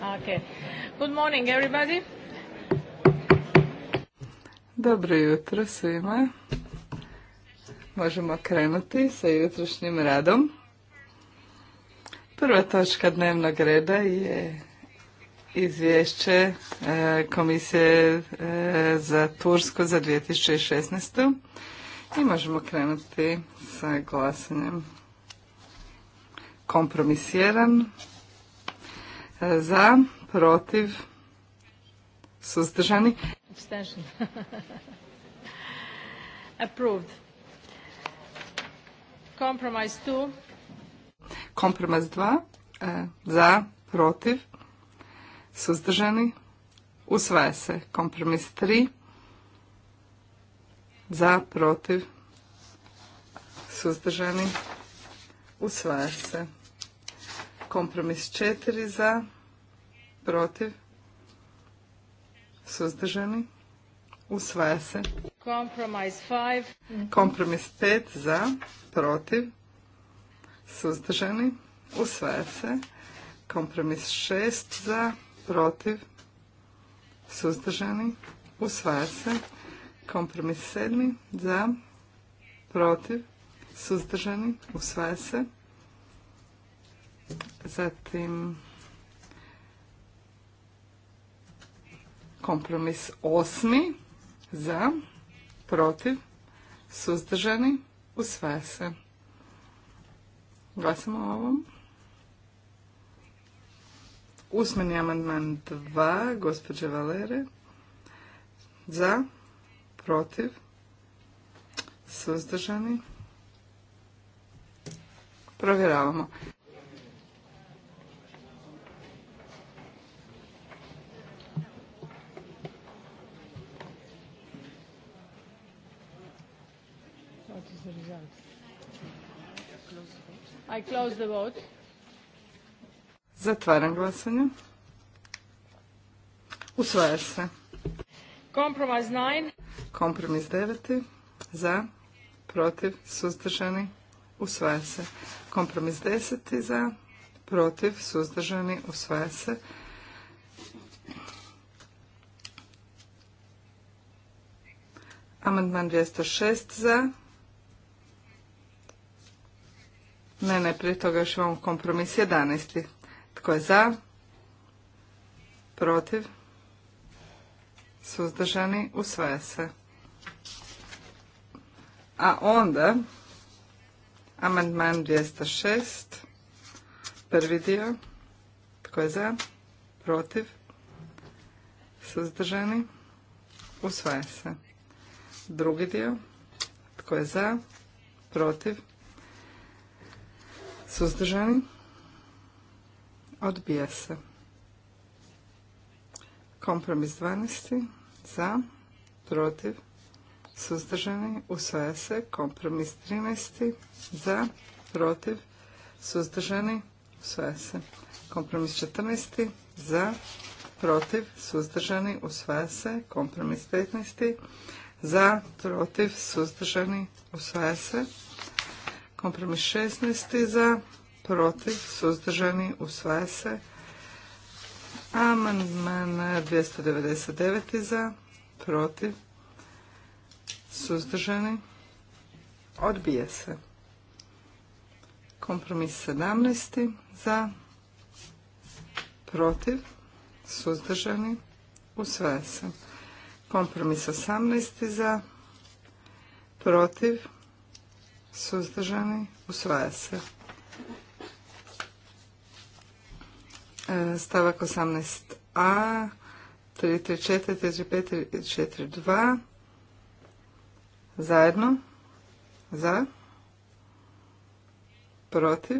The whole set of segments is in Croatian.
Okay. Good morning everybody. Dobro jutro svima. Možemo krenuti sa jutrošnjim radom. Prva točka dnevnog reda je izvješće e, Komisije e, za Tursku za 2016. I možemo krenuti sa glasanjem. Kompromis za, protiv, suzdržani. Abstention. Approved. Compromise 2. Compromise 2. Za, protiv, suzdržani. Usvaja se. Compromise 3. Za, protiv, suzdržani. Usvaja se. Kompromis četiri za, protiv, suzdržani, usvaja se. Kompromis 5. Kompromis pet za, protiv, suzdržani, usvaja se. Kompromis šest za, protiv, suzdržani, usvaja se. Kompromis 7 za, protiv, suzdržani, usvaja se. Zatim kompromis osmi za, protiv, suzdržani, usvaja se. Glasamo o ovom. Usmeni amandman dva, gospođe Valere. Za, protiv, suzdržani. Provjeravamo. I close the vote. Zatvaram glasanje. Usvaja se. Kompromis 9. Kompromis 9. Za, protiv, suzdržani. Usvaja se. Kompromis 10. Za, protiv, suzdržani. Usvaja se. Amandman 206 za, Ne, ne, prije toga još imamo kompromis 11. Tko je za? Protiv? Suzdržani? Usvaja se. A onda, amandman 206, prvi dio, tko je za, protiv, suzdržani, usvaja se. Drugi dio, tko je za, protiv, Suzdržani? Odbija se. Kompromis 12. Za. Protiv. Suzdržani? Usvaja se. Kompromis 13. Za. Protiv. Suzdržani? Usvaja se. Kompromis 14. Za. Protiv. Suzdržani? Usvaja se. Kompromis 15. Za. Protiv. Suzdržani? Usvaja se. Kompromis 16. za, protiv, suzdržani, usvaja se. Amandman 299. za, protiv, suzdržani, odbije se. Kompromis 17. za, protiv, suzdržani, usvaja se. Kompromis 18. za, protiv, suzdržani, usvaja se. E, stavak 18a, 334, 335, 342, zajedno, za, protiv,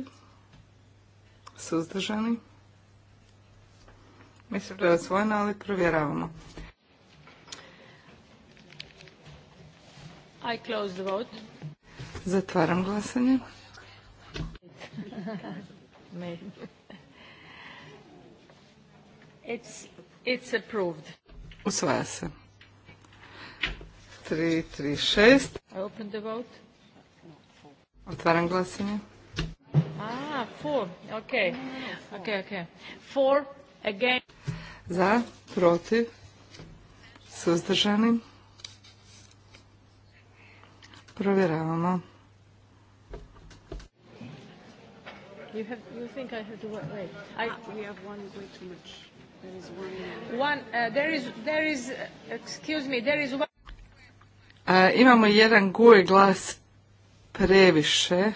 suzdržani. Mislim da je osvojeno, ali provjeravamo. I close the vote. Zatvaram glasanje. Usvaja se. 3-3-6. Otvaram glasanje. Ah, 4. Ok. Ok, ok. 4. Again. Za, protiv, suzdržani. Provjeravamo. Provjeravamo. You have. You think I have to wait? wait. I, ah, we have one way too much. There is one. One. Uh, there is. There is. Uh, excuse me. There is one. Uh, imamo jedan guj glas previše.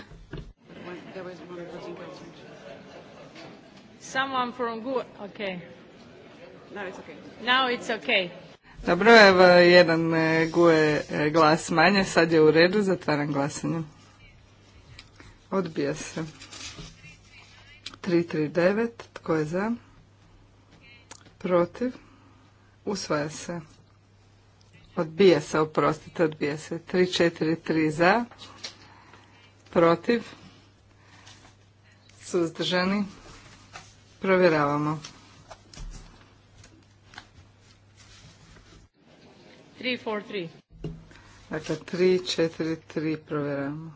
Someone from Gu... Okay. Now it's okay. Now it's okay. Dobro, evo jedan e, guje glas manje, sad je u redu, zatvaram glasanje. Odbija se. 339. Tko je za? Protiv? Usvaja se. Odbija se, oprostite, odbija se. 343 za. Protiv? Suzdržani? Provjeravamo. 343. Dakle, 343 provjeravamo.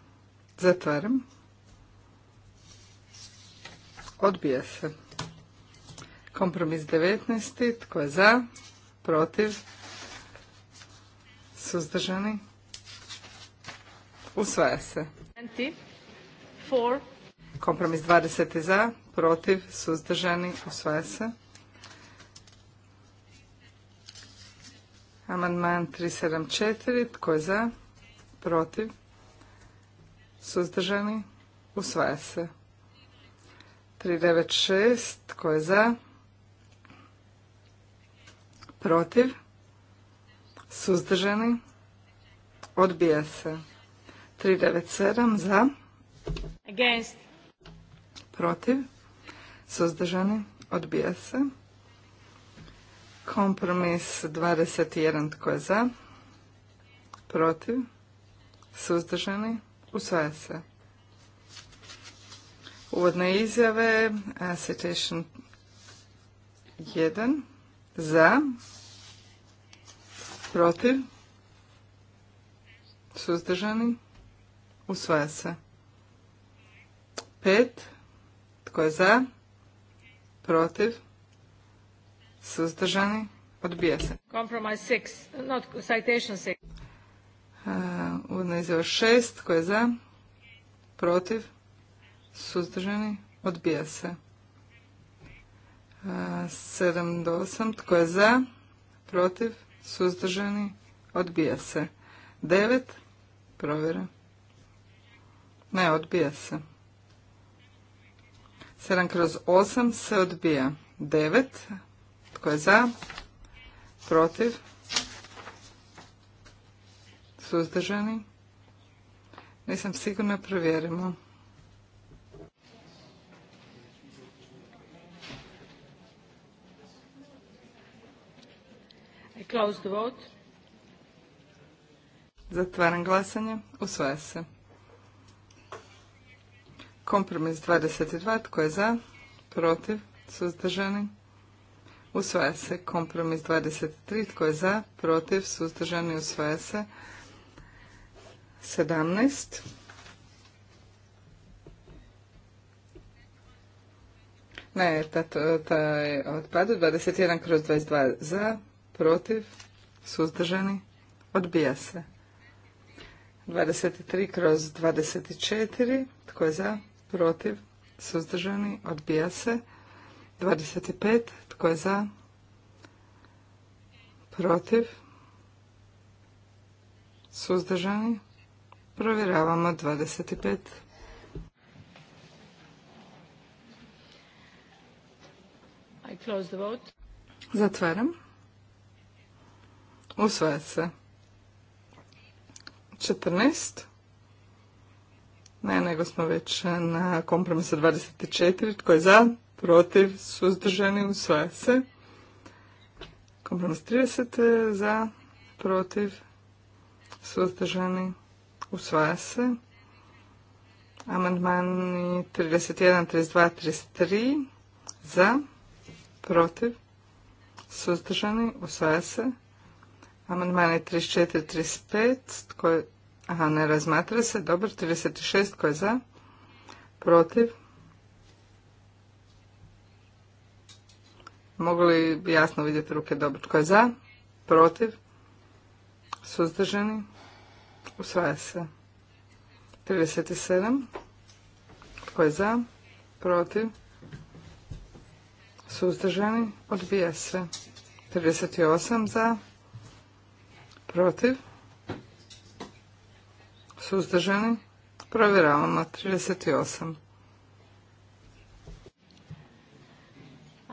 Zatvaram. Odbija se. Kompromis 19. Tko je za? Protiv? Suzdržani? Usvaja se. Kompromis 20. za? Protiv? Suzdržani? Usvaja se. Amandman 374. Tko je za? Protiv? Suzdržani? Usvaja se. 396. Tko je za? Protiv? Suzdržani? Odbija se. 397. Za? Against. Protiv? Suzdržani? Odbija se. Kompromis 21. Tko je za? Protiv? Suzdržani? Usvaja se. Uvodne izjave, citation 1, za, protiv, suzdržani, usvaja se. 5, tko je za, protiv, suzdržani, odbija se. Compromise 6, not citation 6. Uvodna izjava 6, tko je za, protiv, suzdržani, odbija se. 7 do 8, tko je za, protiv, suzdržani, odbija se. 9, provjera. Ne, odbija se. 7 kroz 8 se odbija. 9, tko je za, protiv, suzdržani. Nisam sigurna, provjerimo. close the vote. Zatvaram glasanje. Usvaja se. Kompromis 22. Tko je za? Protiv? Suzdržani? Usvaja se. Kompromis 23. Tko je za? Protiv? Suzdržani? Usvaja se. 17. Ne, ta, ta je odpadu. 21 kroz 22 za, protiv, suzdržani, odbija se. 23 kroz 24, tko je za, protiv, suzdržani, odbija se. 25, tko je za, protiv, suzdržani, provjeravamo 25. I Zatvaram. Usvaja se. 14. Ne, nego smo već na kompromisu 24. Tko je za? Protiv? Suzdržani? Usvaja se. Kompromis 30. Za? Protiv? Suzdržani? Usvaja se. Amandmani 31, 32, 33. Za? Protiv? Suzdržani? Usvaja se. Amandmani 34, 35, tko aha, ne razmatra se, dobro, 36, tko je za, protiv. Mogu li jasno vidjeti ruke dobro, tko je za, protiv, suzdržani, usvaja se. 37, tko je za, protiv, suzdržani, odbija se. 38 za, protiv, suzdržani, provjeravamo 38.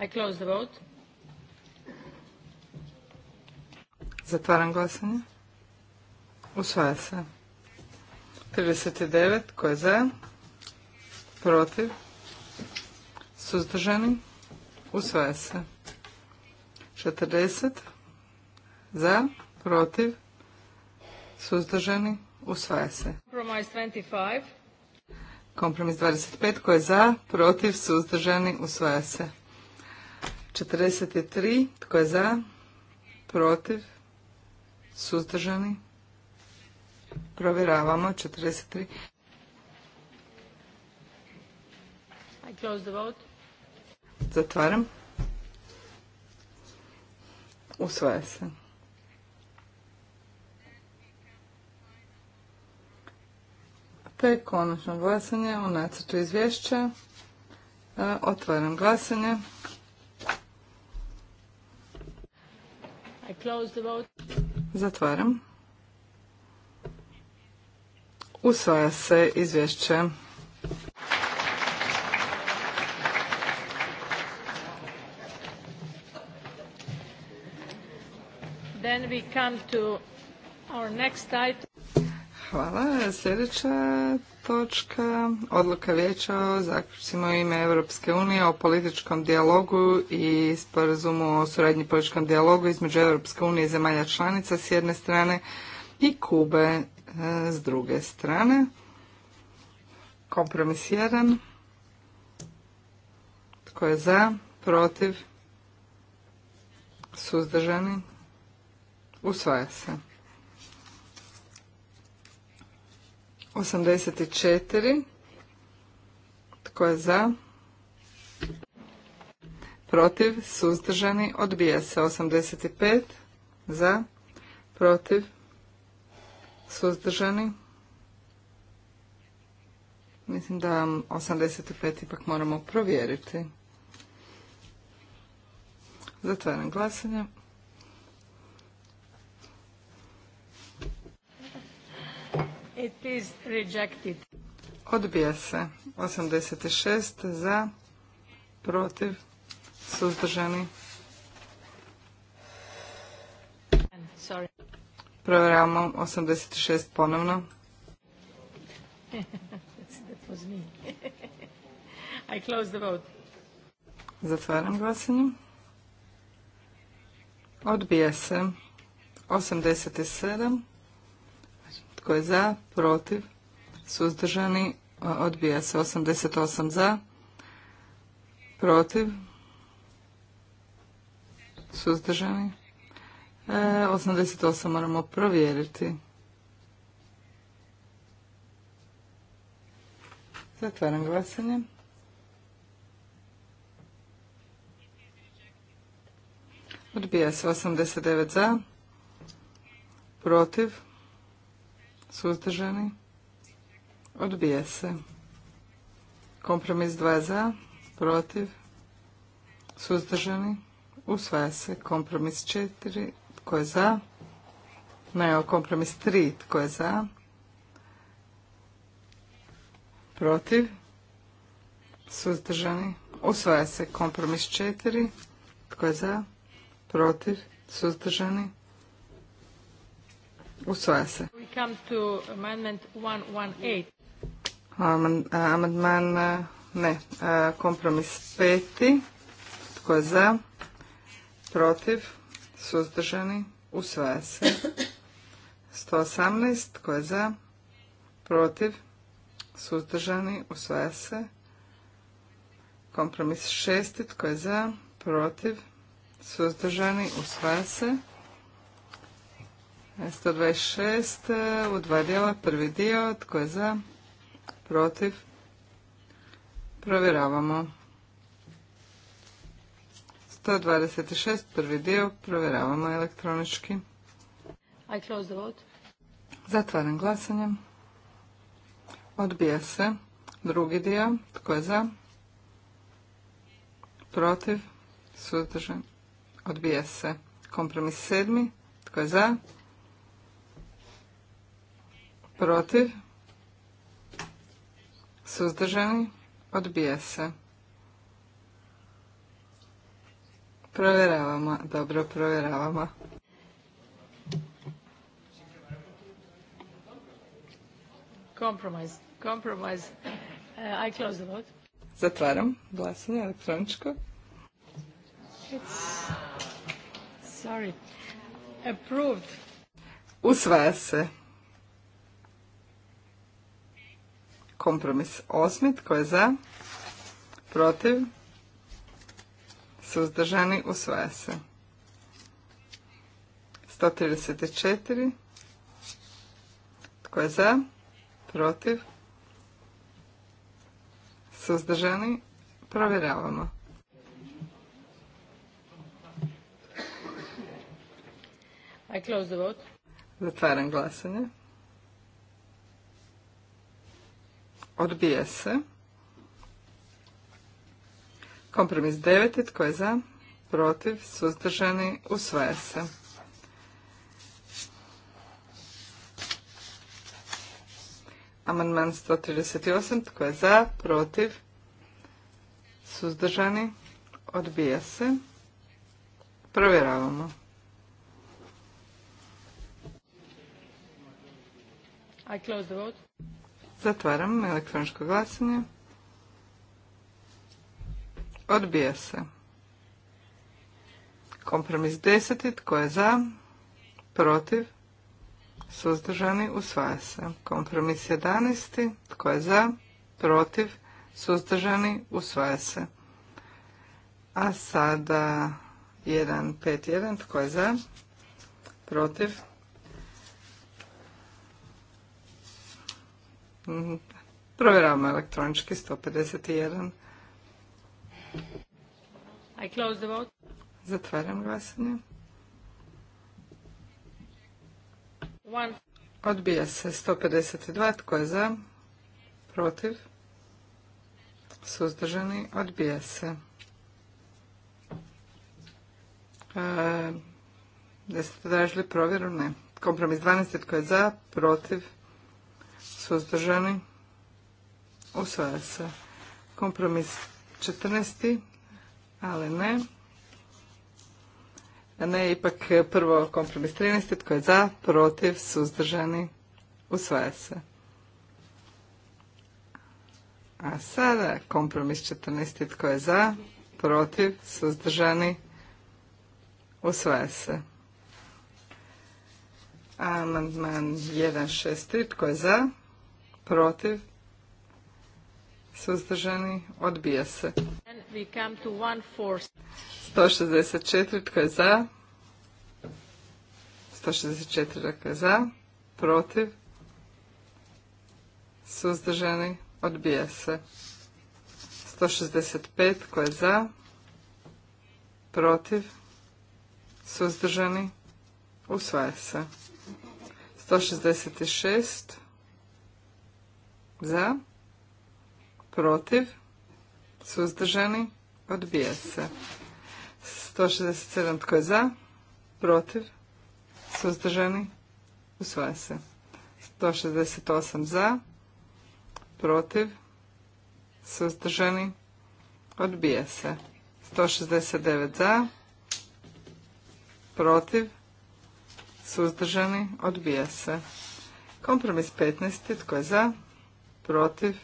I close the vote. Zatvaram glasanje. Usvaja se. 39. Ko je za? Protiv? Suzdržani? Usvaja se. 40. Za? protiv, suzdržani, usvaja se. Kompromis 25. Kompromis 25 Ko je za, protiv, suzdržani, usvaja se. 43 tko je za, protiv, suzdržani, provjeravamo 43. close Zatvaram. Usvaja se. te dakle, konačno glasanje o nacrtu izvješća. E, otvaram glasanje. Zatvaram. Usvaja se izvješće. Then we come to our next Hvala. Sljedeća točka, odluka vijeća o zaključcima ime Europske unije o političkom dijalogu i sporazumu o suradnji političkom dijalogu između Europske unije i zemalja članica s jedne strane i Kube e, s druge strane. Kompromis jedan. Tko je za? Protiv? Suzdržani? Usvaja se. 84. Tko je za? Protiv, suzdržani, odbija se. 85. Za, protiv, suzdržani. Mislim da 85 ipak moramo provjeriti. Zatvaram glasanje. It is rejected. Odbija se. 86 za, protiv, suzdržani. Sorry. Provjeravamo 86 ponovno. That was me. I close the vote. Zatvaram glasanje. Odbija se. 87 tko je za? Protiv? Suzdržani? Odbija se. 88 za? Protiv? Suzdržani? 88 e, moramo provjeriti. Zatvaram glasanje. Odbija se 89 za, protiv, Suzdržani? Odbija se. Kompromis 2 za, protiv, suzdržani, usvaja se. Kompromis 4, tko je za? Ne, kompromis 3, tko je za? Protiv, suzdržani, usvaja se. Kompromis 4, tko je za? Protiv, suzdržani, usvaja se comes to Amandman, ne, kompromis peti. Tko je za? Protiv? Suzdržani? Usvaja se. 118. Tko je za? Protiv? Suzdržani? Usvaja se. Kompromis šesti. Tko je za? Protiv? Suzdržani? Usvaja se. 126 eh, u dva dijela, prvi dio, tko je za, protiv, provjeravamo. 126, prvi dio, provjeravamo elektronički. I Zatvaram glasanje. Odbija se. Drugi dio, tko je za, protiv, suzdržan, odbija se. Kompromis sedmi, tko je za, protiv, suzdržani, odbija se. Provjeravamo, dobro provjeravamo. Compromise, compromise. Uh, I close the vote. Zatvaram glasanje elektroničko. Sorry. Approved. Usvaja se. Kompromis osmi, tko je za? Protiv? Suzdržani usvaja se. 134. Tko je za? Protiv? Suzdržani? Provjeravamo. Zatvaram glasanje. Odbije se. Kompromis 9. Tko je za? Protiv. Suzdržani. Usvaja se. Amandman 138. Tko je za? Protiv. Suzdržani. odbije se. Provjeravamo. I close the vote. Zatvaram elektroničko glasanje. Odbija se. Kompromis 10. Tko je za? Protiv? Suzdržani? Usvaja se. Kompromis jedanesti Tko je za? Protiv? Suzdržani? Usvaja se. A sada 1.5.1. Tko je za? Protiv? Provjeravamo elektronički 151. I close Zatvaram glasanje. Odbija se 152. Tko je za? Protiv? Suzdržani? Odbija se. E, da ste tražili provjeru? Ne. Kompromis 12. Tko je za? Protiv? suzdržani, usvaja se. Kompromis 14. ali ne. Ne, ipak prvo kompromis 13. tko je za, protiv, suzdržani, usvaja se. A sada kompromis 14. tko je za, protiv, suzdržani, usvaja se. Amandman 163. Tko je za? protiv, suzdržani, odbija se. 164 tko je za, 164 tko je za, protiv, suzdržani, odbija se. 165 tko je za, protiv, suzdržani, usvaja se. 166 za. Protiv. Suzdržani. Odbija se. 167 tko je za? Protiv. Suzdržani. Usvaja se. 168 za. Protiv. Suzdržani. Odbija se. 169 za. Protiv. Suzdržani. Odbija se. Kompromis 15. Tko je za? protiv,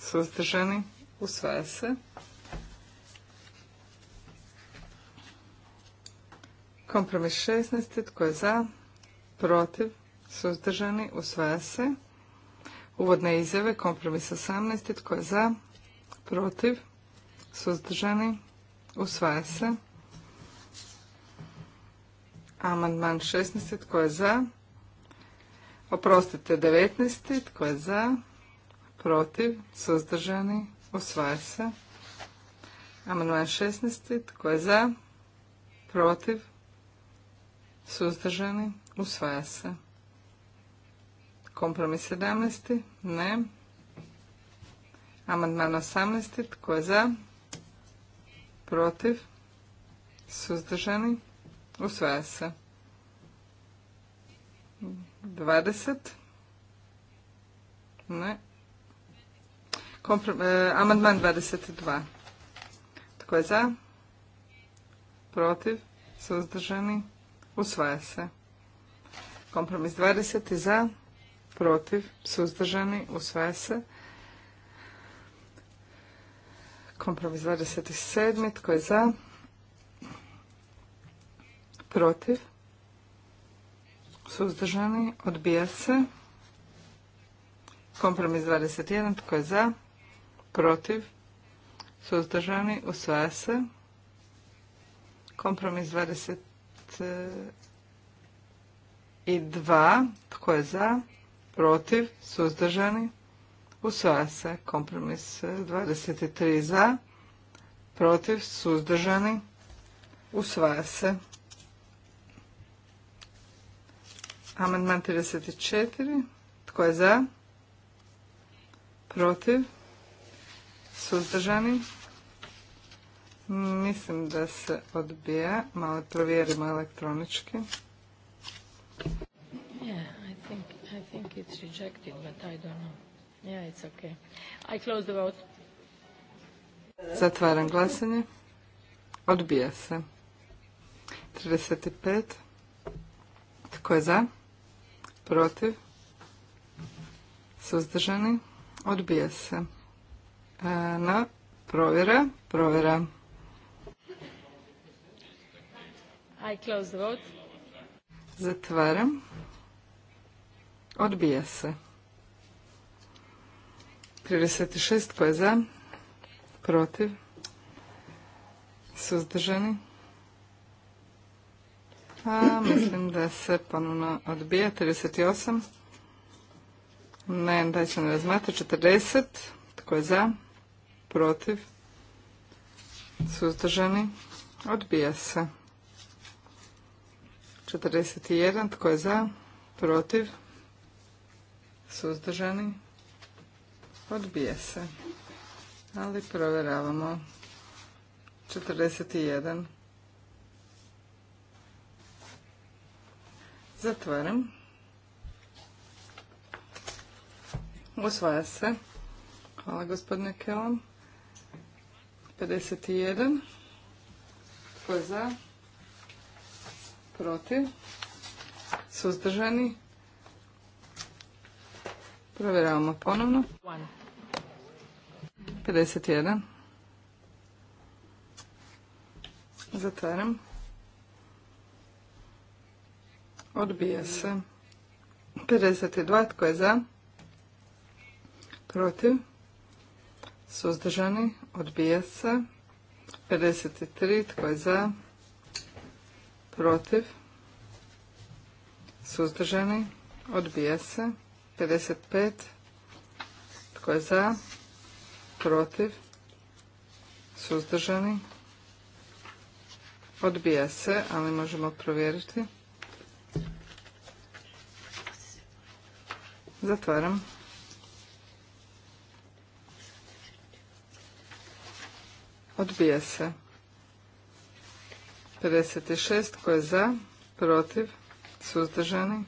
suzdržani, usvaja se. Kompromis 16. Tko je za? Protiv? Suzdržani? Usvaja se. Uvodne izjave. Kompromis 18. Tko je za? Protiv? Suzdržani? Usvaja se. Amandman 16. Tko je za? Oprostite, 19. Tko je za? protiv, suzdržani, usvaja se. Amandman 16. Tko je za? Protiv? Suzdržani? Usvaja se. Kompromis 17. Ne. Amandman 18. Tko je za? Protiv? Suzdržani? Usvaja se. 20. Ne. E, amandman 22. Tko je za? Protiv? Suzdržani? Usvaja se. Kompromis 20. Za? Protiv? Suzdržani? Usvaja se. Kompromis 27. Tko je za? Protiv? Suzdržani? Odbija se. Kompromis 21. Tko je za? protiv, suzdržani, usvaja se. Kompromis 22, tko je za, protiv, suzdržani, usvaja se. Kompromis 23 za, protiv, suzdržani, usvaja se. Amandman 34, tko je za, protiv, suzdržani. Mislim da se odbija. Malo provjerimo elektronički. I think, Zatvaram glasanje. Odbija se. 35. Tko je za? Protiv? Suzdržani? Odbija se. Na provjera, provjera. I close the vote. Zatvaram. Odbija se. 36 je za, protiv, suzdržani. A, mislim da se ponovno odbija. 38. Ne, da ne razmatrati. 40. Tko je za? protiv, suzdržani, odbija se. 41. Tko je za? Protiv? Suzdržani? Odbije se. Ali provjeravamo. 41. Zatvaram. Usvaja se. Hvala gospodine Kelom. 51. Tko je za? Protiv? Suzdržani? Provjeravamo ponovno. 51. Zatvaram. Odbija se. 52. Tko je za? Protiv? Suzdržani? Odbija se. 53. Tko je za? Protiv? Suzdržani? Odbija se. 55. Tko je za? Protiv? Suzdržani? Odbija se, ali možemo provjeriti. Zatvaram. Odbija se. 56. tko je za? Protiv? Suzdržani?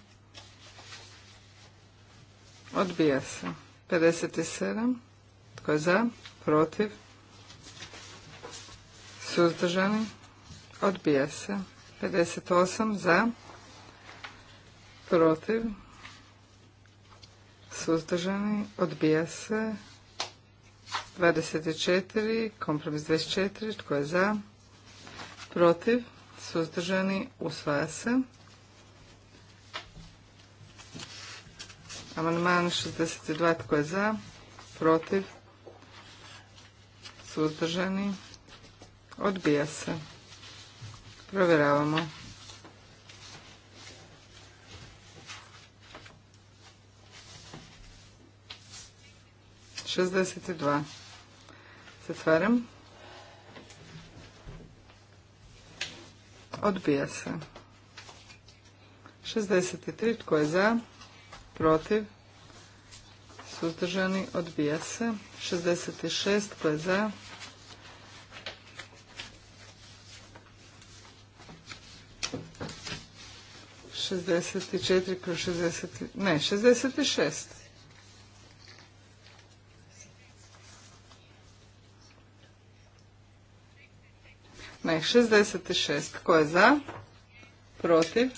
Odbija se. 57. Tko je za? Protiv? Suzdržani? Odbija se. 58. Za? Protiv? Suzdržani? Odbija se. 24, kompromis 24, tko je za, protiv, suzdržani, usvaja se. Amandman 62, tko je za, protiv, suzdržani, odbija se. Provjeravamo. Šestdeset dva. Zatvaram. Odbija se. 63. Tko je za? Protiv? Suzdržani? Odbija se. 66. Tko je za? Šestdeset četiri kroz šestdeset, ne, šestdeset šest. Ne, 66. Tko je za? Protiv?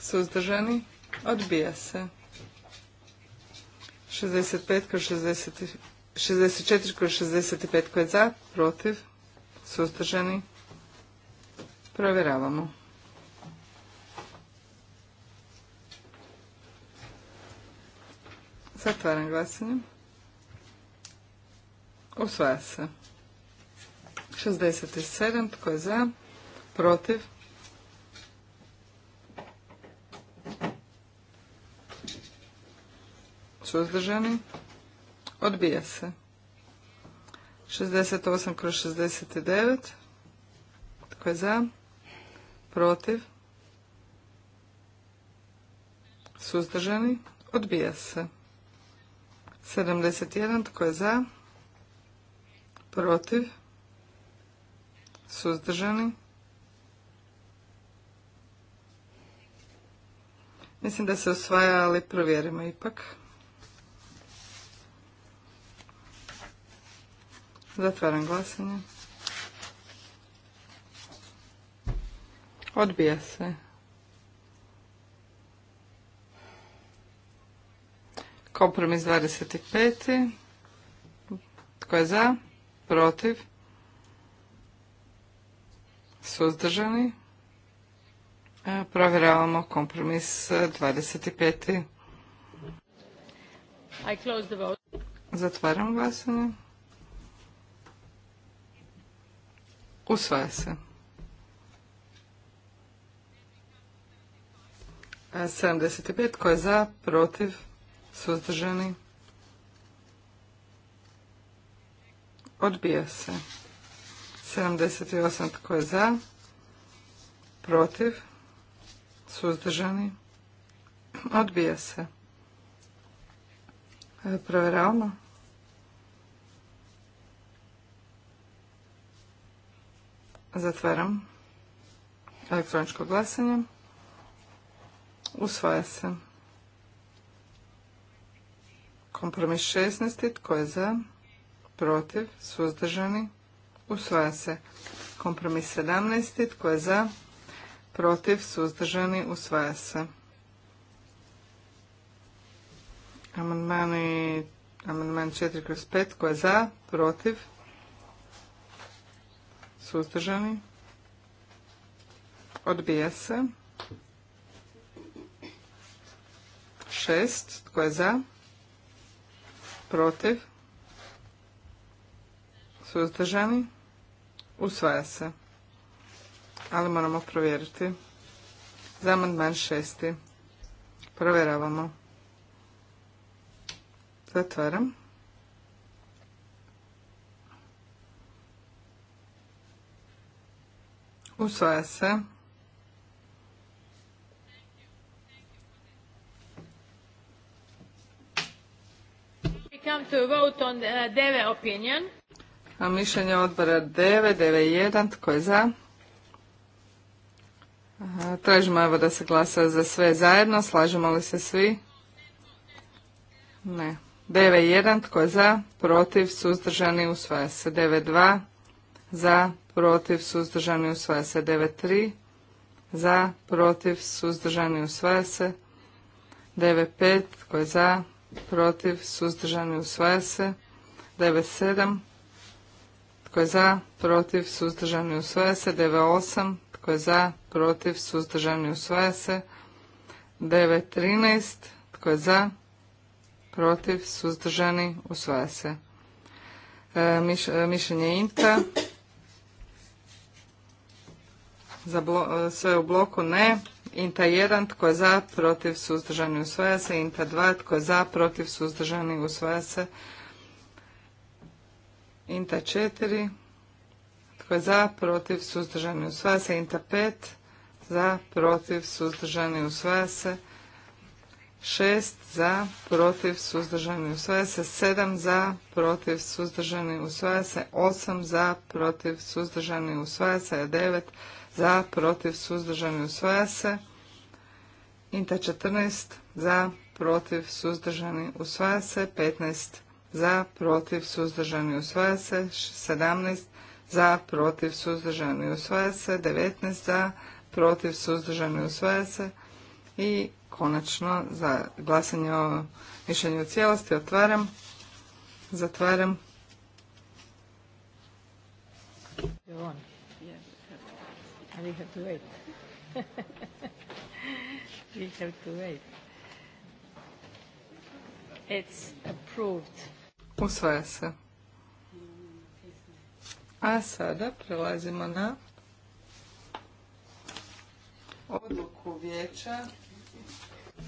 Suzdržani? Odbija se. 65 kroz 60, 64 kroz 65 koje je za, protiv, suzdržani. Provjeravamo. Zatvaram glasanje. Usvaja se. 67. Tko je za? Protiv? Suzdržani? Odbija se. 68 kroz 69. Tko je za? Protiv? Suzdržani? Odbija se. 71. Tko je za? Protiv? Suzdržani? Mislim da se osvaja, ali provjerimo ipak. Zatvaram glasanje. Odbija se. Kompromis 25. Tko je za? Protiv? suzdržani. E, provjeravamo kompromis 25. E, I close the Zatvaram glasanje. Usvaja se. 75. E, Ko je za, protiv, suzdržani? Odbija se. 78 tko je za? Protiv? Suzdržani? Odbija se. E, Proveravamo. Zatvaram elektroničko glasanje. Usvaja se. Kompromis 16. Tko je za? Protiv? Suzdržani? Usvaja se. Kompromis 17. Tko je za? Protiv? Suzdržani? Usvaja se. Amandmani Amandman 4 kroz 5. Tko je za? Protiv? Suzdržani? Odbija se. 6. Tko je za? Protiv? Suzdržani? Usvaja se. Ali moramo provjeriti. Za amandman šesti. Provjeravamo. Zatvaram. Usvaja se. We come to vote on the, uh, opinion. Mišljenje odbora 9, 9.1, tko je za? Tražimo evo da se glasa za sve zajedno, slažemo li se svi? Ne. 9.1, tko je za? Protiv, suzdržani, usvaja se. 9.2, za, protiv, suzdržani, usvaja se. 9.3, za, protiv, suzdržani, usvaja se. 9.5, tko je za? Protiv, suzdržani, usvaja se. 9.7, tko je za? Protiv? Suzdržani? Usvaja se. 9.8. Tko je za? Protiv? Suzdržani? Usvaja se. 9.13. Tko je za? Protiv? Suzdržani? Usvaja se. E, e, mišljenje INTA. Za e, sve u bloku ne. INTA 1. Tko je za? Protiv? Suzdržani? Usvaja se. INTA 2. Tko je za? Protiv? Suzdržani? Usvaja se. Inta 4. Tko je za, protiv, suzdržani, usvaja se. Inta 5. Za, protiv, suzdržani, usvaja se. 6 za, protiv, suzdržani, usvaja se. 7 za, protiv, suzdržani, usvaja se. 8 za, protiv, suzdržani, usvaja se. 9 za, protiv, suzdržani, usvaja se. Inta 14 za, protiv, suzdržani, usvaja se. 15 za, protiv, suzdržani, usvaja se, 17 za, protiv, suzdržani, usvaja se, 19 za, protiv, suzdržani, usvaja se i konačno za glasanje o mišljenju u cijelosti otvaram, zatvaram. It's approved. Usvaja se. A sada prelazimo na odluku vijeća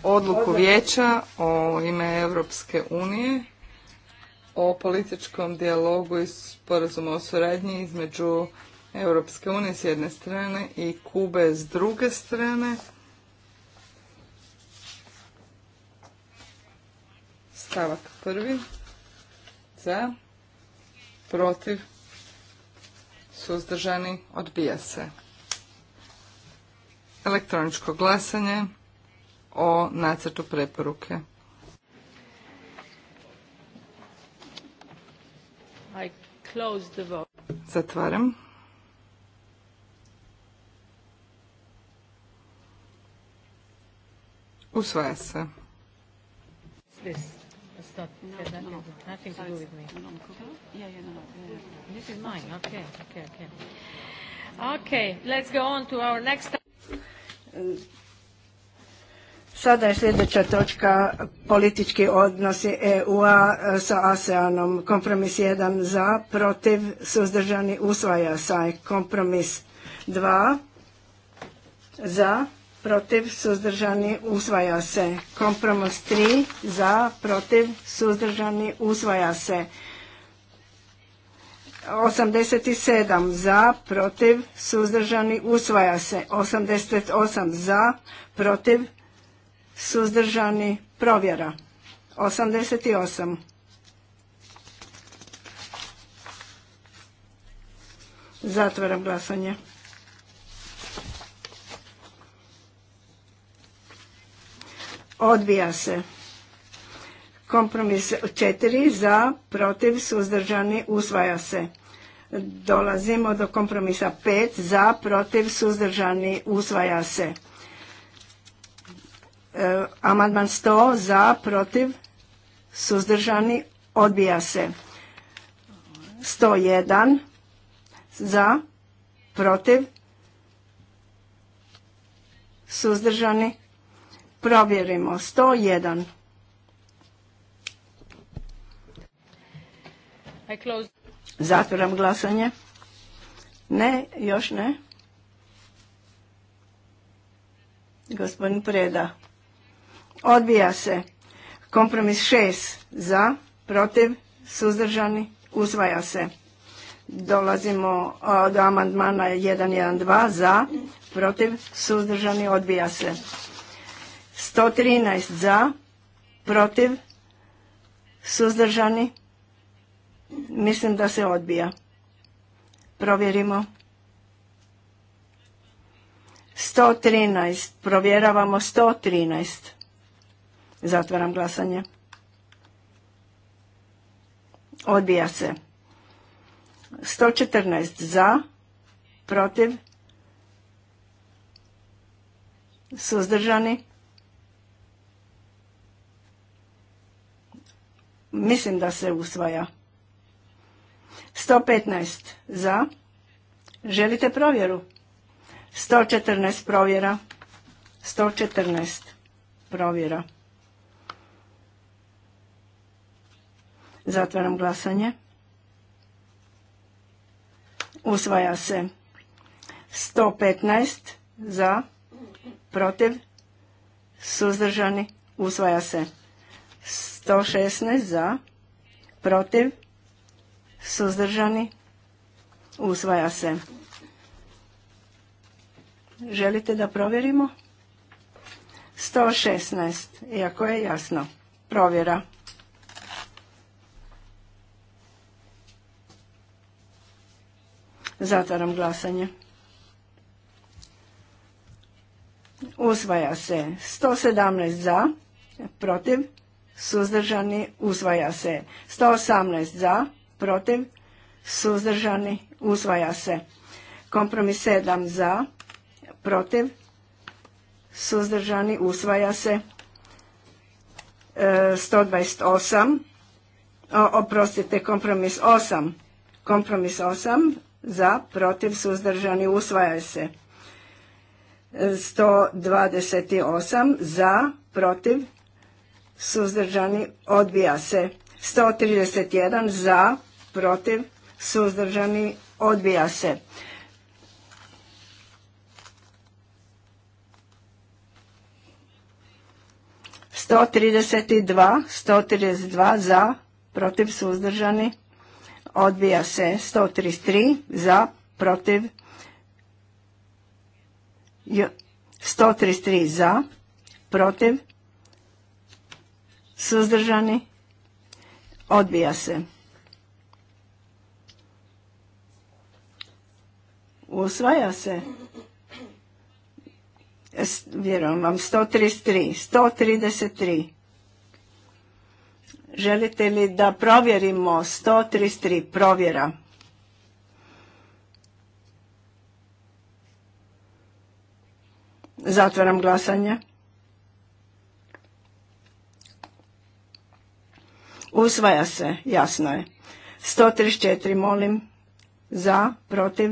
odluku vijeća o ime Europske unije o političkom dijalogu i sporazumu o suradnji između Europske unije s jedne strane i Kube s druge strane. Stavak prvi za, protiv, suzdržani, odbija se. Elektroničko glasanje o nacrtu preporuke. I close Zatvaram. Usvaja se. This. It's not no, has nothing, no. nothing so do with me. Yeah, yeah, no, no. This is mine. Okay, okay, okay. Okay, let's go on to our next... Uh, sada je sljedeća točka politički odnosi EU-a e, sa ASEANom. Kompromis 1 za, protiv, suzdržani usvaja saj. Kompromis 2 za, protiv, suzdržani, usvaja se. Kompromis 3 za, protiv, suzdržani, usvaja se. 87 za, protiv, suzdržani, usvaja se. 88 za, protiv, suzdržani, provjera. 88. Zatvaram glasanje. Odbija se. Kompromis četiri za, protiv, suzdržani, usvaja se. Dolazimo do kompromisa pet za, protiv, suzdržani, usvaja se. E, amandman sto za, protiv, suzdržani, odbija se. Sto jedan za, protiv, suzdržani, Provjerimo. 101. Zatvoram glasanje. Ne, još ne. Gospodin Preda. Odbija se. Kompromis 6. Za, protiv, suzdržani, usvaja se. Dolazimo do amandmana 112. Za, protiv, suzdržani, odbija se. 113 za, protiv, suzdržani, mislim da se odbija. Provjerimo. 113, provjeravamo 113. Zatvaram glasanje. Odbija se. 114 za, protiv, suzdržani, Mislim da se usvaja. 115 za. Želite provjeru? 114 provjera. 114 provjera. Zatvaram glasanje. Usvaja se 115 za, protiv, suzdržani, usvaja se. 116 za, protiv, suzdržani, usvaja se. Želite da provjerimo? 116, iako je jasno. Provjera. Zatvaram glasanje. Usvaja se 117 za, protiv, suzdržani, usvaja se. 118 za, protiv, suzdržani, usvaja se. Kompromis 7 za, protiv, suzdržani, usvaja se. 128, e, oprostite, kompromis 8, kompromis 8 za, protiv, suzdržani, usvaja se. 128 e, za, protiv, suzdržani, odbija se. 131 za, protiv, suzdržani, odbija se. Sto trideset dva, sto trideset dva za, protiv suzdržani, odbija se. Sto trideset tri za, protiv, sto trideset tri za, protiv, suzdržani, odbija se. Usvaja se, vjerujem vam, 133, 133. Želite li da provjerimo 133 provjera? Zatvaram glasanje. Usvaja se, jasno je. 134 molim za, protiv,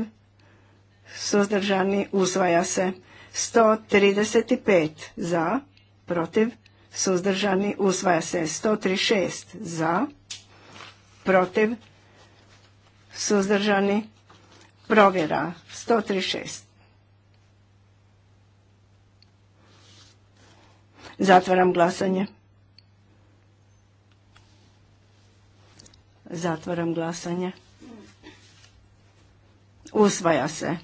suzdržani, usvaja se. 135 za, protiv, suzdržani, usvaja se. 136 za, protiv, suzdržani, provjera. 136. Zatvaram glasanje. Zatvaram glasanje. Usvaja se.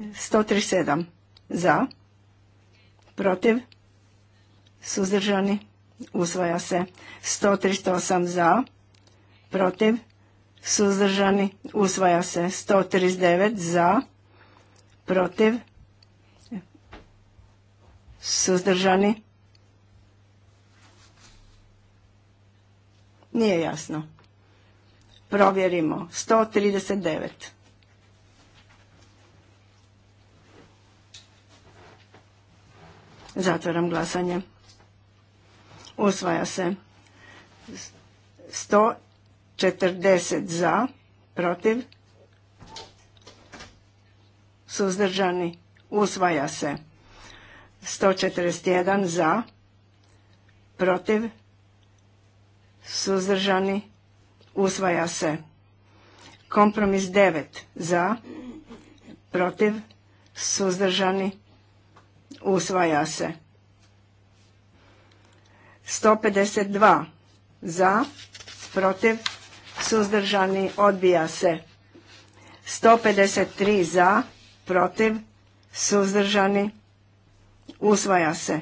137 za, protiv, suzdržani, usvaja se. 138 za, protiv, suzdržani, usvaja se. 139 za, protiv, suzdržani, nije jasno. Provjerimo. 139. Zatvaram glasanje. Usvaja se. 140 za, protiv, suzdržani. Usvaja se. 141 za, protiv, suzdržani usvaja se. Kompromis 9 za, protiv, suzdržani, usvaja se. 152 za, protiv, suzdržani, odbija se. 153 za, protiv, suzdržani, usvaja se.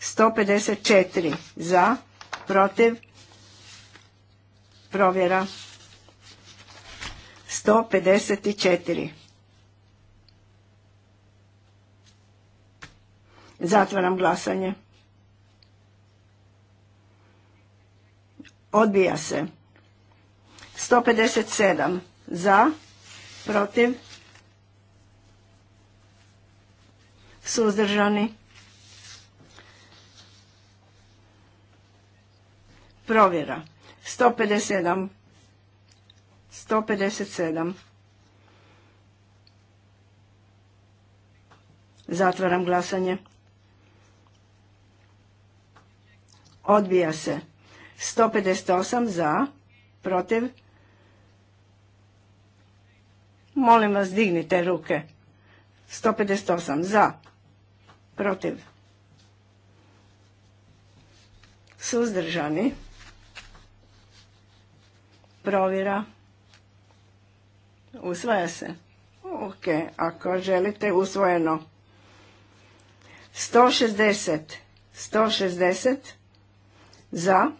154 za, protiv, provjera 154. Zatvaram glasanje. Odbija se. 157 za, protiv, suzdržani Provjera. 157. 157. Zatvaram glasanje. Odbija se. 158 za, protiv. Molim vas, dignite ruke. 158 za, protiv. Suzdržani provjera usvaja se ok ako želite usvojeno 160 160 za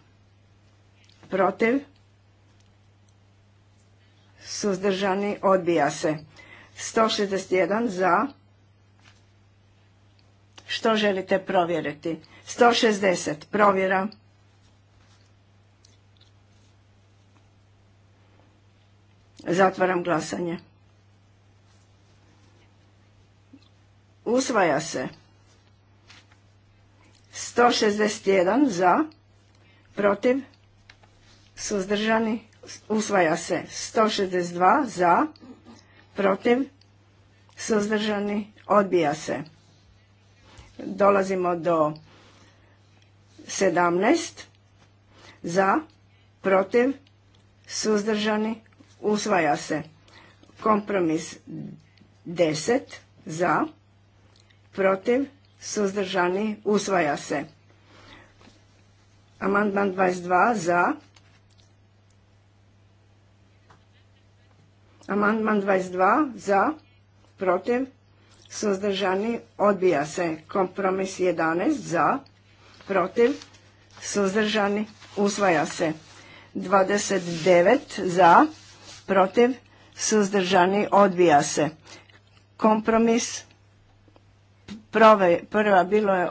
protiv suzdržani odbija se 161 za što želite provjeriti 160 provjera Zatvaram glasanje. Usvaja se. 161 za, protiv, suzdržani, usvaja se. 162 za, protiv, suzdržani, odbija se. Dolazimo do 17 za, protiv, suzdržani, usvaja se kompromis 10 za, protiv, suzdržani, usvaja se. Amandman 22 za, Amandman 22 za, protiv, suzdržani, odbija se. Kompromis 11 za, protiv, suzdržani, usvaja se. 29 za, protiv, suzdržani, odbija se. Kompromis, prva bilo je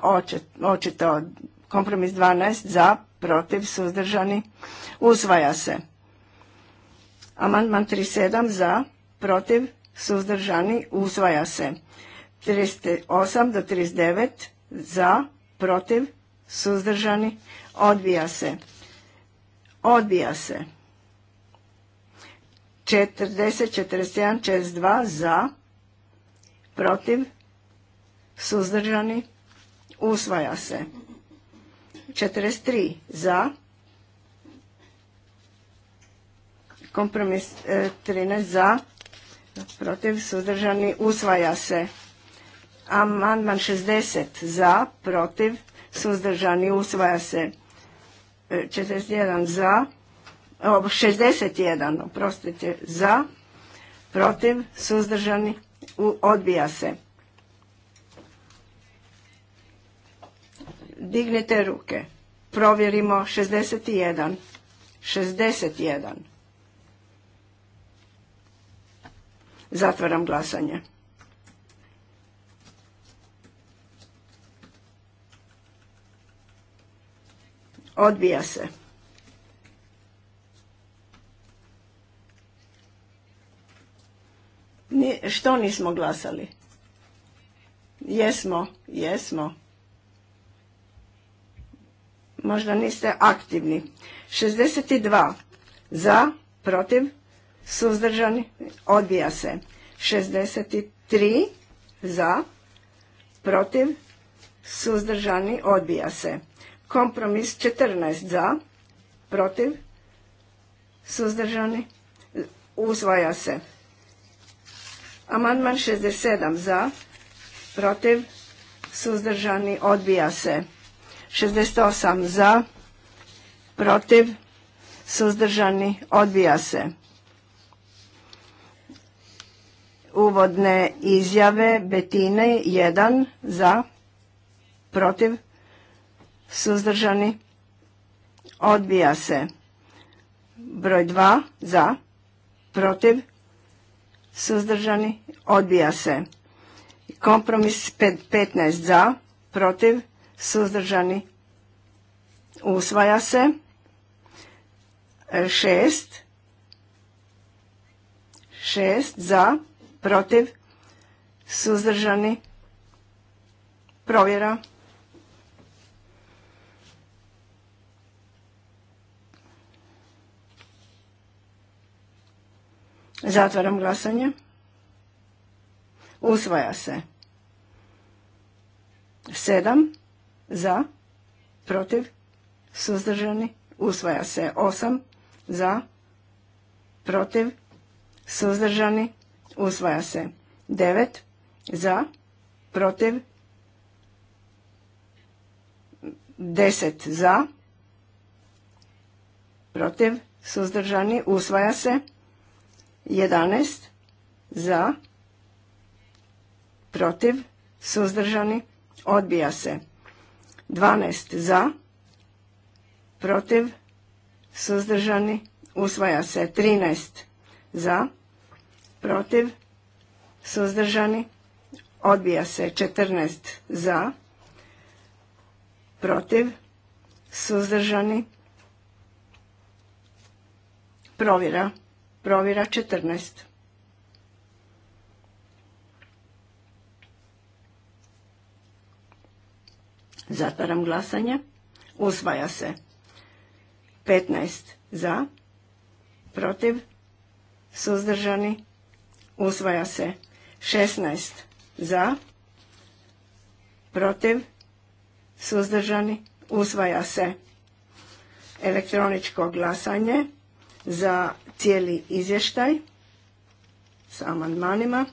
očito, kompromis 12 za, protiv, suzdržani, usvaja se. Amandman 37 za, protiv, suzdržani, usvaja se. 38 do 39 za, protiv, suzdržani, odbija se. Odbija se. 40, 41, 42 za, protiv, suzdržani, usvaja se. 43 za, kompromis 13 e, za, protiv, suzdržani, usvaja se. Amandman 60 za, protiv, suzdržani, usvaja se. 41 e, za, 61, oprostite, za, protiv, suzdržani, odbija se. Dignite ruke. Provjerimo 61. 61. Zatvaram glasanje. Odbija se. što nismo glasali? Jesmo, jesmo. Možda niste aktivni. 62 za, protiv, suzdržani, odbija se. 63 za, protiv, suzdržani, odbija se. Kompromis 14 za, protiv, suzdržani, usvaja se. Amandman 67 za, protiv, suzdržani, odbija se. 68 za, protiv, suzdržani, odbija se. Uvodne izjave Betine 1 za, protiv, suzdržani, odbija se. Broj 2 za, protiv, suzdržani suzdržani, odbija se. Kompromis 15 za, protiv, suzdržani, usvaja se. 6, za, protiv, suzdržani, provjera. Zatvaram glasanje. Usvaja se. Sedam za, protiv, suzdržani. Usvaja se. Osam za, protiv, suzdržani. Usvaja se. Devet za, protiv, deset za, protiv, suzdržani. Usvaja se. 11 za, protiv, suzdržani, odbija se. 12 za, protiv, suzdržani, usvaja se. 13 za, protiv, suzdržani, odbija se. 14 za, protiv, suzdržani, provjera. Provjera 14. Zatvaram glasanje. Usvaja se. 15 za, protiv, suzdržani. Usvaja se. 16 za, protiv, suzdržani. Usvaja se. Elektroničko glasanje za cijeli izvještaj sa amandmanima.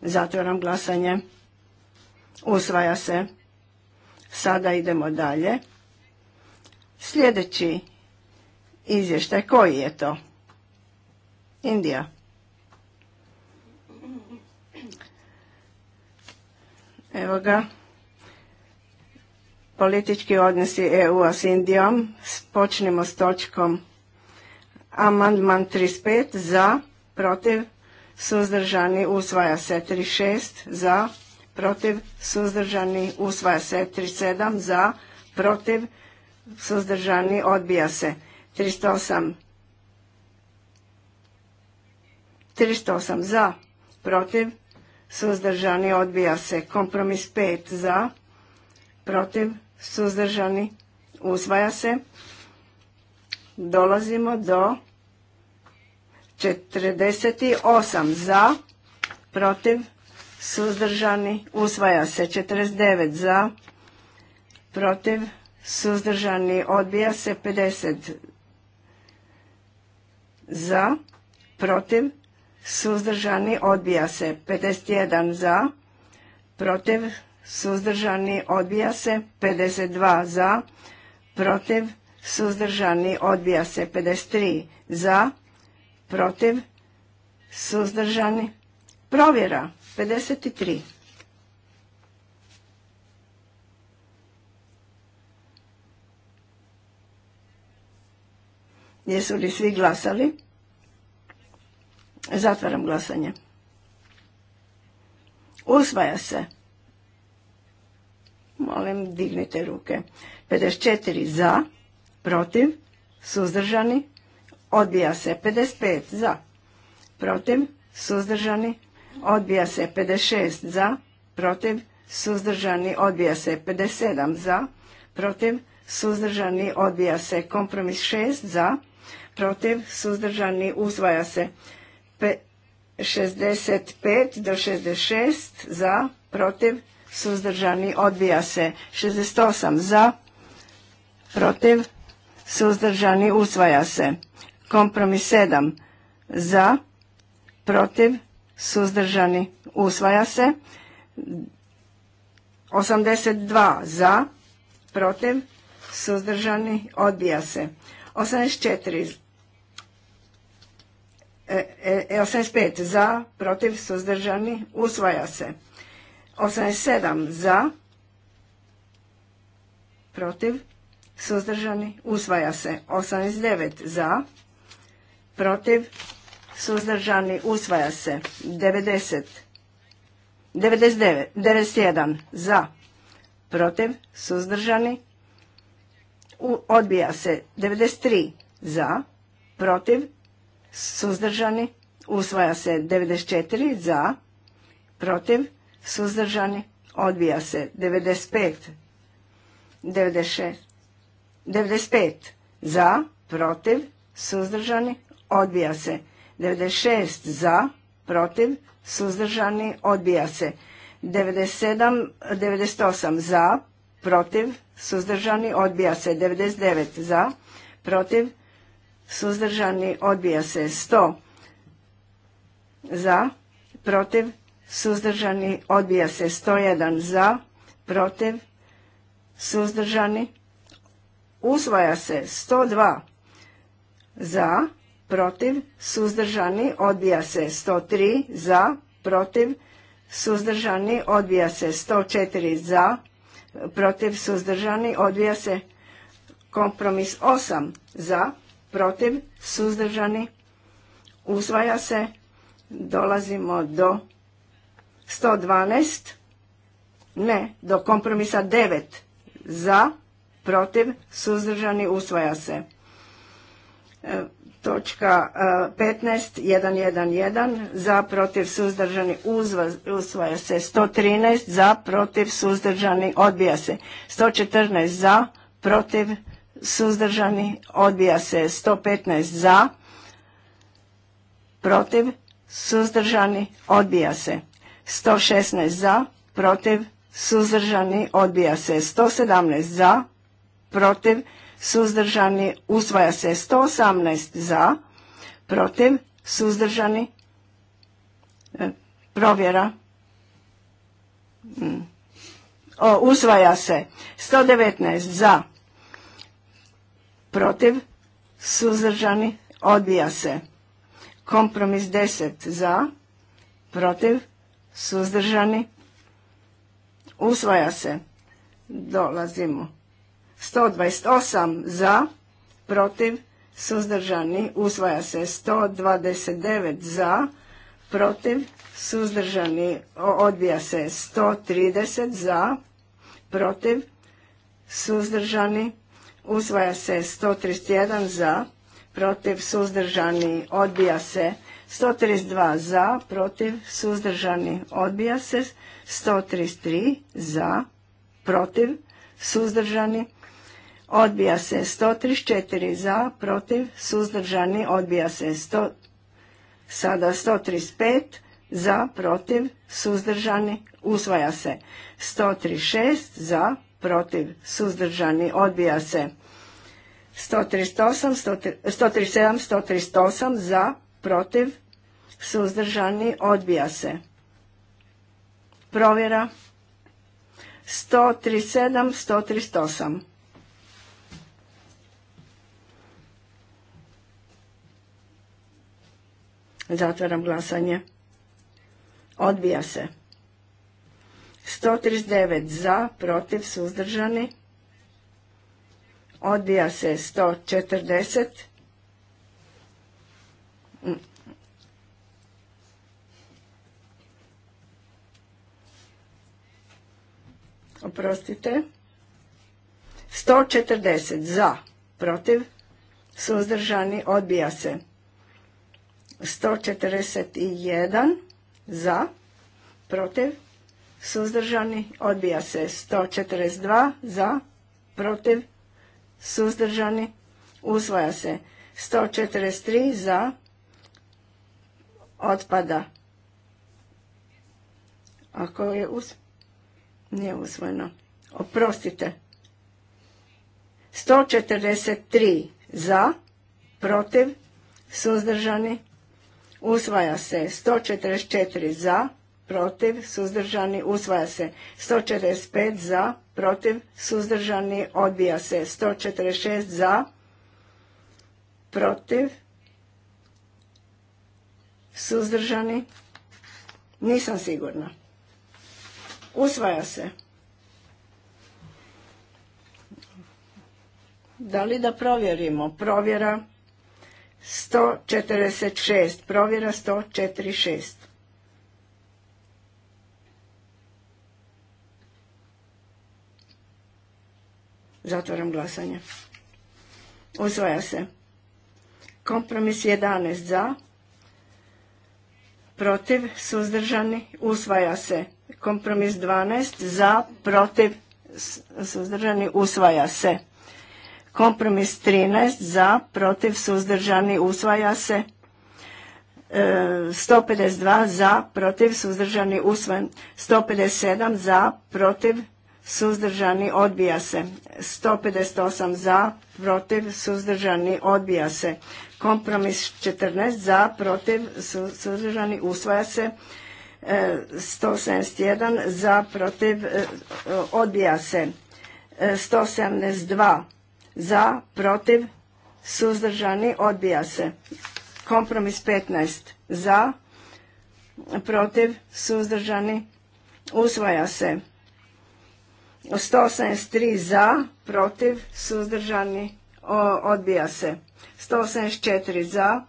Zatvoram glasanje. Usvaja se. Sada idemo dalje. Sljedeći izvještaj, koji je to? Indija. Evo ga. Politički odnosi EU-a s Indijom. Počnemo s točkom amandman 35 za, protiv, suzdržani, usvaja se 36 za, protiv, suzdržani, usvaja se 37 za, protiv, suzdržani, odbija se 308 308 za, protiv, suzdržani, odbija se. Kompromis 5 za, protiv, suzdržani, usvaja se. Dolazimo do 48 za, protiv, suzdržani, usvaja se. 49 za, protiv, suzdržani, odbija se. 50 za, protiv, suzdržani, odbija se. 51 za, protiv, suzdržani, odbija se. 52 za, protiv, suzdržani, odbija se. 53 za, protiv, suzdržani, provjera. 53. Jesu li svi glasali? Zatvaram glasanje. Usvaja se. Molim, dignite ruke. 54 za, protiv, suzdržani, odbija se. 55 za, protiv, suzdržani, odbija se. 56 za, protiv, suzdržani, odbija se. 57 za, protiv, suzdržani, odbija se. Kompromis 6 za, protiv, suzdržani, usvaja se. 65 do 66 za, protiv, suzdržani, odbija se. 68 za, protiv, suzdržani, usvaja se. Kompromis 7 za, protiv, suzdržani, usvaja se. 82 za, protiv, suzdržani, odbija se. 84 85 e, e, za, protiv, suzdržani, usvaja se. 87 za, protiv, suzdržani, usvaja se. 89 za, protiv, suzdržani, usvaja se. 90, 99, 91 za, protiv, suzdržani, odbija se. 93 za, protiv, suzdržani, usvaja se 94 za, protiv, suzdržani, odbija se 95, 96, 95 za, protiv, suzdržani, odbija se 96 za, protiv, suzdržani, odbija se 97, 98 za, protiv, suzdržani, odbija se 99 za, protiv, suzdržani, odbija se 100 za, protiv, suzdržani, odbija se 101 za, protiv, suzdržani, usvaja se 102 za, protiv, suzdržani, odbija se 103 za, protiv, suzdržani, odbija se 104 za, protiv, suzdržani, odbija se kompromis 8 za, protiv, suzdržani, usvaja se, dolazimo do 112, ne, do kompromisa 9, za, protiv, suzdržani, usvaja se. E, točka 15, e, 111, za, protiv, suzdržani, usvaja se. 113, za, protiv, suzdržani, odbija se. 114, za, protiv, suzdržani, odbija se 115 za, protiv, suzdržani, odbija se 116 za, protiv, suzdržani, odbija se 117 za, protiv, suzdržani, usvaja se 118 za, protiv, suzdržani, e, provjera, mm. usvaja se 119 za, protiv, suzdržani, odbija se. Kompromis 10 za, protiv, suzdržani, usvaja se. Dolazimo. 128 za, protiv, suzdržani, usvaja se. 129 za, protiv, suzdržani, odbija se. 130 za, protiv, suzdržani, Usvaja se 131 za, protiv suzdržani odbija se 132 za, protiv suzdržani odbija se 133 za, protiv suzdržani odbija se 134 za, protiv suzdržani odbija se 100, sada 135 za, protiv suzdržani usvaja se 136 za, protiv, suzdržani, odbija se. 138, 137, 138 za, protiv, suzdržani, odbija se. Provjera 137, 138. Zatvaram glasanje. Odbija se. 139 za, protiv, suzdržani. Odbija se 140. Oprostite. 140 za, protiv, suzdržani, odbija se. 141 za, protiv, suzdržani suzdržani, odbija se 142 za, protiv, suzdržani, usvaja se 143 za, otpada. Ako je us... nije usvojeno, oprostite. 143 za, protiv, suzdržani, usvaja se 144 za, protiv, suzdržani, usvaja se. 145 za, protiv, suzdržani, odbija se. 146 za, protiv, suzdržani, nisam sigurna. Usvaja se. Da li da provjerimo? Provjera 146. Provjera 146. Zatvaram glasanje. Usvaja se. Kompromis 11 za. Protiv. Suzdržani. Usvaja se. Kompromis 12 za. Protiv. Suzdržani. Usvaja se. Kompromis e, 13 za. Protiv. Suzdržani. Usvaja se. 152 za, protiv, suzdržani, usvojen. 157 za, protiv, suzdržani odbija se 158 za protiv suzdržani odbija se kompromis 14 za protiv suzdržani usvaja se 171 e, za protiv e, odbija se 172 e, za protiv suzdržani odbija se kompromis 15 za protiv suzdržani usvaja se 183 za, protiv, suzdržani, odbija se. 184 za,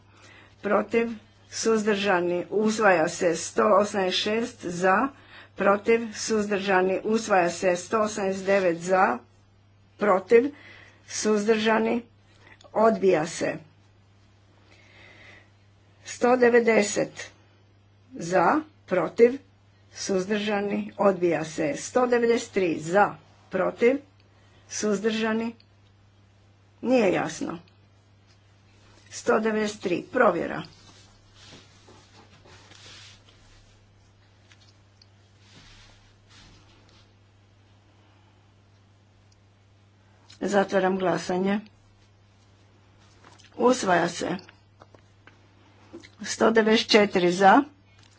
protiv, suzdržani, usvaja se. 186 za, protiv, suzdržani, usvaja se. 189 za, protiv, suzdržani, odbija se. 190 za, protiv, suzdržani, odbija se. 193 za, protiv, suzdržani, nije jasno. 193, provjera. Zatvaram glasanje. Usvaja se. 194 za,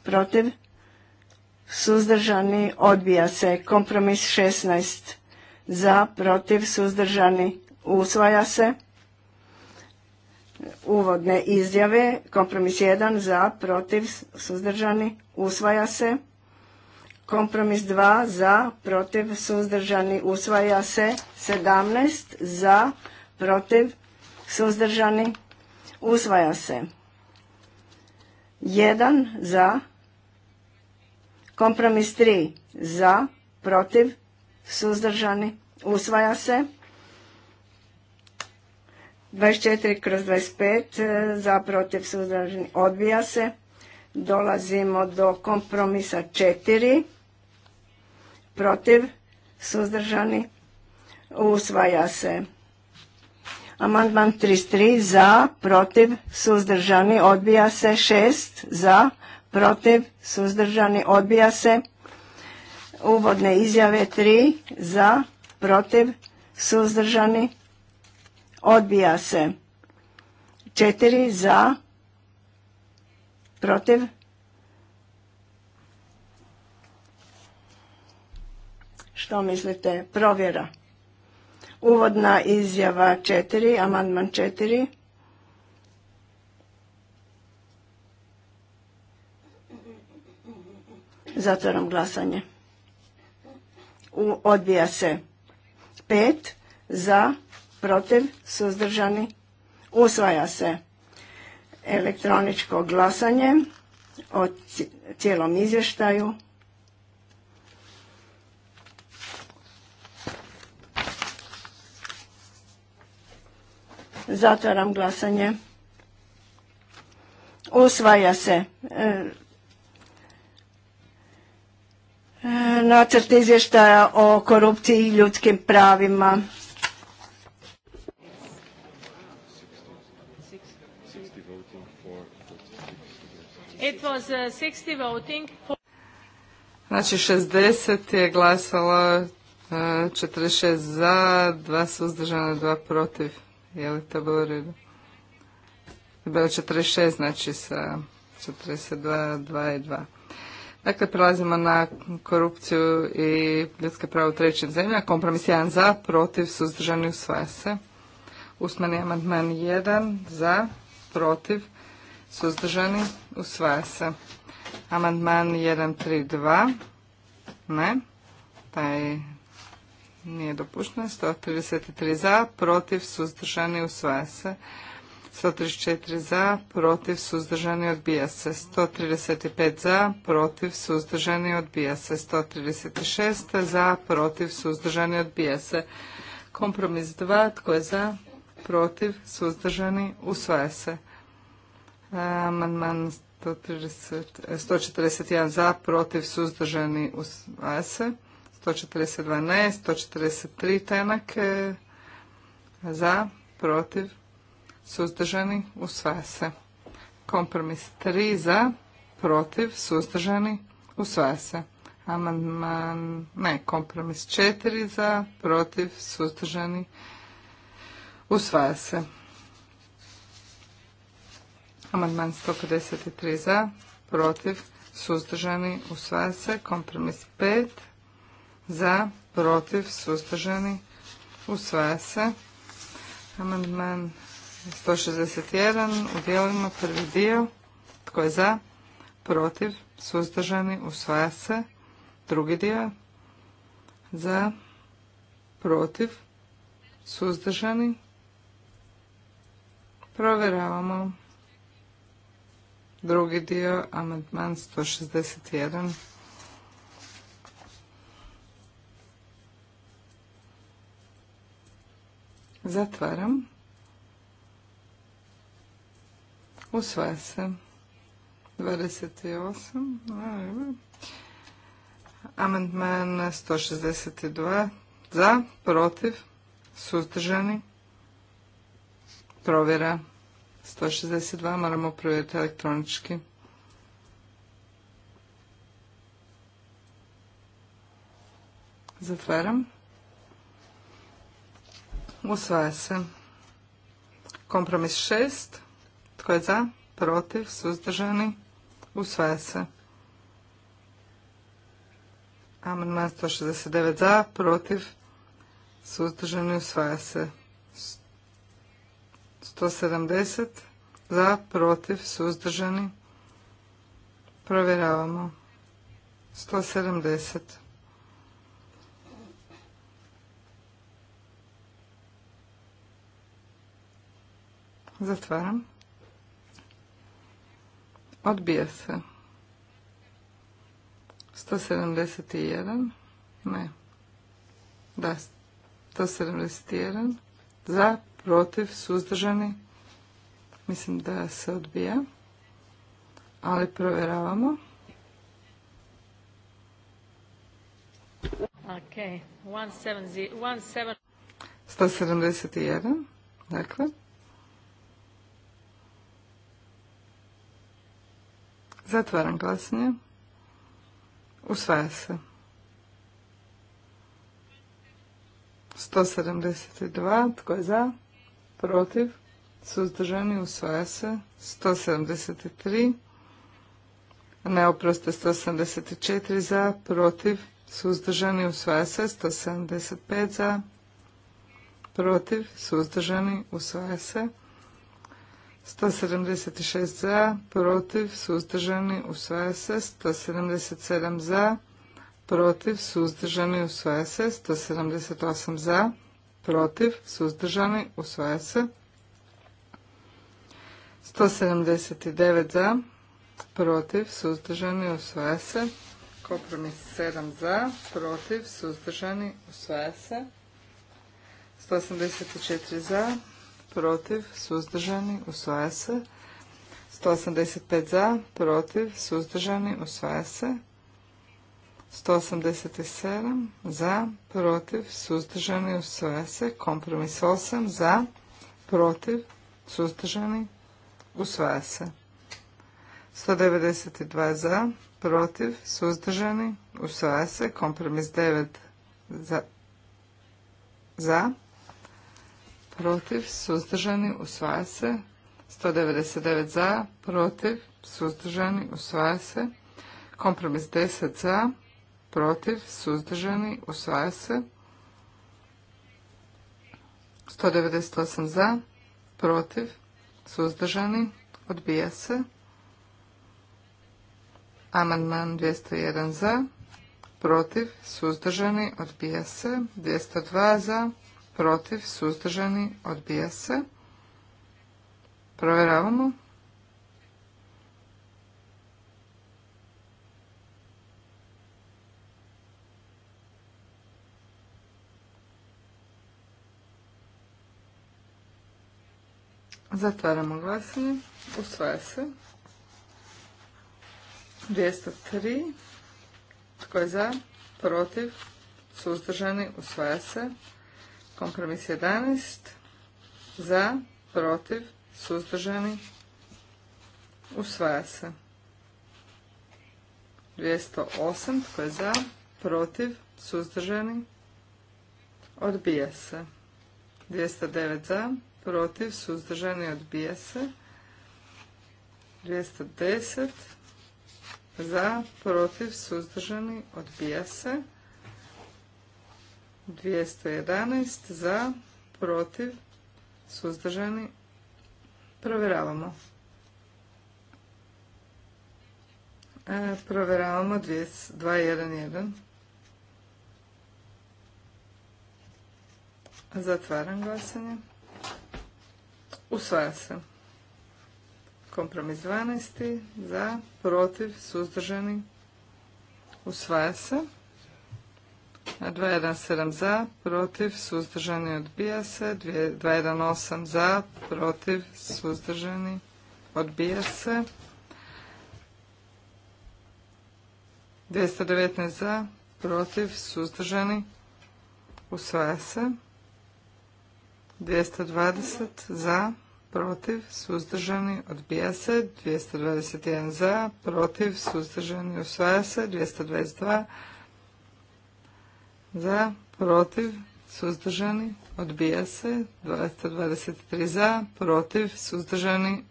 protiv, suzdržani, odbija se. Kompromis 16 za, protiv, suzdržani, usvaja se. Uvodne izjave, kompromis 1 za, protiv, suzdržani, usvaja se. Kompromis 2 za, protiv, suzdržani, usvaja se. 17 za, protiv, suzdržani, usvaja se. 1 za, Kompromis 3 za, protiv, suzdržani, usvaja se. 24 kroz 25 e, za, protiv, suzdržani, odbija se. Dolazimo do kompromisa 4 protiv, suzdržani, usvaja se. Amandman 33 za, protiv, suzdržani, odbija se 6 za, protiv, suzdržani, odbija se. Uvodne izjave tri, za, protiv, suzdržani, odbija se. Četiri, za, protiv, što mislite, provjera. Uvodna izjava četiri, amandman četiri. Zatvaram glasanje. U, odbija se. pet za, protiv, suzdržani. Usvaja se elektroničko glasanje o cijelom izvještaju. Zatvaram glasanje. Usvaja se e, nacrt izvještaja o korupciji i ljudskim pravima. Uh, znači 60 je glasalo, 46 uh, za, 2 suzdržana, 2 protiv. Je li to bilo redu? Bilo 46, znači sa 42, 2 i 2. Dakle, prelazimo na korupciju i ljudske prava u trećim zemlja. Kompromis 1 za, protiv, suzdržani, usvaja se. Usmani amandman 1 za, protiv, suzdržani, usvaja se. Amandman 132, ne, taj nije dopušten, 133 za, protiv, suzdržani, usvaja se. 134 za, protiv, suzdržani, odbija se. 135 za, protiv, suzdržani, odbija se. 136 za, protiv, suzdržani, odbija se. Kompromis 2, tko je za, protiv, suzdržani, usvaja se. E, amandman 141 za, protiv, suzdržani, usvaja se. 142 ne, 143 tenake za, protiv, suzdržani, usvaja se. Kompromis 3 za, protiv, suzdržani, usvaja se. Amandman, ne, kompromis 4 za, protiv, suzdržani, usvaja se. Amandman 153 za, protiv, suzdržani, usvaja se. Kompromis 5 za, protiv, suzdržani, usvaja se. Amandman 161 u dijelovima prvi dio. Tko je za? Protiv? Suzdržani? Usvaja se. Drugi dio. Za? Protiv? Suzdržani? Provjeravamo. Drugi dio, amandman 161. Zatvaram. Usvaja se. 28. Amandman 162. Za, protiv, suzdržani. Provjera. 162 moramo provjeriti elektronički. Zatvaram. Usvaja se. Kompromis 6. Tko je za? Protiv? Suzdržani? Usvaja se. Amandman 169 za, protiv, suzdržani, usvaja se. 170 za, protiv, suzdržani. Provjeravamo. 170. Zatvaram. Odbija se. 171. Ne. Da, 171. Za, protiv, suzdržani. Mislim da se odbija. Ali provjeravamo. Ok, 171. 171, dakle. Zatvaram glasanje. Usvaja se. 172. Tko je za? Protiv? Suzdržani? Usvaja se. 173. Ne, 174 za, protiv, suzdržani, usvaja se, 175 za, protiv, suzdržani, usvaja se, 176 za, protiv, suzdržani, usvaja se. 177 za, protiv, suzdržani, usvaja se. 178 za, protiv, suzdržani, usvaja se. 179 za, protiv, suzdržani, usvaja se. Kompromis 7 za, protiv, suzdržani, usvaja se. 184 za, protiv, suzdržani, usvaja se. 185 za, protiv, suzdržani, usvaja se. 187 za, protiv, suzdržani, usvaja se. Kompromis 8 za, protiv, suzdržani, usvaja se. 192 za, protiv, suzdržani, usvaja se. Kompromis 9 za, za protiv, suzdržani, usvaja se. 199 za, protiv, suzdržani, usvaja se. Kompromis 10 za, protiv, suzdržani, usvaja se. 198 za, protiv, suzdržani, odbija se. Amandman 201 za, protiv, suzdržani, odbija se. 202 za, protiv, suzdržani, odbija se. Provjeravamo. Zatvaramo glasanje. Usvaja se. 203. Tko je za? Protiv? Suzdržani? Usvaja se. Kompromis 11. Za, protiv, suzdržani, usvaja se. 208. Tko je za, protiv, suzdržani, odbija se. 209 za, protiv, suzdržani, odbija se. 210 za, protiv, suzdržani, odbija se. 211 za, protiv, suzdržani. Provjeravamo. E, provjeravamo 211. Zatvaram glasanje. Usvaja se. Kompromis 12. Za, protiv, suzdržani. Usvaja se. 217 za, protiv, suzdržani odbija se. 218 za, protiv, suzdržani odbija se. 219 za, protiv, suzdržani usvaja se. 220 za, protiv, suzdržani, odbija se. 221 za, protiv, suzdržani, usvaja se. 222 za, protiv, suzdržani, odbija se. 223 za, protiv, suzdržani,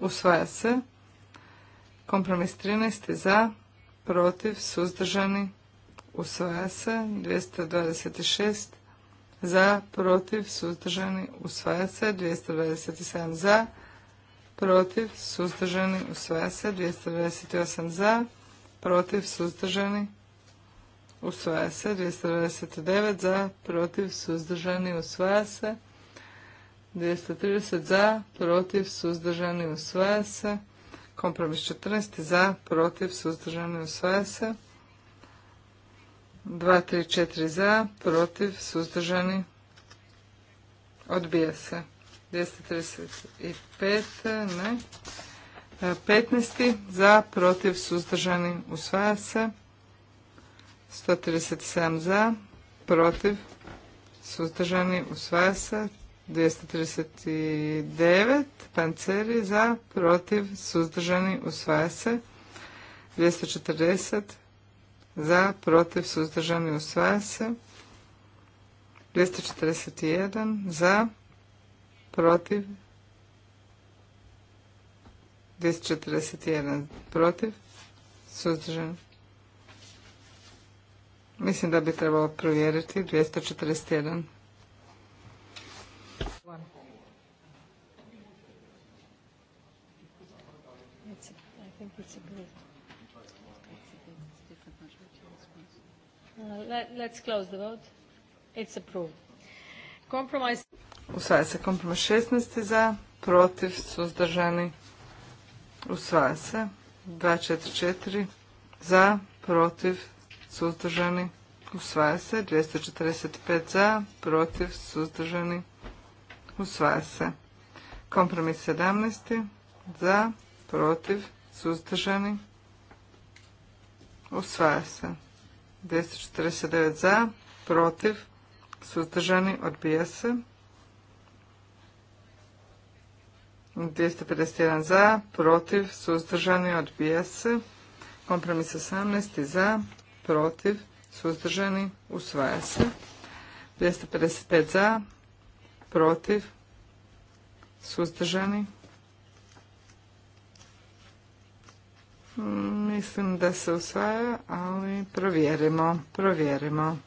usvaja se. Kompromis 13 za, protiv, suzdržani, usvaja se. 226 za, protiv, suzdržani, usvaja se. 227 za, protiv, suzdržani, usvaja se. 228 za, protiv, suzdržani, usvaja se. 299 za, protiv, suzdržani, usvaja se. 230 za, protiv, suzdržani, usvaja se. Kompromis 14 za, protiv, suzdržani, usvaja se. 234 za, protiv, suzdržani, odbija se. 235, ne. 15 e, za, protiv, suzdržani, usvaja se. 137 za, protiv, suzdržani, usvaja se. 239 panceri za, protiv, suzdržani, usvaja se. 240 za, protiv, suzdržani, usvaja se. 241 za, protiv, 241 protiv, suzdržani. Mislim da bi trebalo provjeriti 241. Usvaja se kompromis 16. za, protiv, su zdržani, Usvaja se 244 za, protiv, suzdržani, usvaja se. 245 za, protiv, suzdržani, usvaja se. Kompromis 17 za, protiv, suzdržani, usvaja se. 249 za, protiv, suzdržani, odbija se. 251 za, protiv, suzdržani, odbija se. Kompromis 18 za, protiv, suzdržani, usvaja se. 255 za, protiv, suzdržani. Mislim da se usvaja, ali provjerimo, provjerimo.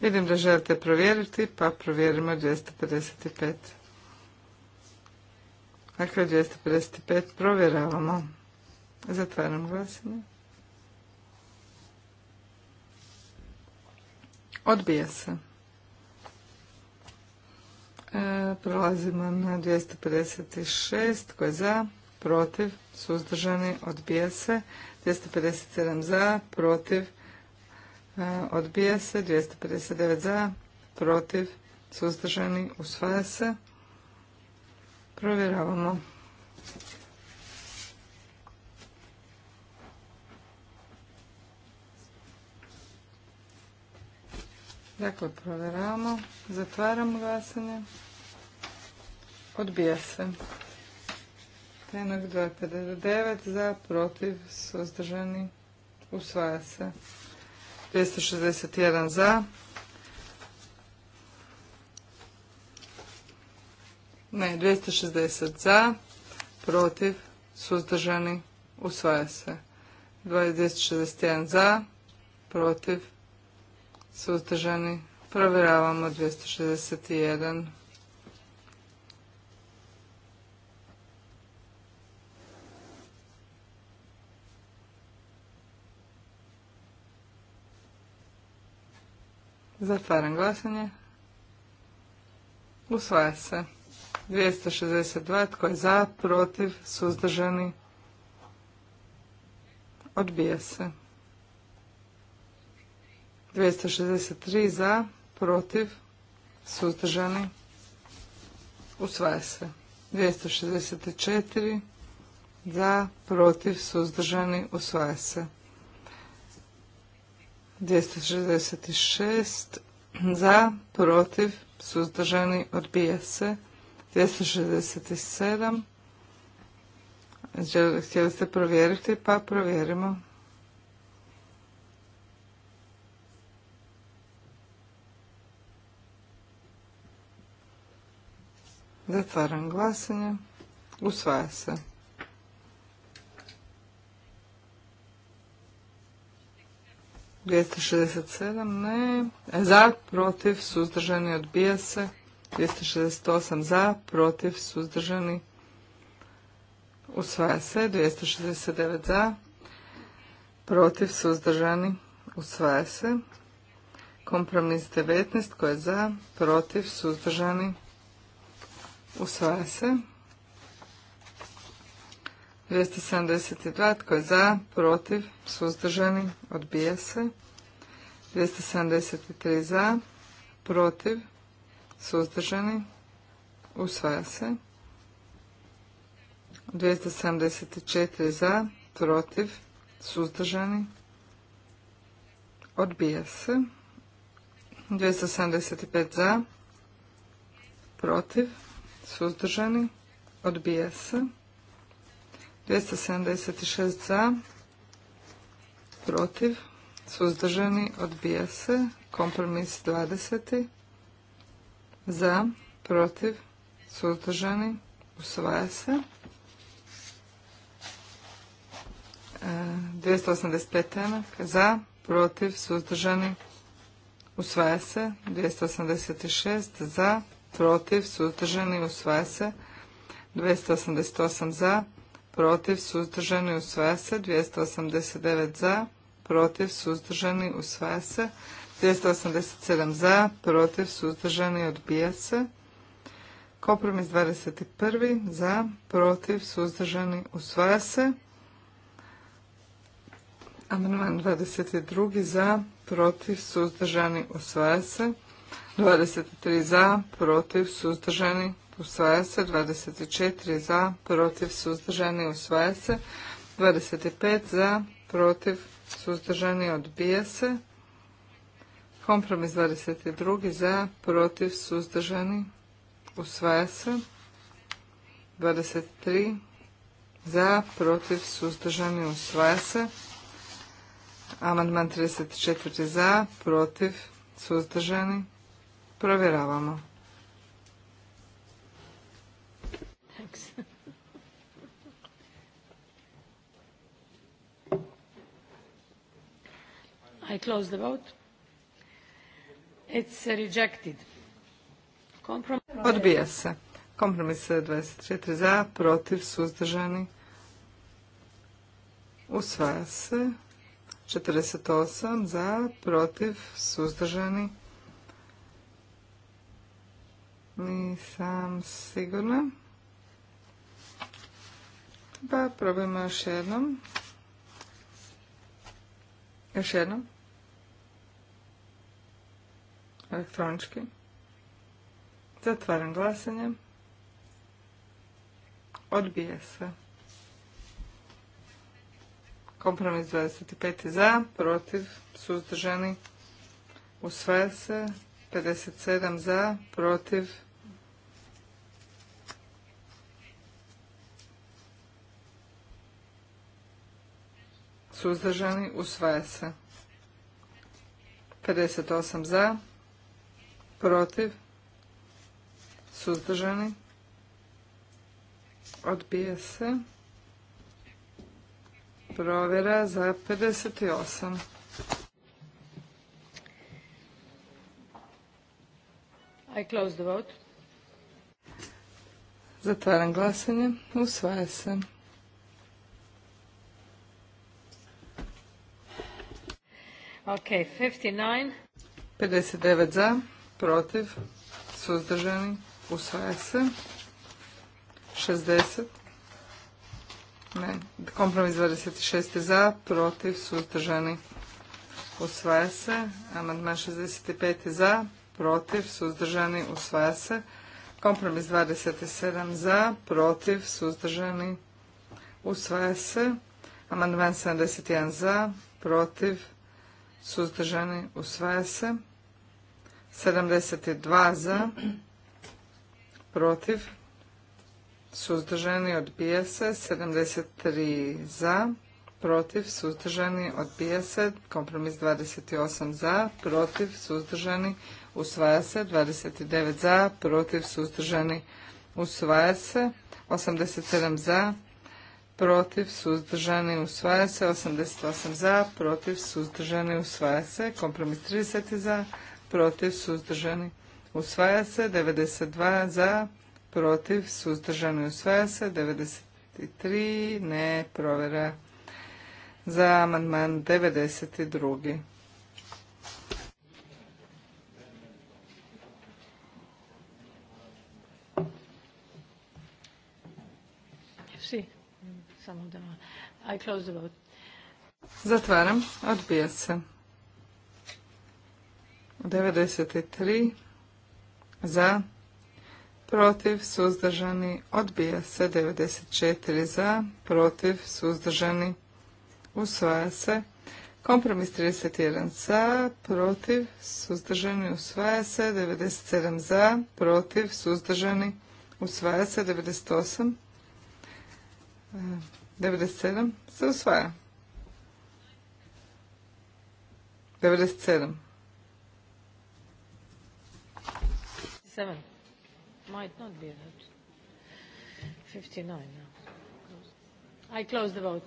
Vidim da želite provjeriti, pa provjerimo 255. Dakle, 255 provjeravamo. Zatvaram glasanje. Odbija se. E, Prolazimo na 256 koje je za, protiv, suzdržani, odbija se. 257 za, protiv, e, odbija se. 259 za, protiv, suzdržani, usvaja se. Provjeravamo. Dakle, provjeravamo. Zatvaram glasanje. Odbija se. Tenak 259 za, protiv, suzdržani, usvaja se. 261 za. Ne, 260 za, protiv, suzdržani, usvaja se. 261 za, protiv, suzdržani, provjeravamo 261. Zatvaram glasanje. Usvaja se. 262. Tko je za, protiv, suzdržani? Odbija se. 263 za, protiv, suzdržani, usvaja se. 264 za, protiv, suzdržani, usvaja se. 266 za, protiv, suzdržani, odbija se. 267 Htjeli ste provjeriti, pa provjerimo. Zatvaram glasanje. Usvaja se. Dvjesto ne. Za, protiv, suzdržani, odbija se. 268 za, protiv, suzdržani, usvaja se. 269 za, protiv, suzdržani, usvaja se. Kompromis 19 koje je za, protiv, suzdržani, Usvaja se. 272. Tko je za? Protiv? Suzdržani? Odbija se. 273 za, protiv, suzdržani, usvaja se. 274 za, protiv, suzdržani, odbija se. 275 za, protiv, suzdržani, odbija se. 276 za, protiv, suzdržani, odbija se. Kompromis 20. Za, protiv, suzdržani, usvaja se. 285 e, za, protiv, suzdržani, usvaja se. 286 za, protiv, suzdržani, usvaja se. 288 za, protiv, suzdržani, usvaja se. 289 za, protiv, suzdržani, usvaja se. 287 za, protiv, suzdržani, odbija se. Kompromis 21 za, protiv, suzdržani, usvaja se. Amandman 22 za, protiv, suzdržani, usvaja se. 23 za, protiv, suzdržani, usvaja se. 24 za, protiv, suzdržani, usvaja se. 25 za, protiv, suzdržani, odbija se. Kompromis 22 za, protiv, suzdržani, usvaja se. 23 za, protiv, suzdržani, usvaja se. Amandman 34 za, protiv, suzdržani, Provjeravamo. I close the vote. It's rejected. Odbija se. Kompromis 24 za, protiv, suzdržani. Usvaja se. 48 za, protiv, suzdržani. Nisam sigurna. Pa probajmo još jednom. Još jednom. Elektronički. Zatvaram glasanje. Odbije se. Kompromis 25 za, protiv, suzdržani. Usvaja se. 57 za, protiv. Suzdržani, usvaja se. 58 za, protiv, suzdržani, odbije se. Provjera za 58. I close the vote. Zatvaram glasanje. Usvaja se. Ok, 59. 59 za, protiv, suzdržani, usvaja se. 60. Ne, kompromis 26 za, protiv, suzdržani, usvaja se. Amandman 65 za, protiv, suzdržani, usvaja se. Kompromis 27 za, protiv, suzdržani, usvaja se. Amandman 71 za, protiv, suzdržani, usvaja se. 72 za, protiv, suzdržani, odbija se. 73 za, protiv, suzdržani, odbija se. Kompromis 28 za, protiv, suzdržani, usvaja se, 29 za, protiv, suzdržani, usvaja se, 87 za, protiv, suzdržani, usvaja se, 88 za, protiv, suzdržani, usvaja se, kompromis 30 za, protiv, suzdržani, usvaja se, 92 za, protiv, suzdržani, usvaja se, 93, ne, provera za amandman 92. Samo Zatvaram. Odbija se. 93 za, protiv, suzdržani, odbija se. 94 za, protiv, suzdržani, usvaja se. Kompromis 31 za, protiv, suzdržani, usvaja se. 97 za, protiv, suzdržani, usvaja se. 98 97 se usvaja. 97. Might not be that. 59 now. I close the vote.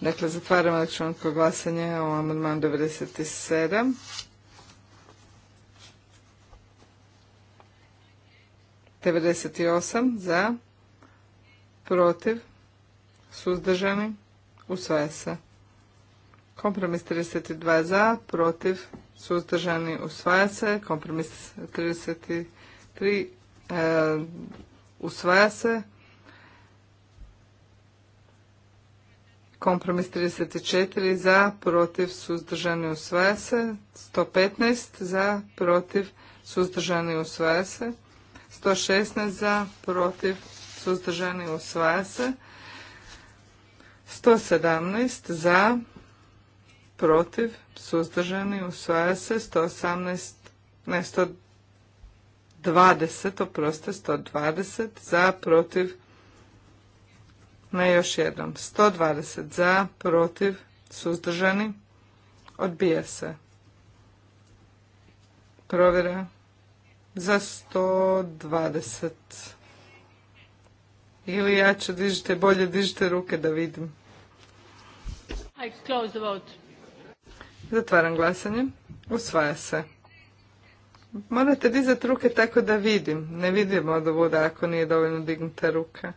Dakle, zatvaram elektronsko glasanje o amandman 97. 98 za protiv, suzdržani, usvaja se. Kompromis 32 za, protiv, suzdržani, usvaja se. Kompromis 33 e, usvaja se. Kompromis 34 za, protiv, suzdržani, usvaja se. 115 za, protiv, suzdržani, usvaja se. 116 za, protiv, suzdržani, usvaja se. 117 za, protiv, suzdržani, usvaja se. 118, ne, 120, oproste, 120 za, protiv, ne još jednom, 120 za, protiv, suzdržani, odbija se. Provjera za 120. Ili ja ću dižite, bolje dižite ruke da vidim. Zatvaram glasanje. Usvaja se. Morate dizati ruke tako da vidim. Ne vidimo od ovuda ako nije dovoljno dignuta ruka.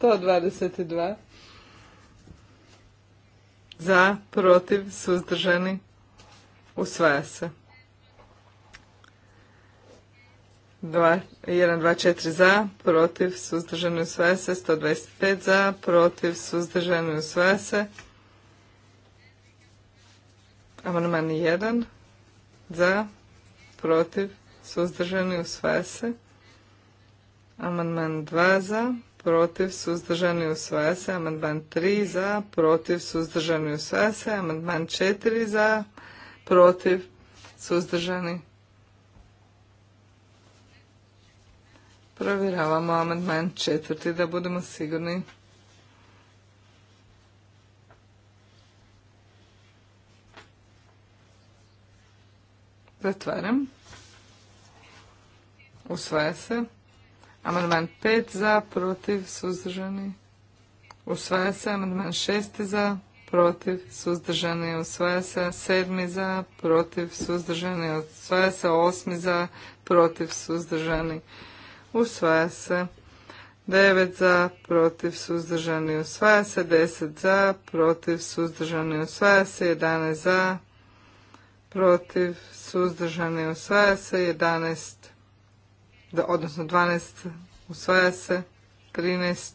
122. Za, protiv, suzdržani. Usvaja se. 1, 2, 4 za, protiv, suzdržani usvaja se, 125 za, protiv, suzdržani usvaja se. Amandman 1 za, protiv, suzdržani usvaja se. Amandman 2 za, protiv, suzdržani usvaja se. Amandman 3 za, protiv, suzdržani usvaja se. Amandman 4 za, protiv, suzdržani sve se Provjeravamo amandman četvrti da budemo sigurni. Zatvaram. Usvaja se. Amandman 5 za, protiv, suzdržani. Usvaja se. Amandman 6 za, protiv, suzdržani. Usvaja se. sedmi za, protiv, suzdržani. Usvaja se. osmi za, protiv, suzdržani usvaja se. 9 za, protiv, suzdržani, usvaja se. 10 za, protiv, suzdržani, usvaja se. 11 za, protiv, suzdržani, usvaja se. 11, odnosno 12, usvaja se. 13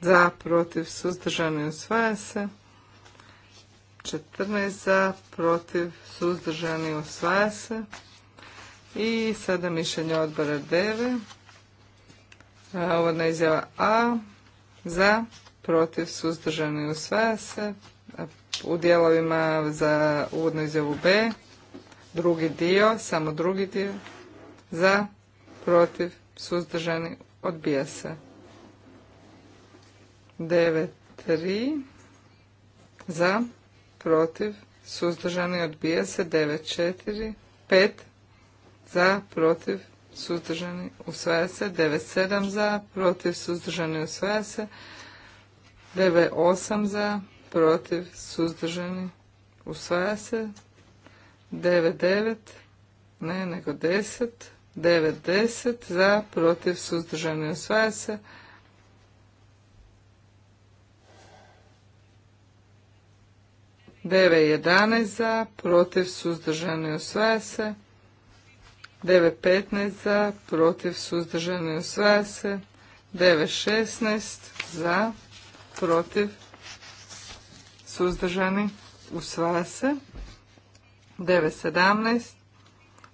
za, protiv, suzdržani, usvaja se. 14 za, protiv, suzdržani, usvaja se. I sada mišljenje odbora 9. E, uvodna izjava A. Za, protiv, suzdržani, usvaja se. E, u dijelovima za uvodnu izjavu B. Drugi dio, samo drugi dio. Za, protiv, suzdržani, odbija se. 9.3. Za, protiv, suzdržani, odbija se. 9.4. 5 za, protiv, suzdržani, usvaja se. 97 za, protiv, suzdržani, usvaja se. 98 za, protiv, suzdržani, usvaja se. 99, ne, nego 10. 9, za, protiv, suzdržani, usvaja se. Deve 11 za, protiv, suzdržani, usvaja se. 9.15 za, protiv, suzdržane usvaja se. 9.16 za, protiv, suzdržani, usvaja se. 9.17,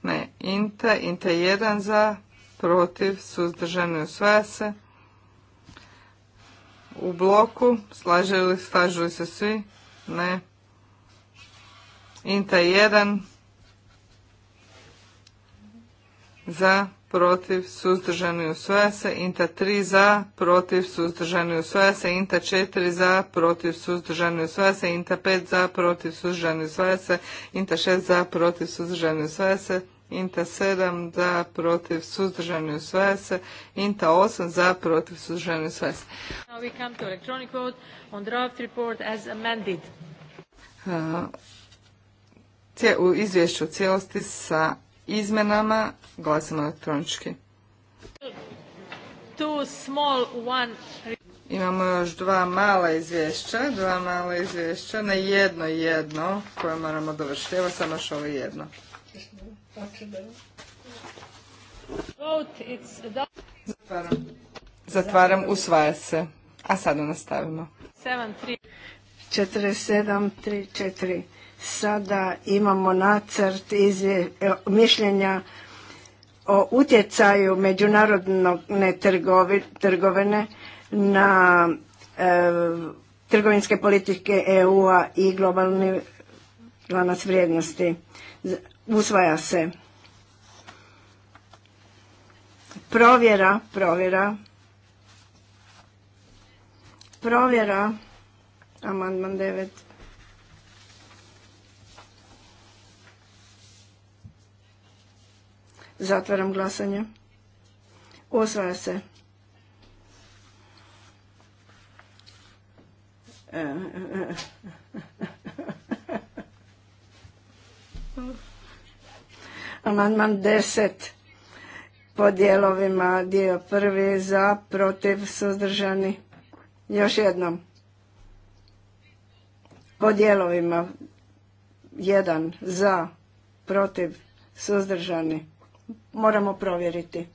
ne, INTA, INTA 1 za, protiv, suzdržani, usvaja se. U bloku, slaže li, slažu li se svi? Ne. INTA 1 za, protiv, suzdržani usvaja se, inta 3 za, protiv, suzdržani usvaja se, inta 4 za, protiv, suzdržani usvaja se, inta 5 za, protiv, suzdržani usvaja se, inta 6 za, protiv, suzdržani usvaja se, inta 7 za, protiv, suzdržani usvaja se, inta 8 za, protiv, suzdržani usvaja se. Now we come to electronic vote on draft report as amended. Uh, u izvješću cijelosti sa izmenama glasamo elektronički. small one. Imamo još dva mala izvješća, dva mala izvješća, na jedno jedno koje moramo dovršiti. Evo samo još ovo jedno. Zatvaram. Zatvaram, usvaja se. A sada nastavimo. 47, 3, 4. Sada imamo nacrt iz e, mišljenja o utjecaju međunarodne trgovine na e, trgovinske politike EU-a i globalni lanac vrijednosti. Usvaja se. Provjera, provjera. Provjera. Amandman 9. Zatvaram glasanje. Osvaja se. E, e, e, Amandman 10 po dijelovima dio prvi za protiv suzdržani. Još jednom. Po dijelovima jedan za protiv suzdržani moramo provjeriti.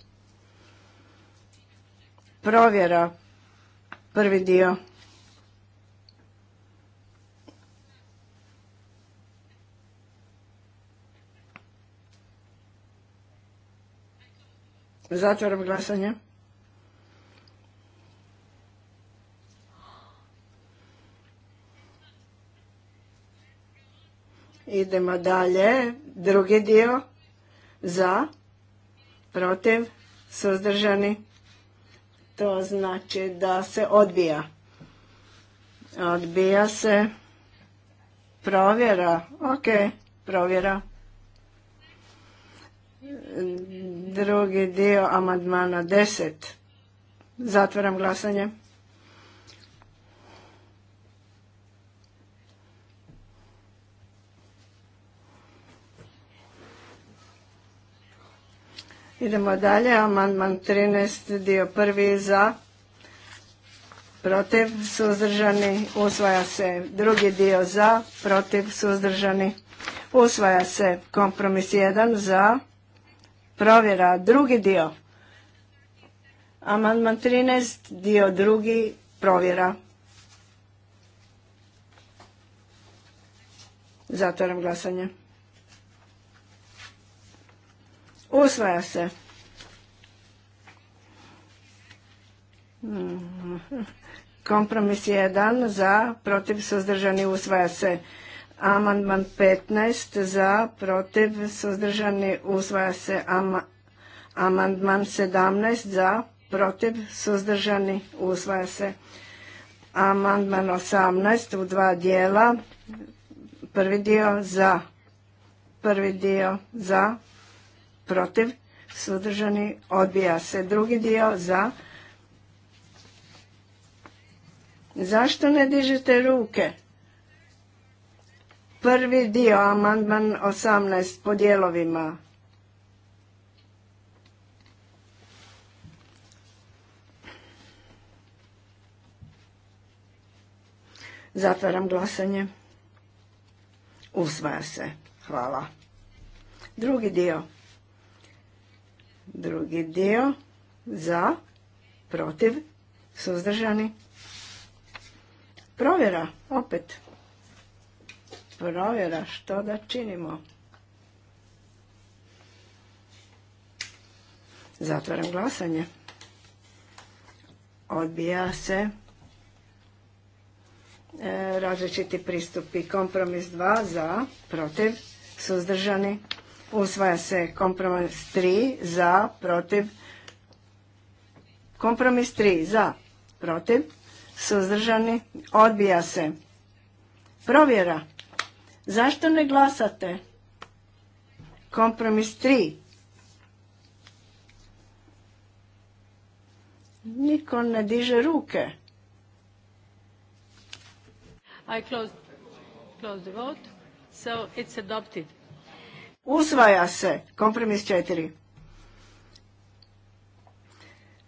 Provjera, prvi dio. Zatvaram glasanje. Idemo dalje. Drugi dio. Za protiv, suzdržani. To znači da se odbija. Odbija se provjera. Ok, provjera. Drugi dio amandmana 10. Zatvaram glasanje. Idemo dalje, amandman 13, dio prvi za, protiv, suzdržani, usvaja se. Drugi dio za, protiv, suzdržani, usvaja se. Kompromis 1 za, provjera, drugi dio. Amandman 13, dio drugi, provjera. Zatvaram glasanje. Usvaja se. Kompromis 1 za, protiv suzdržani usvaja se. Amandman 15 za, protiv suzdržani usvaja se. amandman 17 za, protiv suzdržani usvaja se. Amandman 18 u dva dijela. Prvi dio za, prvi dio za, protiv, suzdržani, odbija se. Drugi dio za. Zašto ne dižete ruke? Prvi dio, amandman 18 po dijelovima. Zatvaram glasanje. Usvaja se. Hvala. Drugi dio. Drugi dio za, protiv, suzdržani. Provjera, opet. Provjera, što da činimo? Zatvaram glasanje. Odbija se e, različiti pristupi. Kompromis 2 za, protiv, suzdržani. Usvaja se kompromis 3 za, protiv. Kompromis 3 za, protiv. Suzdržani. Odbija se. Provjera. Zašto ne glasate? Kompromis 3. Niko ne diže ruke. I close, close the vote. So it's adopted. Usvaja se. Kompromis 4.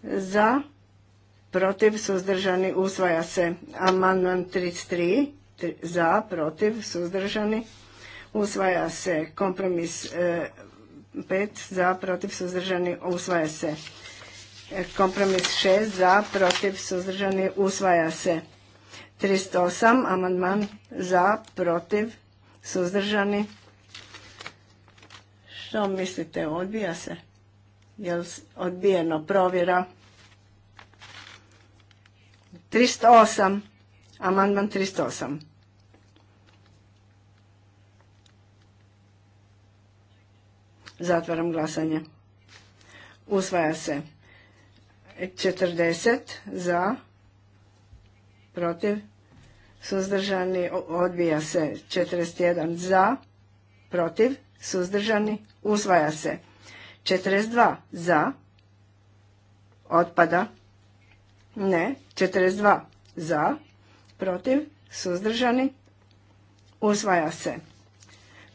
Za. Protiv. Suzdržani. Usvaja se. Amandman 33. Za. Protiv. Suzdržani. Usvaja se. Kompromis 5. E, za. Protiv. Suzdržani. Usvaja se. E, kompromis 6. Za. Protiv. Suzdržani. Usvaja se. 308. Amandman za. Protiv. Suzdržani. Što mislite, odbija se? Jel odbijeno provjera? 308, amandman 308. Zatvaram glasanje. Usvaja se 40 za, protiv, suzdržani, odbija se 41 za, protiv, suzdržani, Usvaja se. 42 za. Otpada. Ne. 42 za. Protiv. Suzdržani. Usvaja se.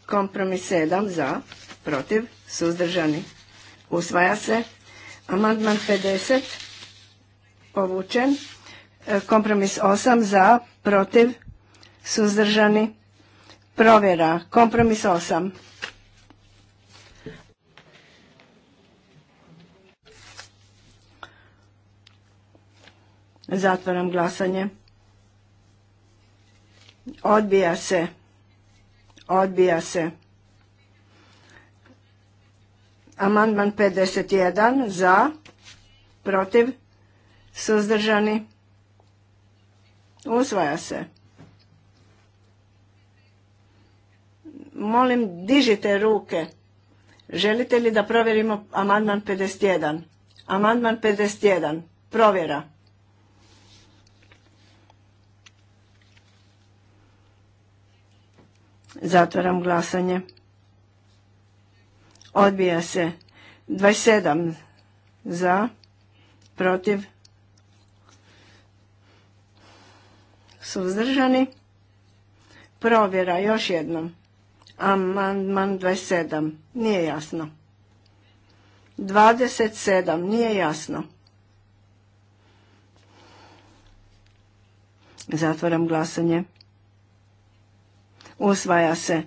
Kompromis 7 za. Protiv. Suzdržani. Usvaja se. Amandman 50. Povučen. E, kompromis 8 za. Protiv. Suzdržani. Provjera. Kompromis 8. Zatvaram glasanje. Odbija se. Odbija se. Amandman 51 za, protiv, suzdržani. Usvaja se. Molim, dižite ruke. Želite li da provjerimo amandman 51? Amandman 51. Provjera. Zatvaram glasanje. Odbija se 27 za, protiv, suzdržani. Provjera još jednom. Amandman 27. Nije jasno. 27. Nije jasno. Zatvaram glasanje usvaja se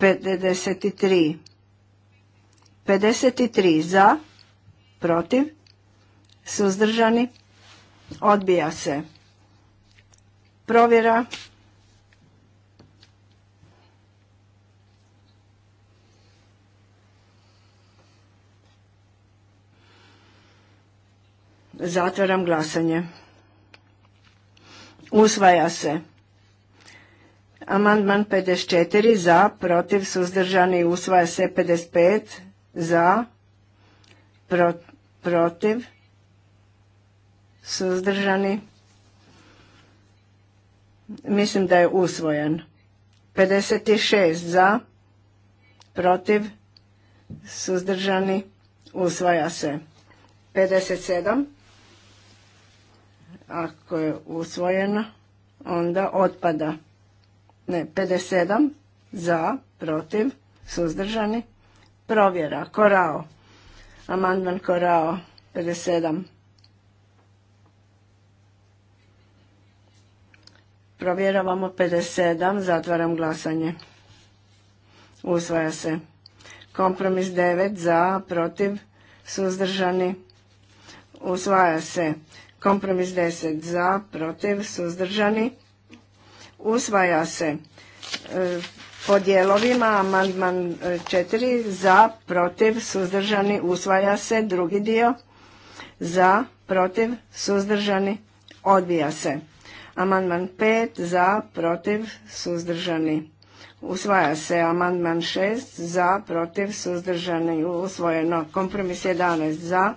53 53 za protiv suzdržani odbija se provjera Zatvaram glasanje. Usvaja se. Amandman 54 za, protiv, suzdržani, usvaja se 55 za, protiv, suzdržani. Mislim da je usvojen. 56 za, protiv, suzdržani, usvaja se. 57, ako je usvojeno, onda otpada ne, 57 za, protiv, suzdržani, provjera, korao, amandman korao, 57. Provjeravamo 57, zatvaram glasanje. Usvaja se. Kompromis 9 za, protiv, suzdržani, usvaja se. Kompromis 10 za, protiv, suzdržani, Usvaja se e, po dijelovima amandman 4 e, za, protiv, suzdržani, usvaja se drugi dio za, protiv, suzdržani, odbija se. Amandman 5 za, protiv, suzdržani, usvaja se. Amandman 6 za, protiv, suzdržani, usvojeno. Kompromis 11 za,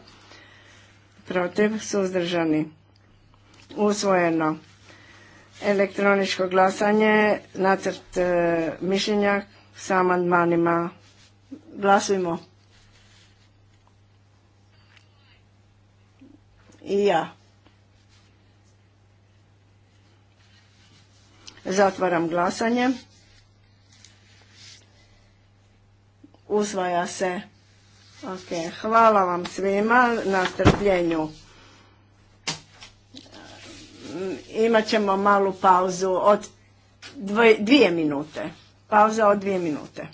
protiv, suzdržani, usvojeno. Elektroničko glasanje, nacrt e, mišljenja sa amandmanima. Glasujmo. I ja. Zatvaram glasanje. Usvaja se. Ok, hvala vam svima na strpljenju imat ćemo malu pauzu od dvije minute. Pauza od dvije minute.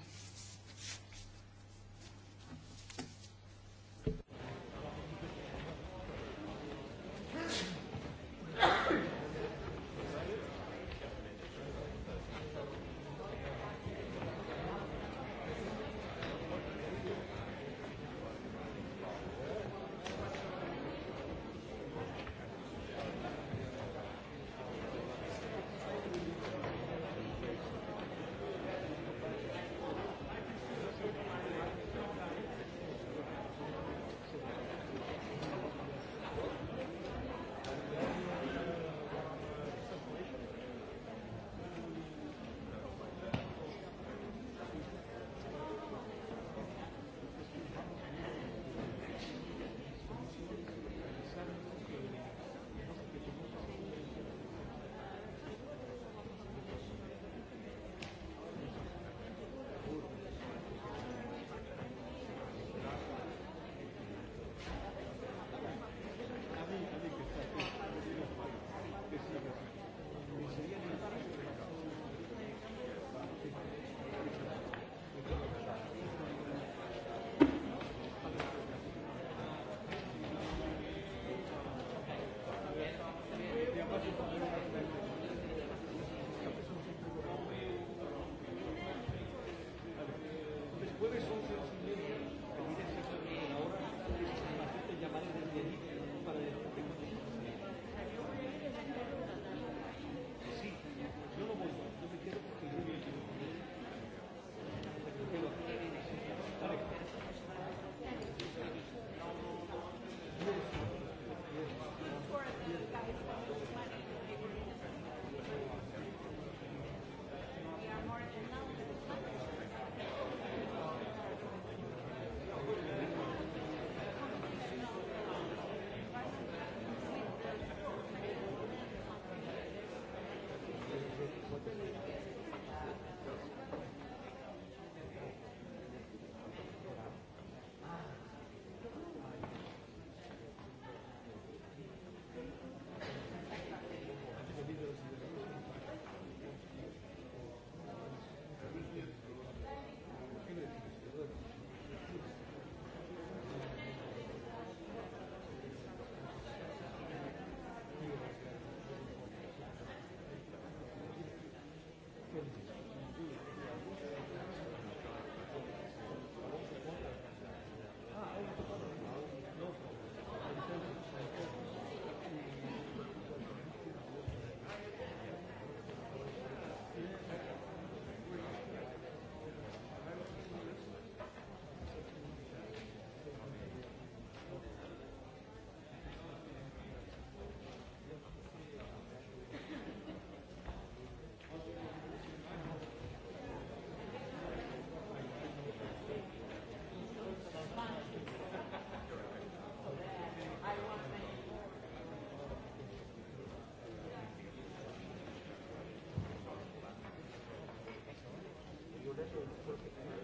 Hvala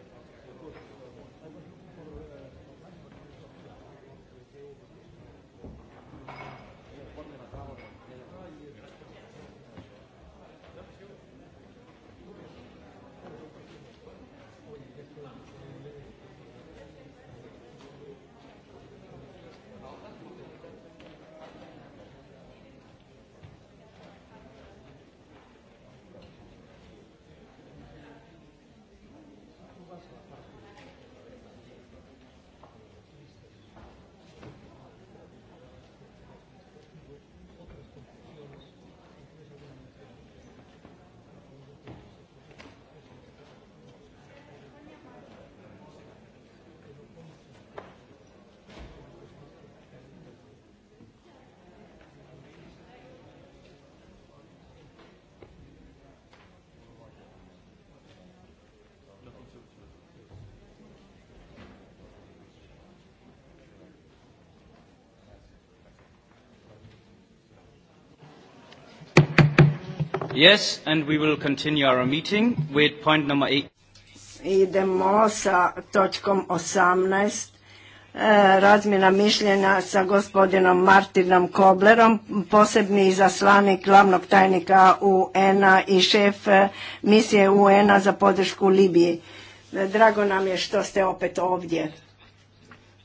Yes, and we will continue our meeting with point number eight. Idemo sa točkom 18. E, razmjena mišljenja sa gospodinom Martinom Koblerom, posebni zaslanik glavnog tajnika UN-a i šef e, misije UN-a za podršku Libiji. E, drago nam je što ste opet ovdje.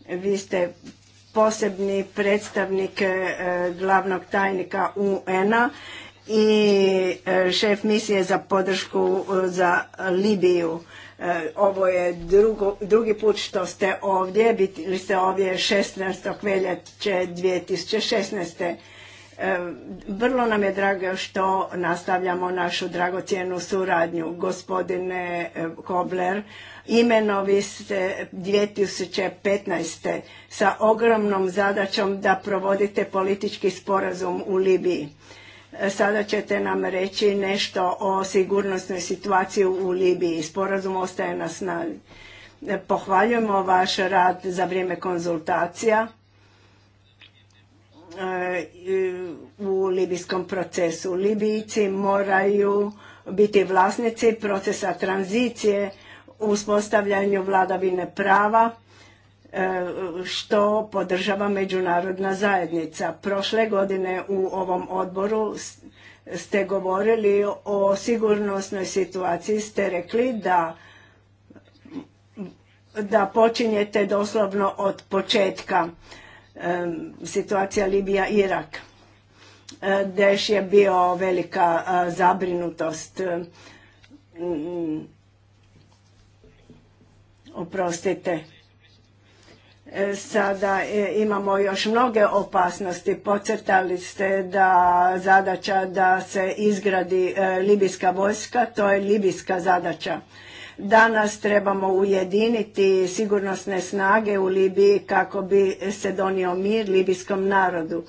Vi ste posebni predstavnik glavnog tajnika UN-a i e, šef misije za podršku e, za Libiju. E, ovo je drugi put što ste ovdje, bili ste ovdje 16. veljače 2016. Vrlo nam je drago što nastavljamo našu dragocjenu suradnju. Gospodine Kobler, imenovi ste 2015. sa ogromnom zadaćom da provodite politički sporazum u Libiji. Sada ćete nam reći nešto o sigurnosnoj situaciji u Libiji. Sporazum ostaje na snazi. Pohvaljujemo vaš rad za vrijeme konzultacija e, u libijskom procesu. Libijci moraju biti vlasnici procesa tranzicije, uspostavljanju vladavine prava E, što podržava međunarodna zajednica. Prošle godine u ovom odboru ste govorili o sigurnosnoj situaciji, ste rekli da da počinjete doslovno od početka e, situacija Libija Irak. E, Deš je bio velika zabrinutost. oprostite. E, sada e, imamo još mnoge opasnosti. Pocrtali ste da zadaća da se izgradi e, libijska vojska, to je libijska zadaća. Danas trebamo ujediniti sigurnosne snage u Libiji kako bi se donio mir libijskom narodu.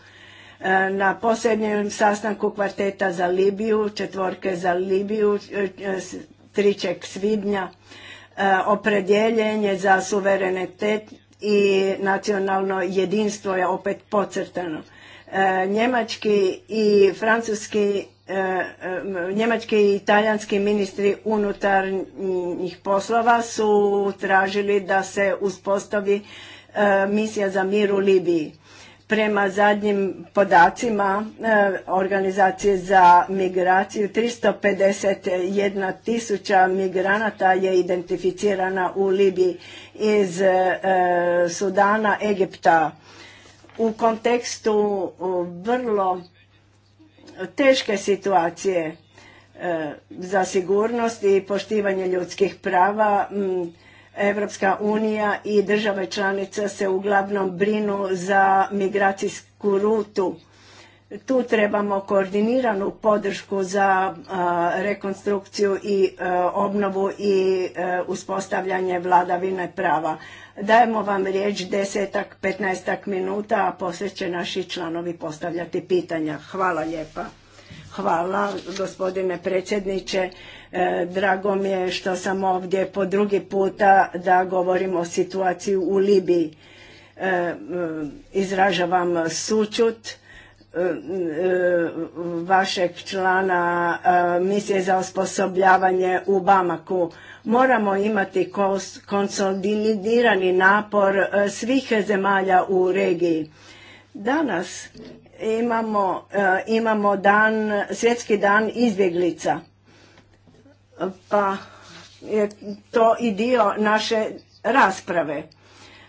Na posljednjem sastanku kvarteta za Libiju, četvorke za Libiju, 3. svibnja, opredjeljenje za suverenitet i nacionalno jedinstvo je opet pocrtano. E, njemački i francuski e, e, njemački i talijanski ministri unutarnjih poslova su tražili da se uspostavi misija za mir u Libiji. Prema zadnjim podacima e, Organizacije za migraciju 351 tisuća migranata je identificirana u Libiji iz e, Sudana, Egipta. U kontekstu vrlo teške situacije e, za sigurnost i poštivanje ljudskih prava Evropska unija i države članice se uglavnom brinu za migracijsku rutu. Tu trebamo koordiniranu podršku za rekonstrukciju i e, obnovu i e, uspostavljanje vladavine prava. Dajemo vam riječ desetak, petnaestak minuta, a poslije će naši članovi postavljati pitanja. Hvala lijepa. Hvala gospodine predsjedniče. E, drago mi je što sam ovdje po drugi puta da govorim o situaciji u Libiji. E, e, izražavam sučut vašeg člana misije za osposobljavanje u Bamaku. Moramo imati konsolidirani napor svih zemalja u regiji. Danas imamo, imamo dan, svjetski dan izbjeglica pa je to i dio naše rasprave.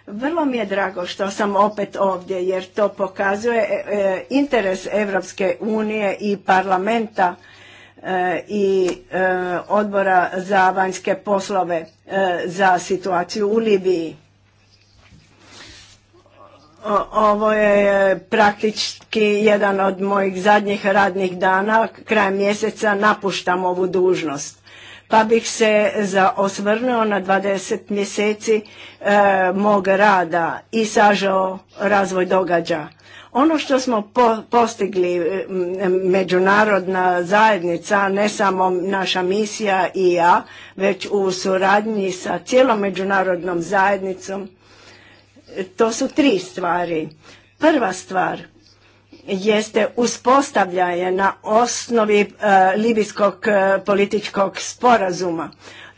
Vrlo mi je drago što sam opet ovdje jer to pokazuje e, e, interes Europske unije i parlamenta e, i odbora za vanjske poslove za situaciju u Libiji. Ovo je praktički jedan od mojih zadnjih radnih dana. Krajem mjeseca napuštam ovu dužnost pa bih se za osvrnuo na 20 mjeseci e, mog rada i sažao razvoj događa. Ono što smo postigli međunarodna zajednica, ne samo naša misija i ja, već u suradnji sa cijelom međunarodnom zajednicom, to su tri stvari. Prva stvar, jeste uspostavljanje na osnovi e, libijskog e, političkog sporazuma.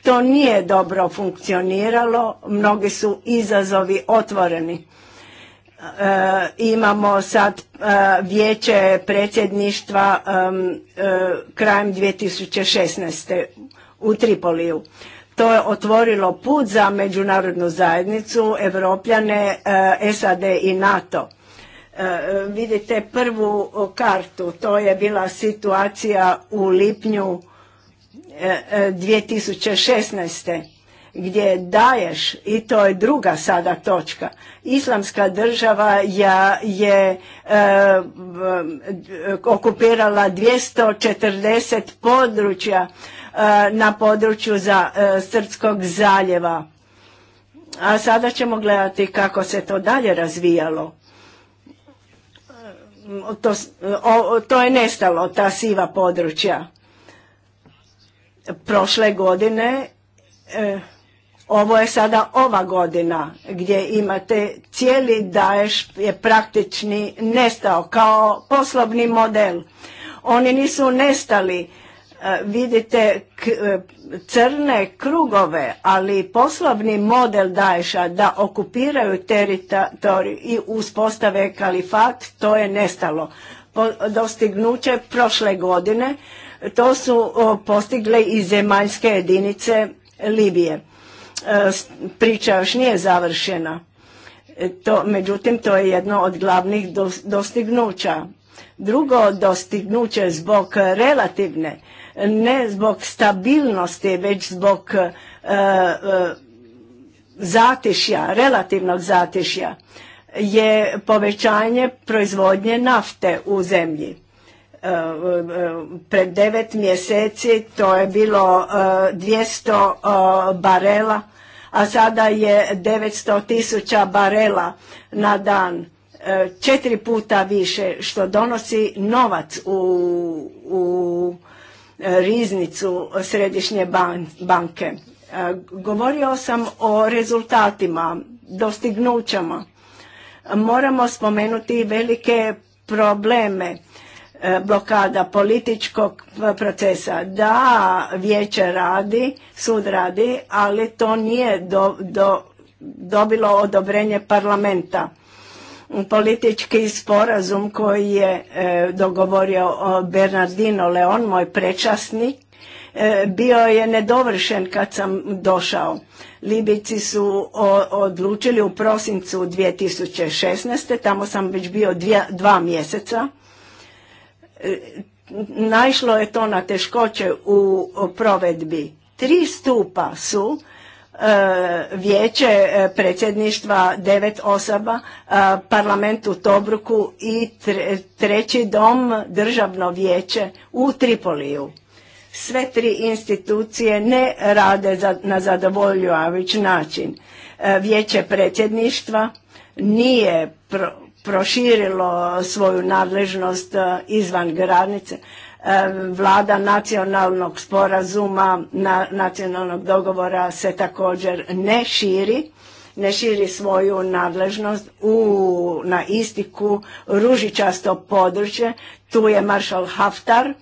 To nije dobro funkcioniralo, mnogi su izazovi otvoreni. E, imamo sad vijeće predsjedništva krajem 2016. u Tripoliju. To je otvorilo put za međunarodnu zajednicu, Evropljane, SAD i NATO E, vidite prvu kartu, to je bila situacija u lipnju 2016. E, e, gdje daješ, i to je druga sada točka, islamska država je, je okupirala 240 područja na području za, Srpskog zaljeva. A sada ćemo gledati kako se to dalje razvijalo to, to je nestalo, ta siva područja. Prošle godine, e, ovo je sada ova godina gdje imate cijeli daješ je praktični nestao kao poslovni model. Oni nisu nestali, E, vidite e, crne krugove, ali poslovni model Daesha da okupiraju teritorij i uspostave kalifat, to je nestalo. dostignuće prošle godine to su postigle i zemaljske jedinice Libije. E, priča još nije završena. To, međutim, to je jedno od glavnih dostignuća. Drugo dostignuće zbog relativne ne zbog stabilnosti, već zbog e, e, zatišja, relativnog zatišja, je povećanje proizvodnje nafte u zemlji. E, pred devet mjeseci to je bilo 200 barela, a sada je 900 tisuća barela na dan četiri puta više što donosi novac u, u E, riznicu središnje banke. E, govorio sam o rezultatima, dostignućama. Moramo spomenuti velike probleme e, blokada političkog procesa. Da, vijeće radi, sud radi, ali to nije dobilo odobrenje parlamenta politički sporazum koji je e, dogovorio Bernardino Leon, moj prečasnik, e, bio je nedovršen kad sam došao. Libici su odlučili u prosincu 2016. Tamo sam već bio dva mjeseca. E, naišlo je to na teškoće u provedbi. Tri stupa su E, vijeće e, predsjedništva devet osoba, e, parlament u Tobruku i treći dom državno vijeće u Tripoliju. Sve tri institucije ne rade na zadovoljavajući način. Vijeće predsjedništva nije proširilo svoju nadležnost izvan granice. Vlada nacionalnog sporazuma, nacionalnog dogovora se također ne širi, ne širi svoju nadležnost u, na istiku ružičasto područje. Tu je maršal Haftar,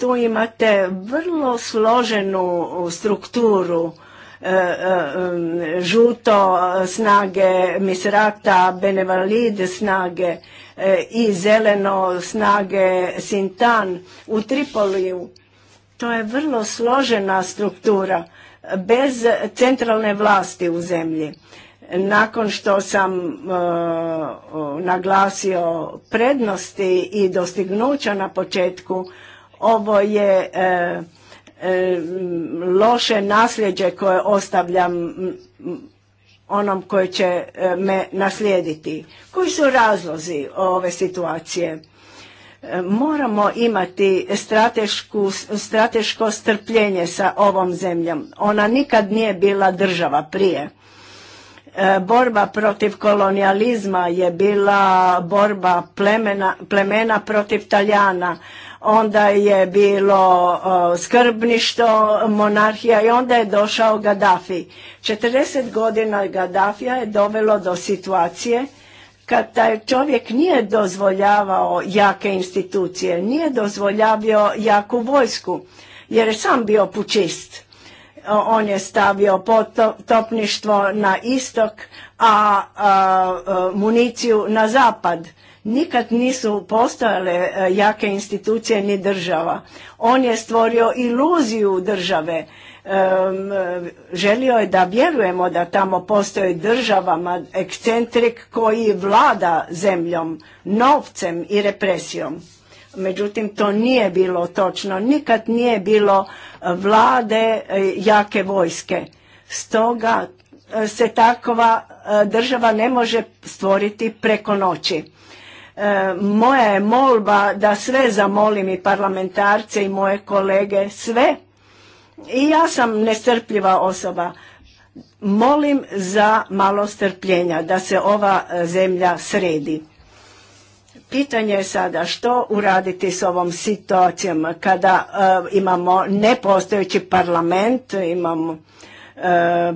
tu imate vrlo složenu strukturu e, e, žuto e, snage Misrata, Benevalid snage E, i zeleno snage Sintan u Tripoliju. To je vrlo složena struktura bez centralne vlasti u zemlji. Nakon što sam e, naglasio prednosti i dostignuća na početku, ovo je e, loše nasljeđe koje ostavljam onom koji će e, me naslijediti. Koji su razlozi ove situacije? E, moramo imati strateško strpljenje sa ovom zemljom. Ona nikad nije bila država prije. E, borba protiv kolonijalizma je bila borba plemena, plemena protiv Talijana onda je bilo skrbništvo, monarhija i onda je došao Gaddafi. 40 godina Gaddafija je dovelo do situacije kad taj čovjek nije dozvoljavao jake institucije, nije dozvoljavio jaku vojsku, jer je sam bio pučist. On je stavio topništvo na istok, a municiju na zapad Nikad nisu postojale e, jake institucije ni država. On je stvorio iluziju države. E, e, želio je da vjerujemo da tamo postoji državama ekcentrik koji vlada zemljom, novcem i represijom. Međutim, to nije bilo točno. Nikad nije bilo vlade jake vojske. Stoga se takva država ne može stvoriti preko noći. E, moja je molba da sve zamolim i parlamentarce i moje kolege, sve. I ja sam nestrpljiva osoba. Molim za malo strpljenja, da se ova e, zemlja sredi. Pitanje je sada što uraditi s ovom situacijom kada e, imamo nepostojeći parlament, imamo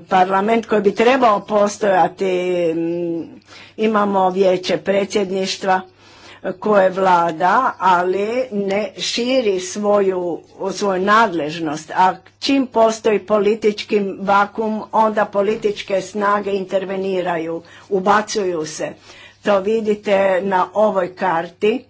parlament koji bi trebao postojati, imamo vijeće predsjedništva koje vlada, ali ne širi svoju, svoju nadležnost. A čim postoji politički vakum, onda političke snage interveniraju, ubacuju se. To vidite na ovoj karti.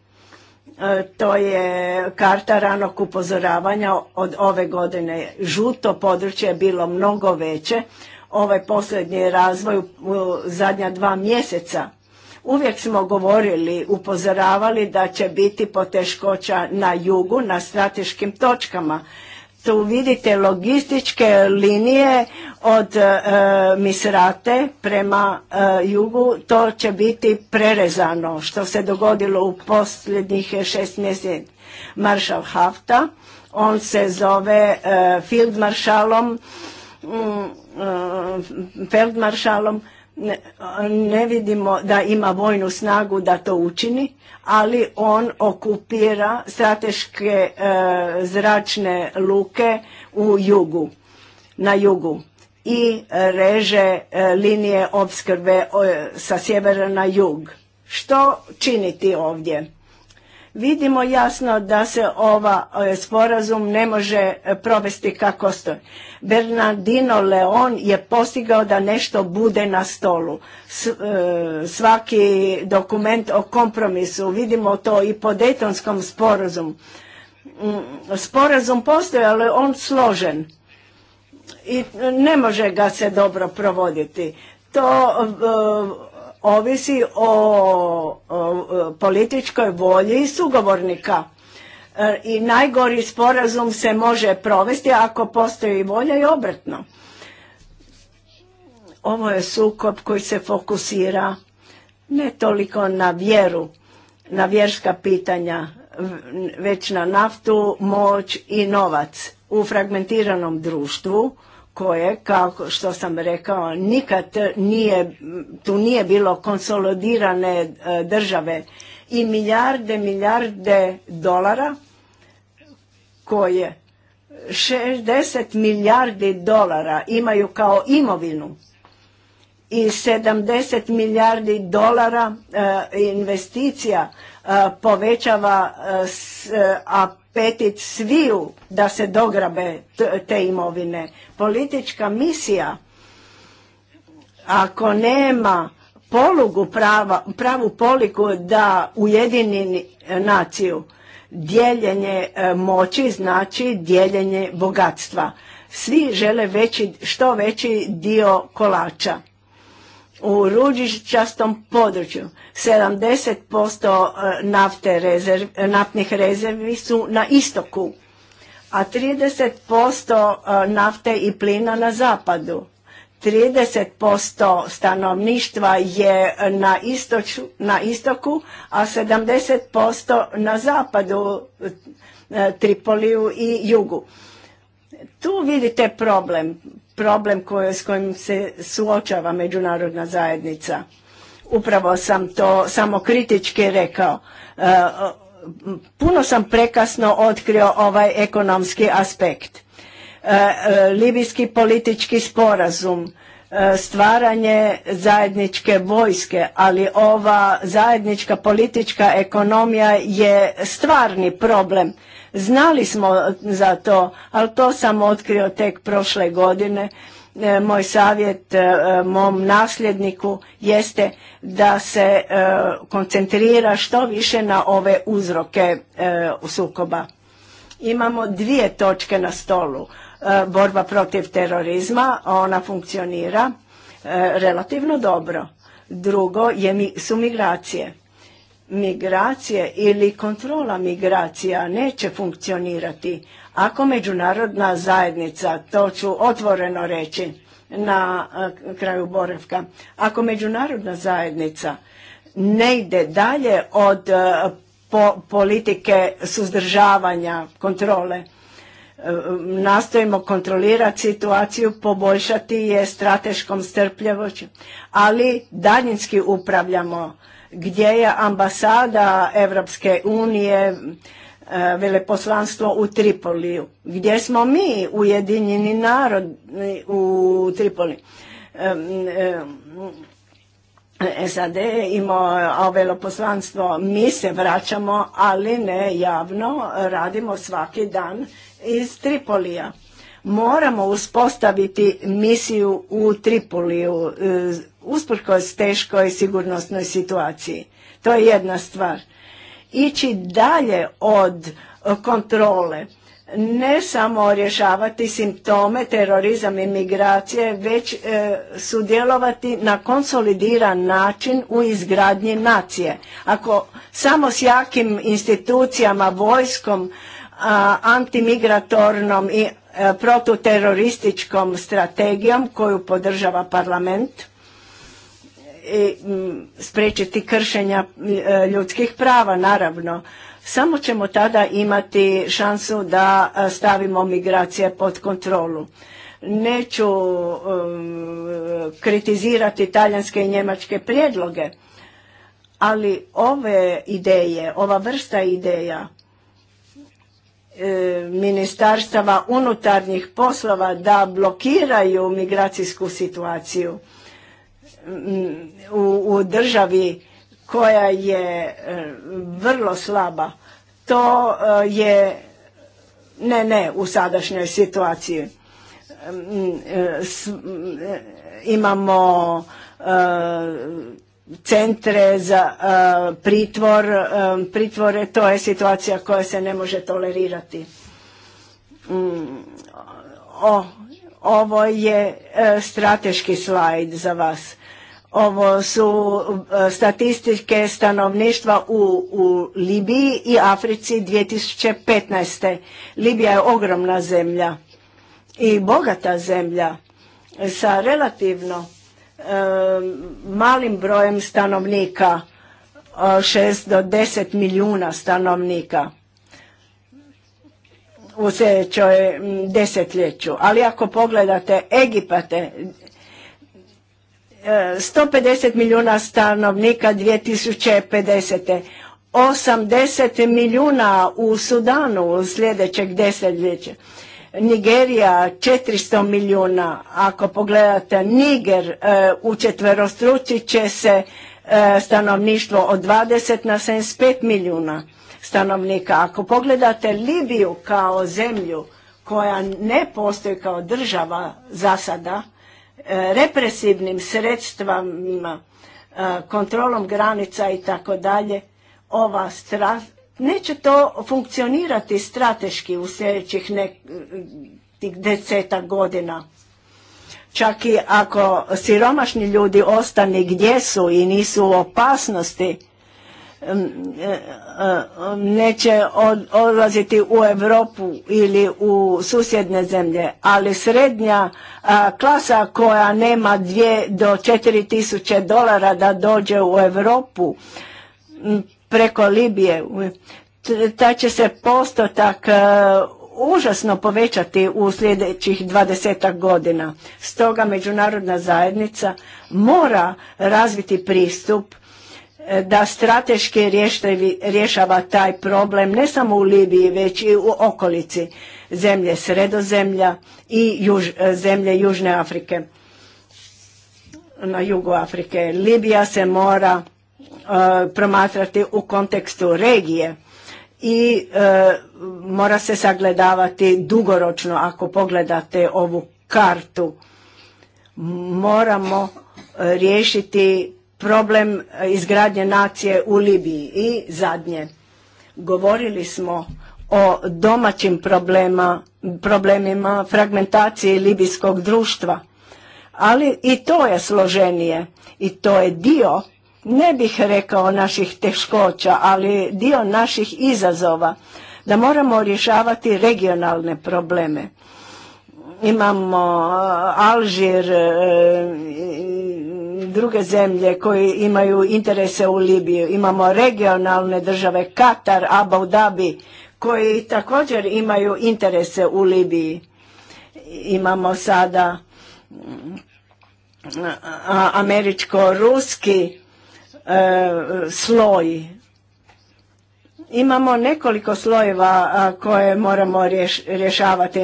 E, to je karta ranog upozoravanja od ove godine. Žuto područje je bilo mnogo veće. Ovaj posljednji razvoj u zadnja dva mjeseca Uvijek smo govorili, upozoravali da će biti poteškoća na jugu, na strateškim točkama. Tu vidite logističke linije od e, Misrate prema e, jugu, to će biti prerezano, što se dogodilo u posljednjih šest mjeseci. Maršal Hafta, on se zove e, field maršalom, mm, e, feldmaršalom, ne, vidimo da ima vojnu snagu da to učini, ali on okupira strateške e, zračne luke u jugu, na jugu i reže e, linije opskrbe sa sjevera na jug. Što činiti ovdje? Vidimo jasno da se ova e, sporazum ne može e, provesti kako stoji. Bernardino Leon je postigao da nešto bude na stolu. E, svaki dokument o kompromisu, vidimo to i po Dejtonskom sporazumu. Mm, sporazum postoji, ali on složen i ne može ga se dobro provoditi. To ovisi o, političkoj volji i sugovornika e, i najgori sporazum se može provesti ako postoji volja i obratno. Ovo je sukob koji se fokusira ne toliko na vjeru, na vjerska pitanja, već na naftu, moć i novac u fragmentiranom društvu koje, kao što sam rekao, nikad nije, tu nije bilo konsolidirane e, države i milijarde, milijarde dolara koje 60 milijardi dolara imaju kao imovinu i 70 milijardi dolara e, investicija e, povećava, a Petit sviju da se dograbe te imovine. Politička misija, ako nema polugu prava, pravu poliku da ujedini naciju, dijeljenje e, moći znači dijeljenje bogatstva. Svi žele veći, što veći dio kolača u ruđičastom području. 70% e, nafte e, naftnih rezervi su na istoku, a 30% e, nafte i plina na zapadu. 30% stanovništva je na, na istoku, a 70% na zapadu Tripoliju i jugu. Tu vidite problem problem koje, s kojim se suočava međunarodna zajednica. Upravo sam to samo kritički rekao. E, puno sam prekasno otkrio ovaj ekonomski aspekt. E, e libijski politički sporazum, e, stvaranje zajedničke vojske, ali ova zajednička politička ekonomija je stvarni problem Znali smo za to, ali to sam otkrio tek prošle godine. E, moj savjet e, mom nasljedniku jeste da se e, koncentrira što više na ove uzroke sukoba. Imamo dvije točke na stolu. Borba protiv terorizma, ona funkcionira relativno dobro. Drugo su migracije migracije ili kontrola migracija neće funkcionirati ako međunarodna zajednica, to ću otvoreno reći na eh, kraju boravka, ako međunarodna zajednica ne ide dalje od eh, politike suzdržavanja, kontrole, eh, nastojimo kontrolirati situaciju, poboljšati je strateškom strpljevoću, ali daljinski upravljamo gdje je ambasada Evropske unije e, veleposlanstvo u Tripoliju. Gdje smo mi, Ujedinjeni narod u Tripoli? E, e, SAD imao veleposlanstvo, mi se vraćamo, ali ne javno, radimo svaki dan iz Tripolija. Moramo uspostaviti misiju u Tripoliju usprkos teškoj sigurnosnoj situaciji. To je jedna stvar. Ići dalje od kontrole, ne samo rješavati simptome terorizam i migracije, već e, sudjelovati na konsolidiran način u izgradnji nacije. Ako samo s jakim institucijama, vojskom, antimigratornom i e, protuterorističkom strategijom koju podržava parlament E, sprečiti kršenja e, ljudskih prava, naravno. Samo ćemo tada imati šansu da e, stavimo migracije pod kontrolu. Neću kritizirati talijanske i njemačke prijedloge, ali ove ideje, ova vrsta ideja ministarstava unutarnjih poslova da blokiraju migracijsku situaciju, u, u državi koja je e, vrlo slaba. To e, je ne ne u sadašnjoj situaciji. E, imamo centre za pritvor, pritvore, to je situacija koja se ne može tolerirati. Mm, o, ovo je strateški slajd za vas ovo su e, statistike stanovništva u, Libiji i Africi 2015. Libija je ogromna zemlja i bogata zemlja sa relativno e, malim brojem stanovnika, 6 e, do 10 milijuna stanovnika u sljedećoj desetljeću. Ali ako pogledate Egipate, 150 milijuna stanovnika 2050. 80 milijuna u Sudanu u sljedećeg desetljeća. Nigerija 400 milijuna, ako pogledate Niger e, u četverostruci će se e, stanovništvo od 20 na 75 milijuna stanovnika. Ako pogledate Libiju kao zemlju koja ne postoji kao država za sada, E, represivnim sredstvama, e, kontrolom granica i tako dalje, ova strast neće to funkcionirati strateški u sljedećih nek... tih desetak godina. Čak i ako siromašni ljudi ostane gdje su i nisu u opasnosti, neće odlaziti u Europu ili u susjedne zemlje, ali srednja klasa koja nema dvije do četiri tisuće dolara da dođe u Europu preko Libije, taj će se postotak e, užasno povećati u sljedećih dvadesetak godina. Stoga međunarodna zajednica mora razviti pristup E, da strateški rješava taj problem ne samo u Libiji već i u okolici zemlje Sredozemlja i juž, e, zemlje Južne Afrike na jugu Afrike. Libija se mora e, promatrati u kontekstu regije i mora se sagledavati dugoročno ako pogledate ovu kartu. Moramo riješiti problem izgradnje nacije u Libiji. I zadnje, govorili smo o domaćim problema, problemima fragmentacije libijskog društva, ali i to je složenije i to je dio, ne bih rekao naših teškoća, ali dio naših izazova, da moramo rješavati regionalne probleme imamo e, Alžir, e, druge zemlje koji imaju interese u Libiju. Imamo regionalne države, Katar, Abu Dhabi, koji također imaju interese u Libiji. Imamo sada mm, američko-ruski e, sloj. Imamo nekoliko slojeva koje moramo rješavati,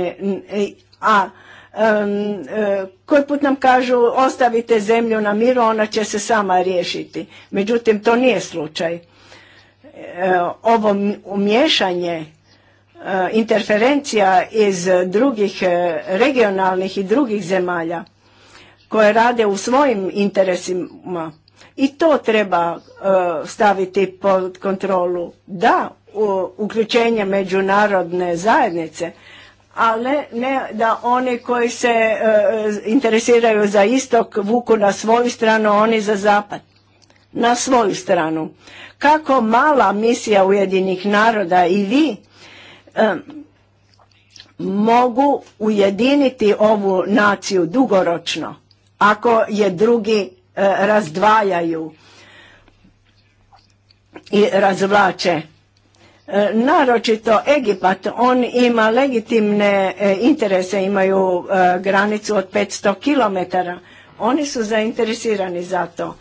a E, koji put nam kažu ostavite zemlju na miru, ona će se sama riješiti. Međutim, to nije slučaj. E, ovo umješanje e, interferencija iz drugih regionalnih i drugih zemalja koje rade u svojim interesima i to treba staviti pod kontrolu. Da, uključenje međunarodne zajednice, ali ne da oni koji se e, interesiraju za istok vuku na svoju stranu, oni za zapad na svoju stranu. Kako mala misija Ujedinih naroda i vi e, mogu ujediniti ovu naciju dugoročno ako je drugi e, razdvajaju i razvlače E, naročito Egipat, on ima legitimne e, interese, imaju e, granicu od 500 km, oni su zainteresirani za to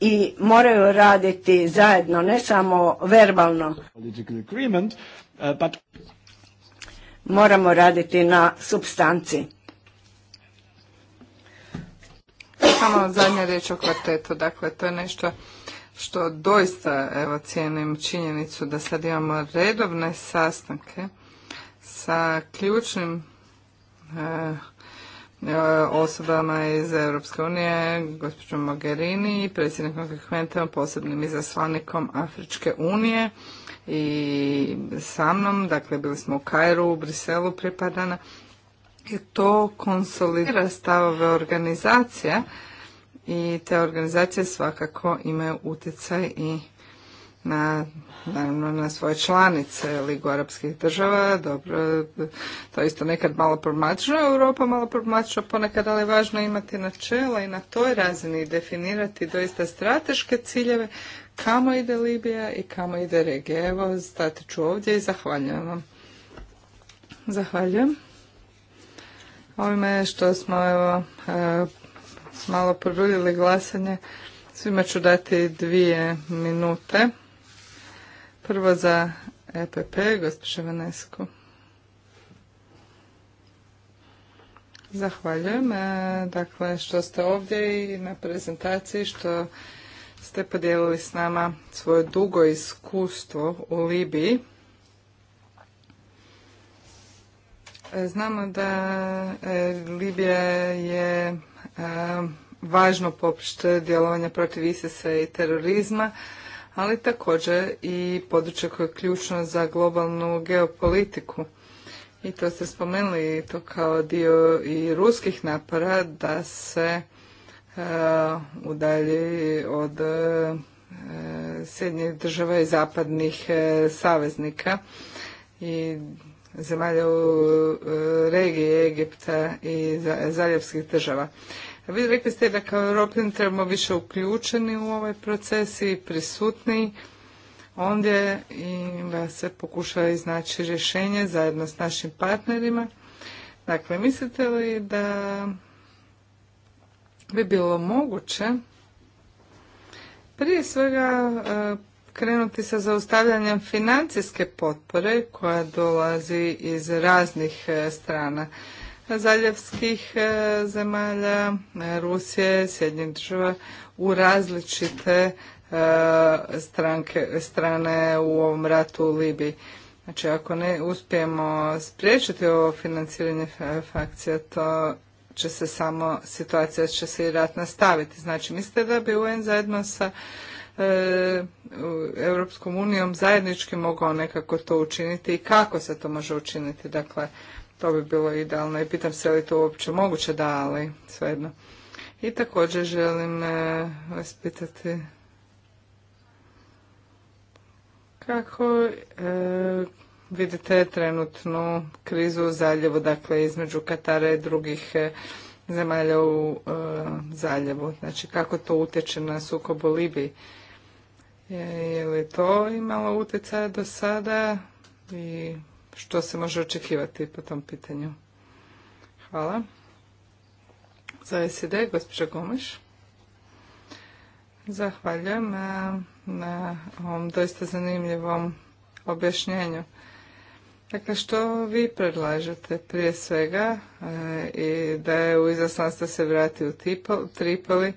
i moraju raditi zajedno, ne samo verbalno. Moramo raditi na substanci. Samo zadnja riječ o kvartetu, dakle to je nešto što doista evo, cijenim činjenicu da sad imamo redovne sastanke sa ključnim eh, eh, osobama iz Europske unije, gospođom Mogherini i predsjednikom Frekventa, posebnim izaslanikom Afričke unije i sa mnom, dakle bili smo u Kairu, u Briselu pripadana, i to konsolidira stavove organizacija i te organizacije svakako imaju utjecaj i na, naravno, na svoje članice Ligu arapskih država, dobro, to isto nekad malo problematično, Europa malo problematično ponekad, ali je važno imati načela i na toj razini definirati doista strateške ciljeve kamo ide Libija i kamo ide regija. Evo, stati ću ovdje i zahvaljujem vam. Zahvaljujem. Ovime što smo evo, malo produljili glasanje. Svima ću dati dvije minute. Prvo za EPP, gospođa Vanesku. Zahvaljujem. E, dakle, što ste ovdje i na prezentaciji, što ste podijelili s nama svoje dugo iskustvo u Libiji. E, znamo da e, Libija je Ehm, važno popušte djelovanja protiv isis i terorizma, ali također i područje koje je ključno za globalnu geopolitiku. I to ste spomenuli to kao dio i ruskih napora da se ehm, udalje od ehm, sjednje država i zapadnih saveznika i zemalja u regiji Egipta i zaljevskih država. Vi rekli ste da kao Europljan trebamo više uključeni u ovaj proces i prisutniji ondje i da se pokuša iznaći rješenje zajedno s našim partnerima. Dakle, mislite li da bi bilo moguće prije svega e, krenuti sa zaustavljanjem financijske potpore koja dolazi iz raznih e, strana zaljevskih e, zemalja, e, Rusije, Sjedinjenih država u različite e, strane u ovom ratu u Libiji. Znači, ako ne uspijemo spriječiti ovo financiranje fakcija, to će se samo, situacija će se i rat nastaviti. Znači, mislite da bi UN zajedno sa Europskom unijom zajednički mogao nekako to učiniti i kako se to može učiniti? Dakle, to bi bilo idealno i pitam se li to uopće moguće da, ali svejedno. I također želim e, vas pitati kako e, vidite trenutnu krizu u zaljevu, dakle između Katara i drugih e, zemalja u zaljevu. Znači kako to utječe na sukob u Libiji? Je, li to imalo utjecaja do sada i što se može očekivati po tom pitanju. Hvala. Za SED, gospođa Gomeš. Zahvaljujem e, na ovom doista zanimljivom objašnjenju. Dakle, što vi predlažete prije svega e, i da je u izaslanstvo se vrati u Tripoli, e,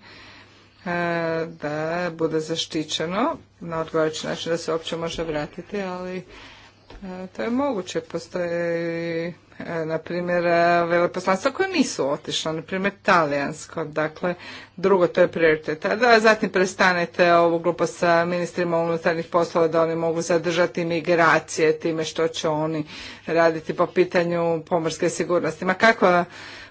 da bude zaštićeno na odgovarajući način da se uopće može vratiti, ali E, to je moguće, postoje e, na primjer e, veleposlanstva koje nisu otišla, na primjer talijansko, dakle drugo to je prioritet. A da zatim prestanete ovu glupo sa ministrima unutarnjih poslova da oni mogu zadržati migracije time što će oni raditi po pitanju pomorske sigurnosti. Ma kakva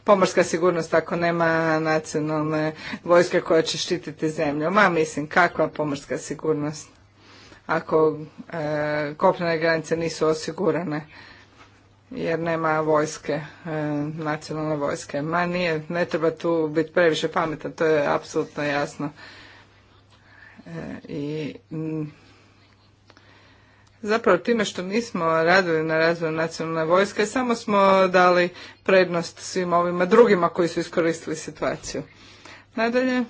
pomorska sigurnost ako nema nacionalne vojske koja će štititi zemlju? Ma mislim, kakva pomorska sigurnost? ako e, kopnene granice nisu osigurane jer nema vojske, e, nacionalne vojske. Ma nije, ne treba tu biti previše pametan, to je apsolutno jasno. E, I zapravo time što nismo radili na razvoju nacionalne vojske, samo smo dali prednost svim ovima drugima koji su iskoristili situaciju. Nadalje,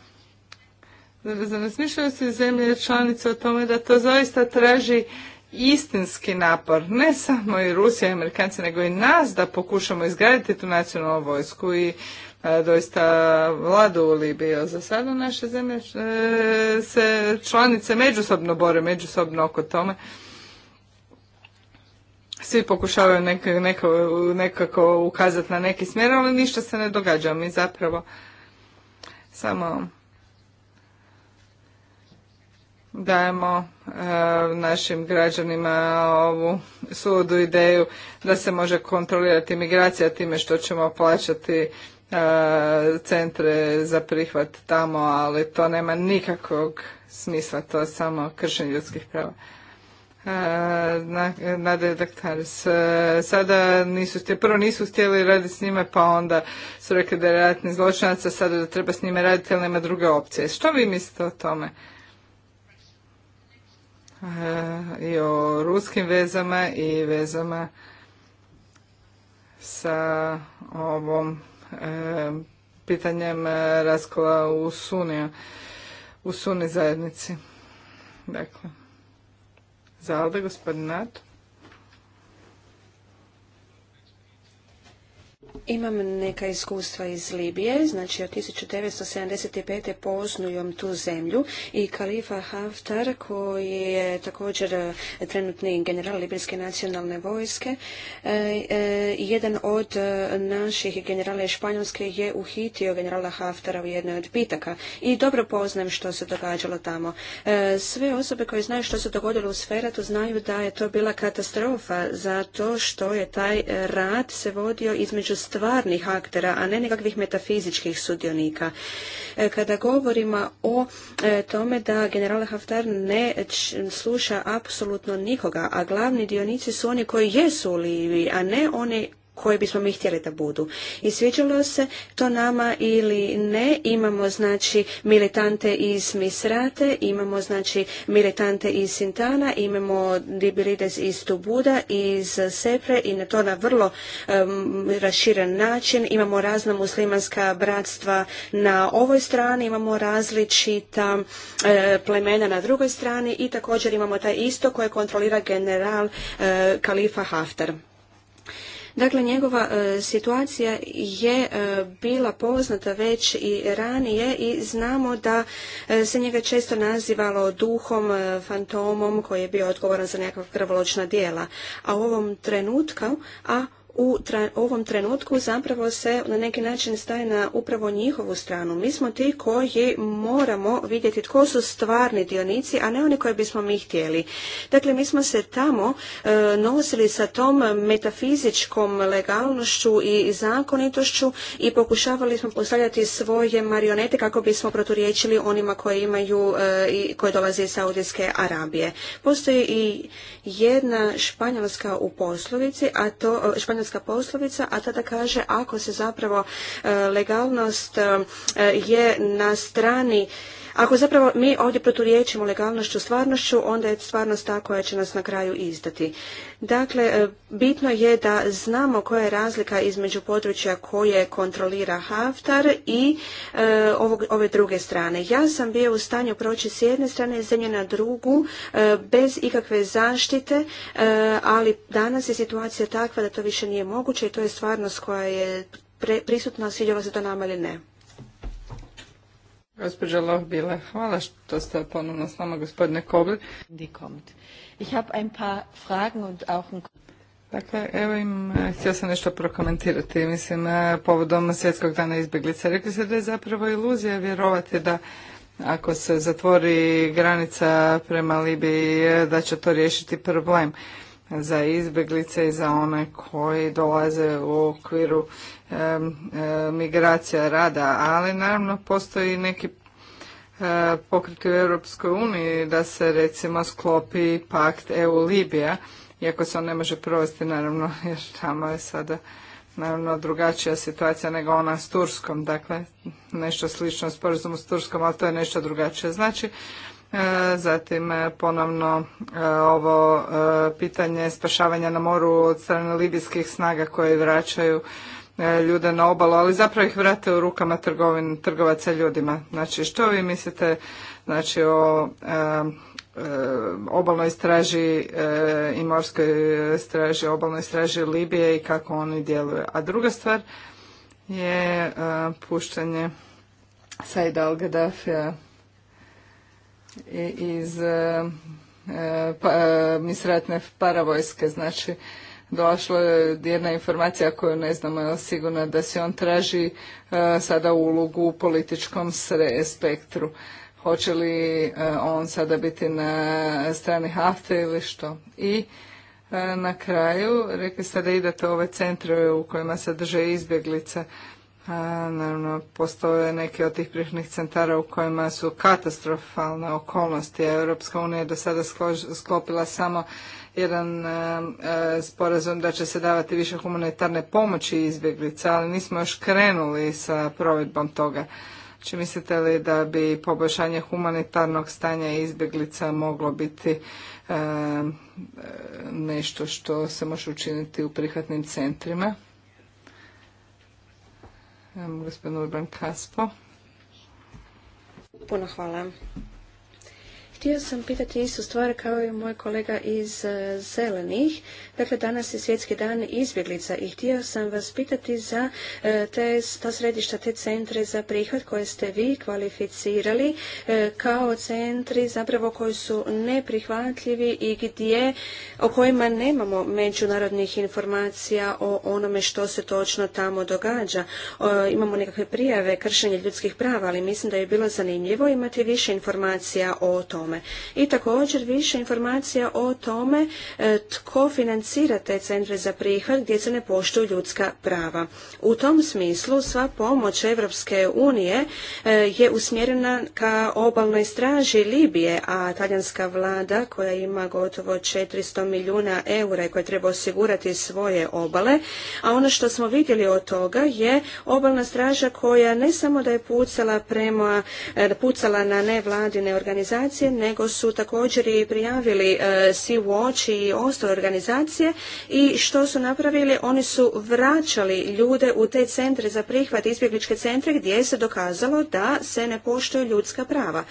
razmišljaju se zemlje članice o tome da to zaista traži istinski napor, ne samo i Rusija i Amerikanci, nego i nas da pokušamo izgraditi tu nacionalnu vojsku i e, doista vladu u Libiji. Za sada naše zemlje e, se članice međusobno bore, međusobno oko tome. Svi pokušavaju nekako ukazati na neki smjer, ali ništa se ne događa. Mi zapravo samo dajemo e, našim građanima ovu sudu ideju da se može kontrolirati migracija time što ćemo plaćati e, centre za prihvat tamo, ali to nema nikakvog smisla, to je samo kršenje ljudskih prava. E, e Sada nisu, prvo nisu htjeli raditi s njime, pa onda su rekli da je ratni zločinac, a sada da treba s njime raditi, ali nema druge opcije. Što vi mislite o tome? Eh, i o ruskim vezama i vezama sa ovom eh, pitanjem eh, raskola u Suni, u Suni zajednici. Dakle, za gospodin Nato. Imam neka iskustva iz Libije, znači od 1975. poznujem tu zemlju i Kalifa Haftar koji je također e, trenutni general Libijske nacionalne vojske. E, e, jedan od naših generala Španjolske je uhitio generala Haftara u jednoj od pitaka i dobro poznam što se događalo tamo. sve osobe koje znaju što se dogodilo u Sferatu znaju da je to bila katastrofa zato što je taj rat se vodio između stvarnih aktera, a ne nekakvih metafizičkih sudionika. E, kada govorimo o e, tome da general Haftar ne sluša apsolutno nikoga, a glavni dionici su oni koji jesu u a ne oni koje bismo mi htjeli da budu. I sviđalo se to nama ili ne, imamo znači militante iz Misrate, imamo znači militante iz Sintana, imamo Dibirides iz Tubuda, iz Sepre i na to na vrlo um, raširen način. Imamo razna muslimanska bratstva na ovoj strani, imamo različita e, plemena na drugoj strani i također imamo taj isto koje kontrolira general e, Kalifa Haftar. Dakle, njegova e, situacija je e, bila poznata već i ranije i znamo da e, se njega često nazivalo duhom, fantomom koji je bio odgovoran za nekakva krvoločna dijela. A u ovom trenutku, a u ovom trenutku zapravo se na neki način staje na upravo njihovu stranu. Mi smo ti koji moramo vidjeti tko su stvarni dionici, a ne oni koje bismo mi htjeli. Dakle, mi smo se tamo e, nosili sa tom metafizičkom legalnošću i zakonitošću i pokušavali smo postavljati svoje marionete kako bismo proturječili onima koje imaju e, i koje dolaze iz Saudijske Arabije. Postoji i jedna španjolska u poslovici, a to e, španjolska španjolska poslovica, a tada kaže ako se zapravo e, legalnost e, je na strani ako zapravo mi ovdje proturiječimo legalnošću stvarnošću, onda je stvarnost ta koja će nas na kraju izdati. Dakle, e, bitno je da znamo koja je razlika između područja koje kontrolira Haftar i e, ovog, ove druge strane. Ja sam bio u stanju proći s jedne strane zemlje na drugu e, bez ikakve zaštite, ali danas je situacija takva da to više nije moguće i to je stvarnost koja je prisutna, osiljava se to nama ili ne. Gospođa Lohbile, hvala što ste ponovno s nama, gospodine Kobli. Dakle, evo im, eh, htio sam nešto prokomentirati, mislim, eh, povodom svjetskog dana izbjeglica. Rekli se da je zapravo iluzija vjerovati da ako se zatvori granica prema Libiji, eh, da će to riješiti problem za izbjeglice i za one koji dolaze u okviru migracija rada, ali naravno postoji neki e, u Europskoj uniji da se recimo sklopi pakt EU-Libija, iako se on ne može provesti naravno jer tamo je sada naravno drugačija situacija nego ona s Turskom, dakle nešto slično sporazumu s Turskom, ali to je nešto drugačije. Znači, E, zatim e, ponovno e, ovo pitanje spašavanja na moru od strane libijskih snaga koje vraćaju ljude na obalu, ali zapravo ih vrate u rukama trgovaca ljudima. Znači, što vi mislite znači, o obalnoj straži i morskoj straži, obalnoj straži Libije i kako oni djeluju. A druga stvar je e, puštanje Saida al iz e, pa, e, misratne paravojske, znači došla je jedna informacija koju ne znamo, je sigurno da se si on traži e, sada ulogu u političkom spektru. Hoće li on sada biti na strani Hafte ili što? I na kraju, rekli ste da idete u ove centre u kojima se drže izbjeglice. Naravno, postoje neke od tih prihvatnih centara u kojima su katastrofalne okolnosti. Europska unija je do sada sklopila samo jedan e, sporazum da će se davati više humanitarne pomoći izbjeglica, ali nismo još krenuli sa provedbom toga. Či znači, mislite li da bi poboljšanje humanitarnog stanja izbjeglica moglo biti e, nešto što se može učiniti u prihvatnim centrima? gospodin Urban Kaspo. Puno hvala. Htio sam pitati istu stvar kao i moj kolega iz e, Zelenih. Dakle, danas je svjetski dan izbjeglica i htio sam vas pitati za e, te, ta središta, te centre za prihvat koje ste vi kvalificirali e, kao centri zapravo koji su neprihvatljivi i gdje, o kojima nemamo međunarodnih informacija o onome što se točno tamo događa. Imamo nekakve prijave kršenja ljudskih prava, ali mislim da je bilo zanimljivo imati više informacija o tom tome. I također više informacija o tome e, tko financira te centre za prihvat gdje se ne poštuju ljudska prava. U tom smislu sva pomoć Evropske unije e, je usmjerena ka obalnoj straži Libije, a talijanska vlada koja ima gotovo 400 milijuna eura i koja treba osigurati svoje obale, a ono što smo vidjeli od toga je obalna straža koja ne samo da je pucala prema, e, pucala na nevladine organizacije, nego su također i prijavili e, Sea Watch i ostale organizacije i što su napravili? Oni su vraćali ljude u te centre za prihvat, izbjegličke centre gdje se dokazalo da se ne poštuju ljudska prava.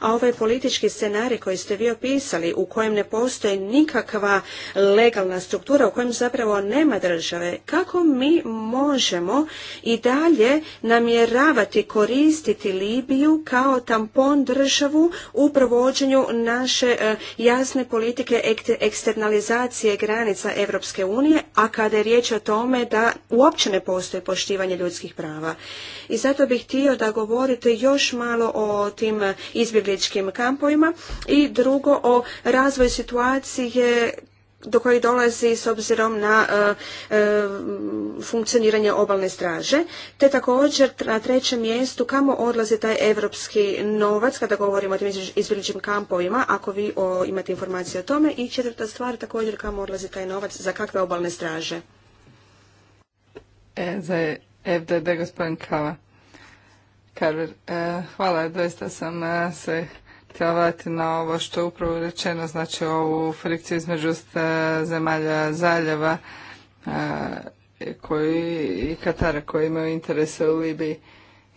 A ovaj politički scenarij koji ste vi opisali u kojem ne postoji nikakva legalna struktura, u kojem zapravo nema države, kako mi možemo i dalje namjeravati koristiti Libiju kao tampon državu u provođenju provođenju naše e, jasne politike eksternalizacije granica Europske unije, a kada je riječ o tome da uopće ne postoji poštivanje ljudskih prava. I zato bih htio da govorite još malo o tim izbjegličkim kampovima i drugo o razvoju situacije do kojih dolazi s obzirom na e, e, funkcioniranje obalne straže, te također na trećem mjestu kamo odlazi taj europski novac kada govorimo o tim izbjegličkim kampovima, ako vi imate informacije o tome. I četvrta stvar također kamo odlazi taj novac za kakve obalne straže. E, za FDD gospodin Karver, e, hvala, doista sam se htjela na ovo što je upravo rečeno, znači ovu frikciju između zemalja zaljeva e, koji, i Katara koji imaju interese u Libiji.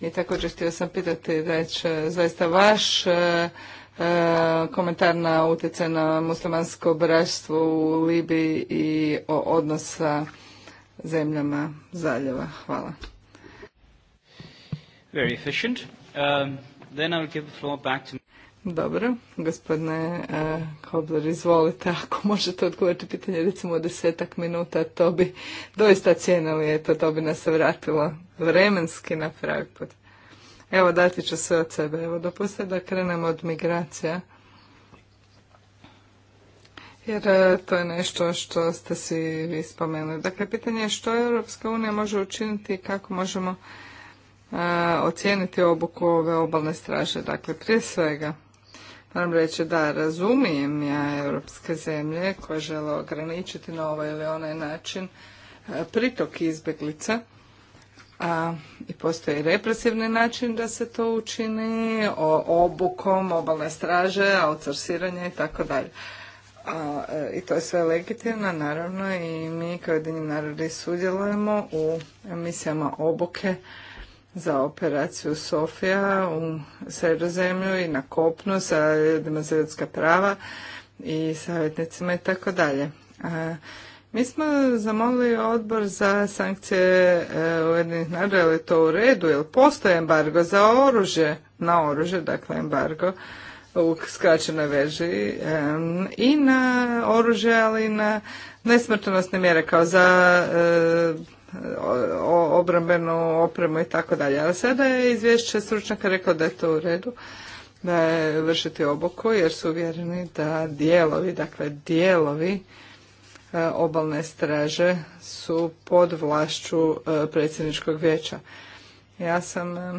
I također htio sam pitati da će zaista vaš e, e, komentar na utjecaj na muslimansko bratstvo u Libiji i o odnos sa zemljama zaljeva. Hvala. Very efficient. Um, then I'll give floor back to... Dobro, gospodine eh, Kobler, izvolite, ako možete odgovoriti pitanje recimo desetak minuta, to bi doista cijenili, eto, to bi nas vratilo vremenski na pravi put. Evo, dati ću sve od sebe. Evo, dopustite da krenemo od migracija. Jer eh, to je nešto što ste si vi spomenuli. Dakle, pitanje je što Europska unija može učiniti i kako možemo eh, ocijeniti obuku ove obalne straže. Dakle, prije svega, Moram reći da razumijem ja europske zemlje koje žele ograničiti na ovaj ili onaj način e, pritok izbjeglica a, i postoji represivni način da se to učini, o, obukom, obalne straže, outsourciranje i tako dalje. E, I to je sve legitimno, naravno, i mi kao jedini narodi sudjelujemo u misijama obuke za operaciju Sofija u sredozemlju i na kopnu sa ljudima za ljudska prava i savjetnicima i tako dalje. Mi smo zamolili odbor za sankcije e, Ujedinih naroda, je to u redu, jer postoje embargo za oružje, na oružje, dakle embargo u skraćenoj veži i na oružje, ali i na nesmrtonosne mjere kao za e, obrambenu opremu i tako dalje. Ali sada je izvješće stručnjaka rekao da je to u redu, da je vršiti obuku jer su uvjereni da dijelovi, dakle dijelovi e, obalne straže su pod vlašću e, predsjedničkog vijeća. Ja sam e,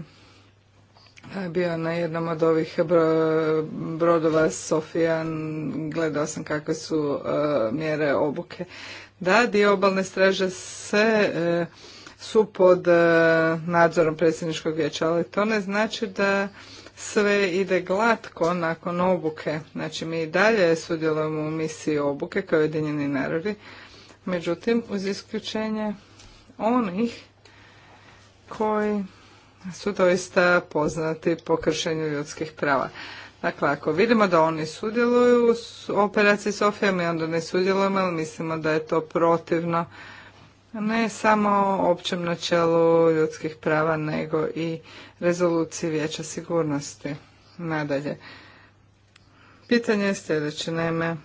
bio na jednom od ovih brodova Sofijan, gledao sam kakve su mjere obuke da, dio obalne straže se e, su pod e, nadzorom predsjedničkog vijeća, ali to ne znači da sve ide glatko nakon obuke. Znači mi i dalje sudjelujemo u misiji obuke kao jedinjeni narodi, međutim uz isključenje onih koji su doista poznati po kršenju ljudskih prava. Dakle, ako vidimo da oni sudjeluju u operaciji Sofija, mi onda ne sudjelujemo, ali mislimo da je to protivno ne samo općem načelu ljudskih prava, nego i rezoluciji vijeća sigurnosti. Nadalje. Pitanje je sljedeće, naime,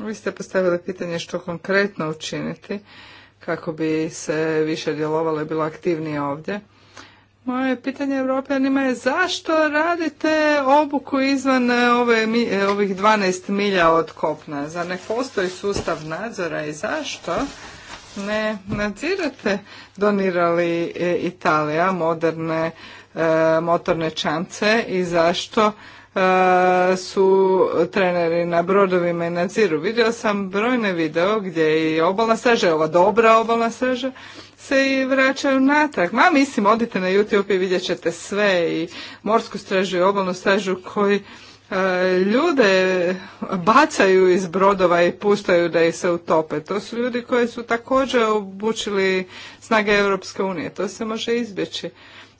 vi ste postavili pitanje što konkretno učiniti kako bi se više djelovalo i bilo aktivnije ovdje. Moje pitanje Evropljanima je zašto radite obuku izvan e, e, ovih 12 milja od kopna? Za ne postoji sustav nadzora i zašto ne nadzirate donirali e, Italija moderne motorne čance i zašto su treneri na brodovima i nadziru. Vidio sam brojne video gdje i obalna straža, ova dobra obalna straža, se i vraćaju natrag. Ma mislim, odite na YouTube i vidjet ćete sve i morsku stražu i obalnu stražu koji e, ljude bacaju iz brodova i puštaju da ih se utope. To su ljudi koji su također obučili snage Europske unije. To se može izbjeći.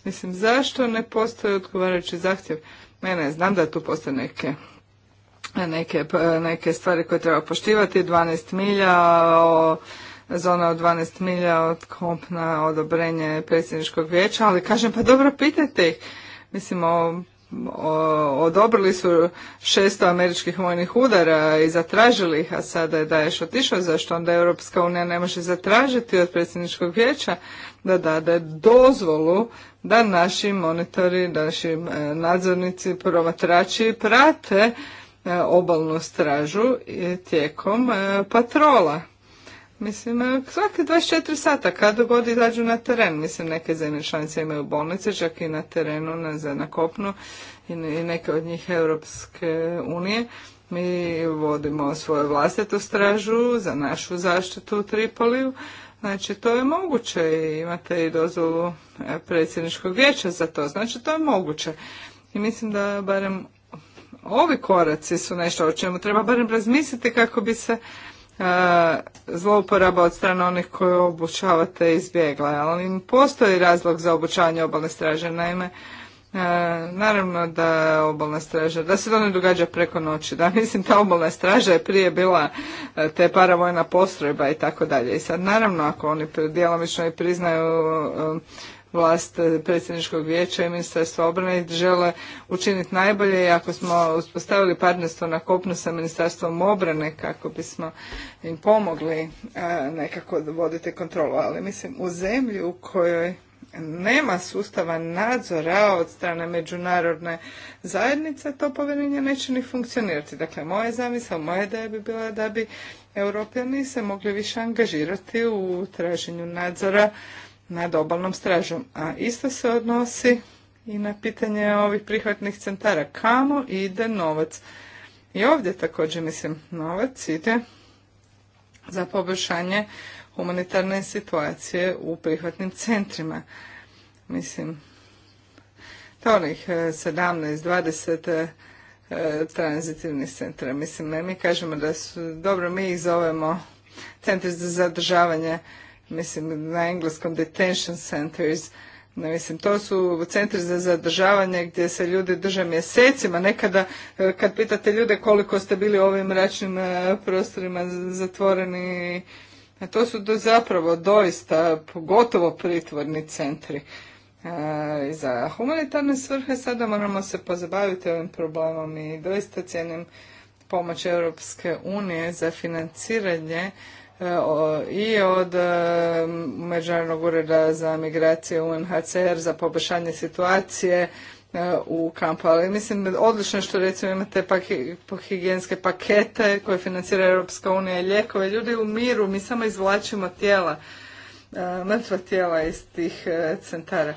Mislim, zašto ne postoji odgovarajući zahtjev? Mene, znam da tu postoje neke neke, neke stvari koje treba poštivati, 12 milja, o, zona od 12 milja od kompna odobrenje predsjedničkog vijeća, ali kažem pa dobro pitajte ih. Mislim, odobrili su 600 američkih vojnih udara i zatražili ih, a sada je Daješ otišao, zašto onda Europska unija ne može zatražiti od predsjedničkog vijeća da dade dozvolu da naši monitori, da naši e, nadzornici, promatrači prate e, obalnu stražu tijekom e, patrola. Mislim, e, svake 24 sata, kad god izađu na teren, mislim, neke zemlje članice imaju bolnice, čak i na terenu, na, na kopnu, i neke od njih Europske unije. Mi vodimo svoju vlastitu stražu za našu zaštitu u Tripoliju. Znači, to je moguće i imate i dozvolu e, predsjedničkog vijeća za to. Znači, to je moguće. I mislim da barem ovi koraci su nešto o čemu treba barem razmisliti kako bi se E, zlouporaba od strane onih koje obučavate izbjegla, ali postoji razlog za obučavanje obalne straže, naime, e, naravno da obalna straža, da se to ne događa preko noći, da mislim ta obalna straža je prije bila e, te paravojna postrojba i tako dalje. I sad naravno ako oni djelomično i priznaju vlast predsjedničkog vijeća i ministarstva obrane žele učiniti najbolje i ako smo uspostavili partnerstvo na kopnu sa ministarstvom obrane kako bismo im pomogli nekako voditi kontrolu. Ali mislim u zemlji u kojoj nema sustava nadzora od strane međunarodne zajednice, to povjerenje neće ni funkcionirati. Dakle, moja zamisla, moja ideja bi bila da bi europljani se mogli više angažirati u traženju nadzora nad obalnom stražom. A isto se odnosi i na pitanje ovih prihvatnih centara. Kamo ide novac? I ovdje također, mislim, novac ide za poboljšanje humanitarne situacije u prihvatnim centrima. Mislim, to onih 17, e, 20 e, tranzitivnih centra. Mislim, ne, mi kažemo da su, dobro, mi ih zovemo centri za zadržavanje mislim na engleskom detention centers, mislim, to su centri za zadržavanje gdje se ljudi drže mjesecima. Nekada e, kad pitate ljude koliko ste bili u ovim mračnim e, prostorima zatvoreni, e, to su do, zapravo doista pogotovo pritvorni centri. E, za humanitarne svrhe sada moramo se pozabaviti ovim problemom i doista cijenim pomoć Europske unije za financiranje E, i od e, Međunarodnog ureda za migracije UNHCR za poboljšanje situacije e, u kampu. Ali mislim odlično što recimo imate higijenske pakete koje financira Europska unija i ljekove. Ljudi u miru, mi samo izvlačimo tijela, mrtva tijela iz tih centara.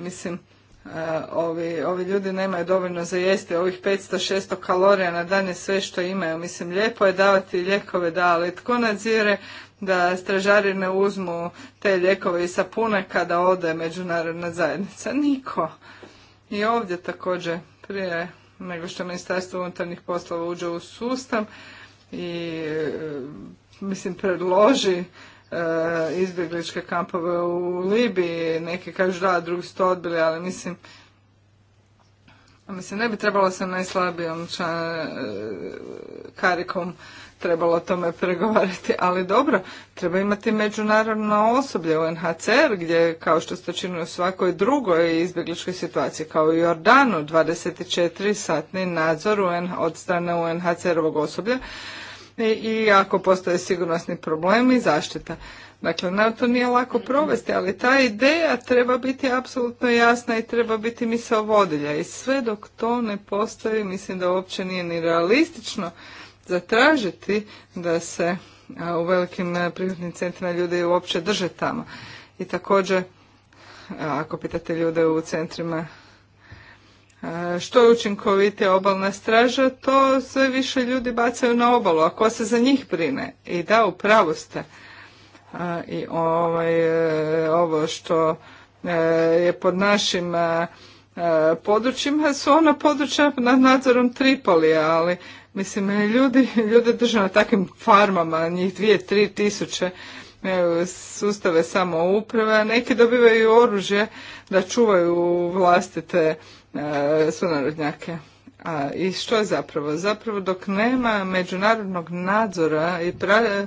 mislim, E, ovi, ovi ljudi nemaju dovoljno za jesti, ovih 500-600 kalorija na dan je sve što imaju. Mislim, lijepo je davati ljekove, da, ali tko nadzire da stražari ne uzmu te ljekove i sapune kada ode međunarodna zajednica? Niko. I ovdje također, prije nego što ministarstvo unutarnjih poslova uđe u sustav i e, mislim predloži E, izbjegličke kampove u Libiji. Neki kažu da, drugi su to odbili, ali mislim... Mislim, ne bi trebalo sa najslabijom e, karikom trebalo o tome pregovarati, ali dobro, treba imati međunarodno osoblje NHCR gdje, kao što ste činili u svakoj drugoj izbjegličkoj situaciji, kao i u Jordanu, 24-satni nadzor UN, od strane UNHCR-ovog osoblja, i ako postoje sigurnosni problemi, zaštita. Dakle, na to nije lako provesti, ali ta ideja treba biti apsolutno jasna i treba biti misao vodilja. I sve dok to ne postoji, mislim da uopće nije ni realistično zatražiti da se u velikim prihvatnim centrima ljudi uopće drže tamo. I također, ako pitate ljude u centrima E, što je učinkovite obalna straža, to sve više ljudi bacaju na obalu, a ko se za njih brine? I da, upravosta ste. E, I ovaj, e, ovo što je pod našim područjima su ona područja nad nadzorom Tripolija, ali mislim, ljudi, ljude drže na takvim farmama, njih dvije, tri tisuće sustave samouprave, a neki dobivaju oružje da čuvaju vlastite E, sunarodnjake. A, I što je zapravo? Zapravo dok nema međunarodnog nadzora i pra,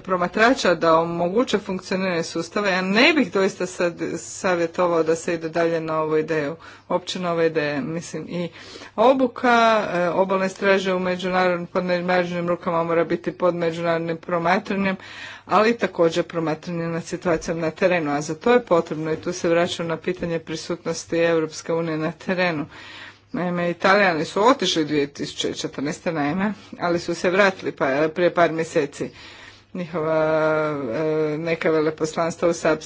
promatrača da omoguće funkcioniranje sustava, ja ne bih doista sad savjetovao da se ide dalje na ovu ideju, opće na ove ideje, mislim i obuka, e, obalne straže u međunarodnim, pod rukama mora biti pod međunarodnim promatranjem, ali također promatranjem nad situacijom na terenu, a za to je potrebno i tu se vraćam na pitanje prisutnosti Europske unije na terenu. Naime, Italijani su otišli 2014. naime, ali su se vratili pa, prije par mjeseci njihova e, neka veleposlanstva u e,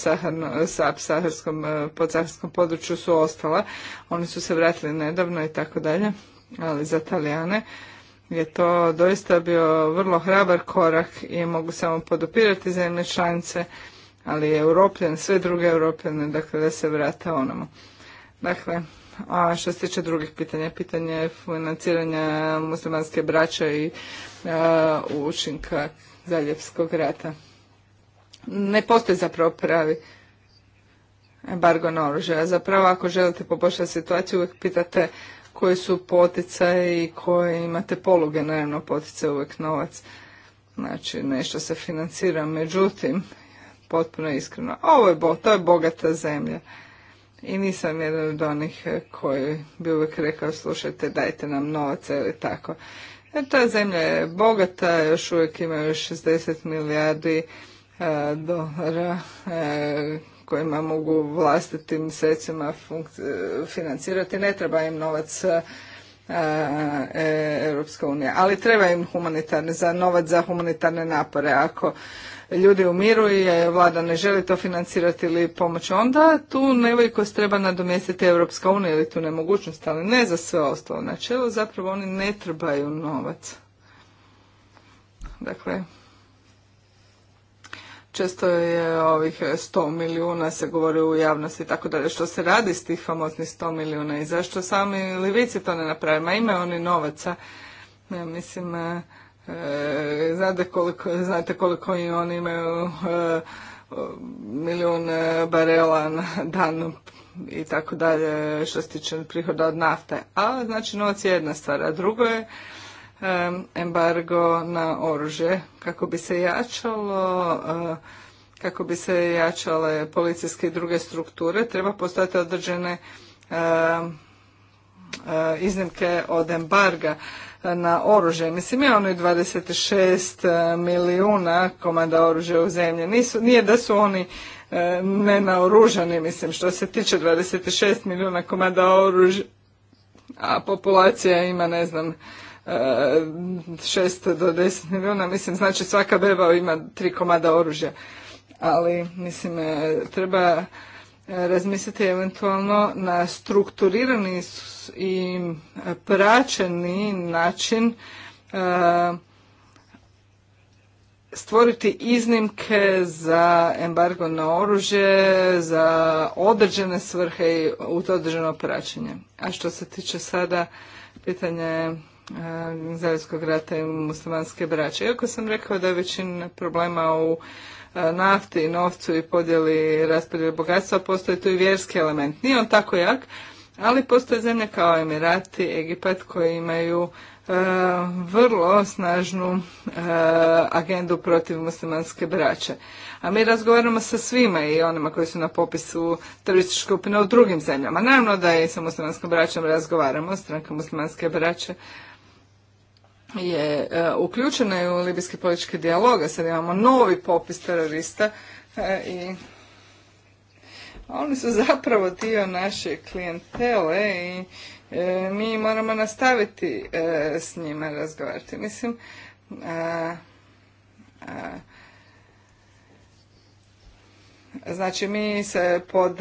podsaharskom području su ostala. Oni su se vratili nedavno i tako dalje, ali za Italijane je to doista bio vrlo hrabar korak i mogu samo podupirati zemlje članice, ali je Europljan, sve druge Europljane, dakle da se vrata onamo. Dakle, a što se tiče drugih pitanja, pitanje financiranja muslimanske braća i e, učinka Zaljevskog rata. Ne postoji zapravo pravi embargo na oružje. Zapravo ako želite poboljšati situaciju uvijek pitate koji su poticaje i koje imate poluge. Naravno poticaje uvijek novac. Znači nešto se financira. Međutim, potpuno iskreno, ovo je, bo, to je bogata zemlja. I nisam jedan od onih koji bi uvijek rekao slušajte dajte nam novaca ili tako. E, Ta zemlja je bogata, još uvijek imaju 60 milijardi e, dolara e, kojima mogu vlastitim sredstvima financirati. Ne treba im novac Europska unija, ali treba im novac za humanitarne napore. Ako ljudi umiru i e, vlada ne želi to financirati ili pomoći. onda tu nevoljkost treba nadomjestiti Europska unija ili tu nemogućnost, ali ne za sve ostalo načelo, zapravo oni ne trebaju novac. Dakle, često je ovih 100 milijuna se govori u javnosti tako da Što se radi s tih famoznih 100 milijuna i zašto sami livici to ne naprave? a imaju oni novaca. Ja mislim, e, E, znate koliko, znate koliko oni imaju e, milijun e, barela na dan i tako dalje što se tiče prihoda od nafte. A znači novac je jedna stvar, a drugo je embargo na oružje kako bi se jačalo kako bi se jačale policijske i druge strukture treba postojati određene iznimke od embarga na oružje. Mislim, ja ono i 26 e, milijuna komada oružja u zemlji. Nisu, nije da su oni e, nenaoružani, mislim, što se tiče 26 milijuna komada oružja, a populacija ima, ne znam, 6 e, do 10 milijuna, mislim, znači svaka beba ima tri komada oružja. Ali, mislim, e, treba razmisliti eventualno na strukturirani i praćeni način e, stvoriti iznimke za embargo na oružje, za određene svrhe i određeno praćenje. A što se tiče sada pitanje e, Zavijskog rata i muslimanske braće. Iako sam rekao da je većina problema u E, nafti i novcu i podjeli raspodjeli bogatstva, postoji tu i vjerski element. Nije on tako jak, ali postoje zemlje kao Emirati, Egipat koji imaju e, vrlo snažnu e, agendu protiv muslimanske braće. A mi razgovaramo sa svima i onima koji su na popisu terorističke skupine u drugim zemljama. Naravno da i sa muslimanskom braćom razgovaramo, stranka muslimanske braće je e, uključena u libijski politički dijalog, a sad imamo novi popis terorista e, i oni su zapravo dio naše klijentele i e, mi moramo nastaviti s njima razgovarati. Mislim, znači mi se pod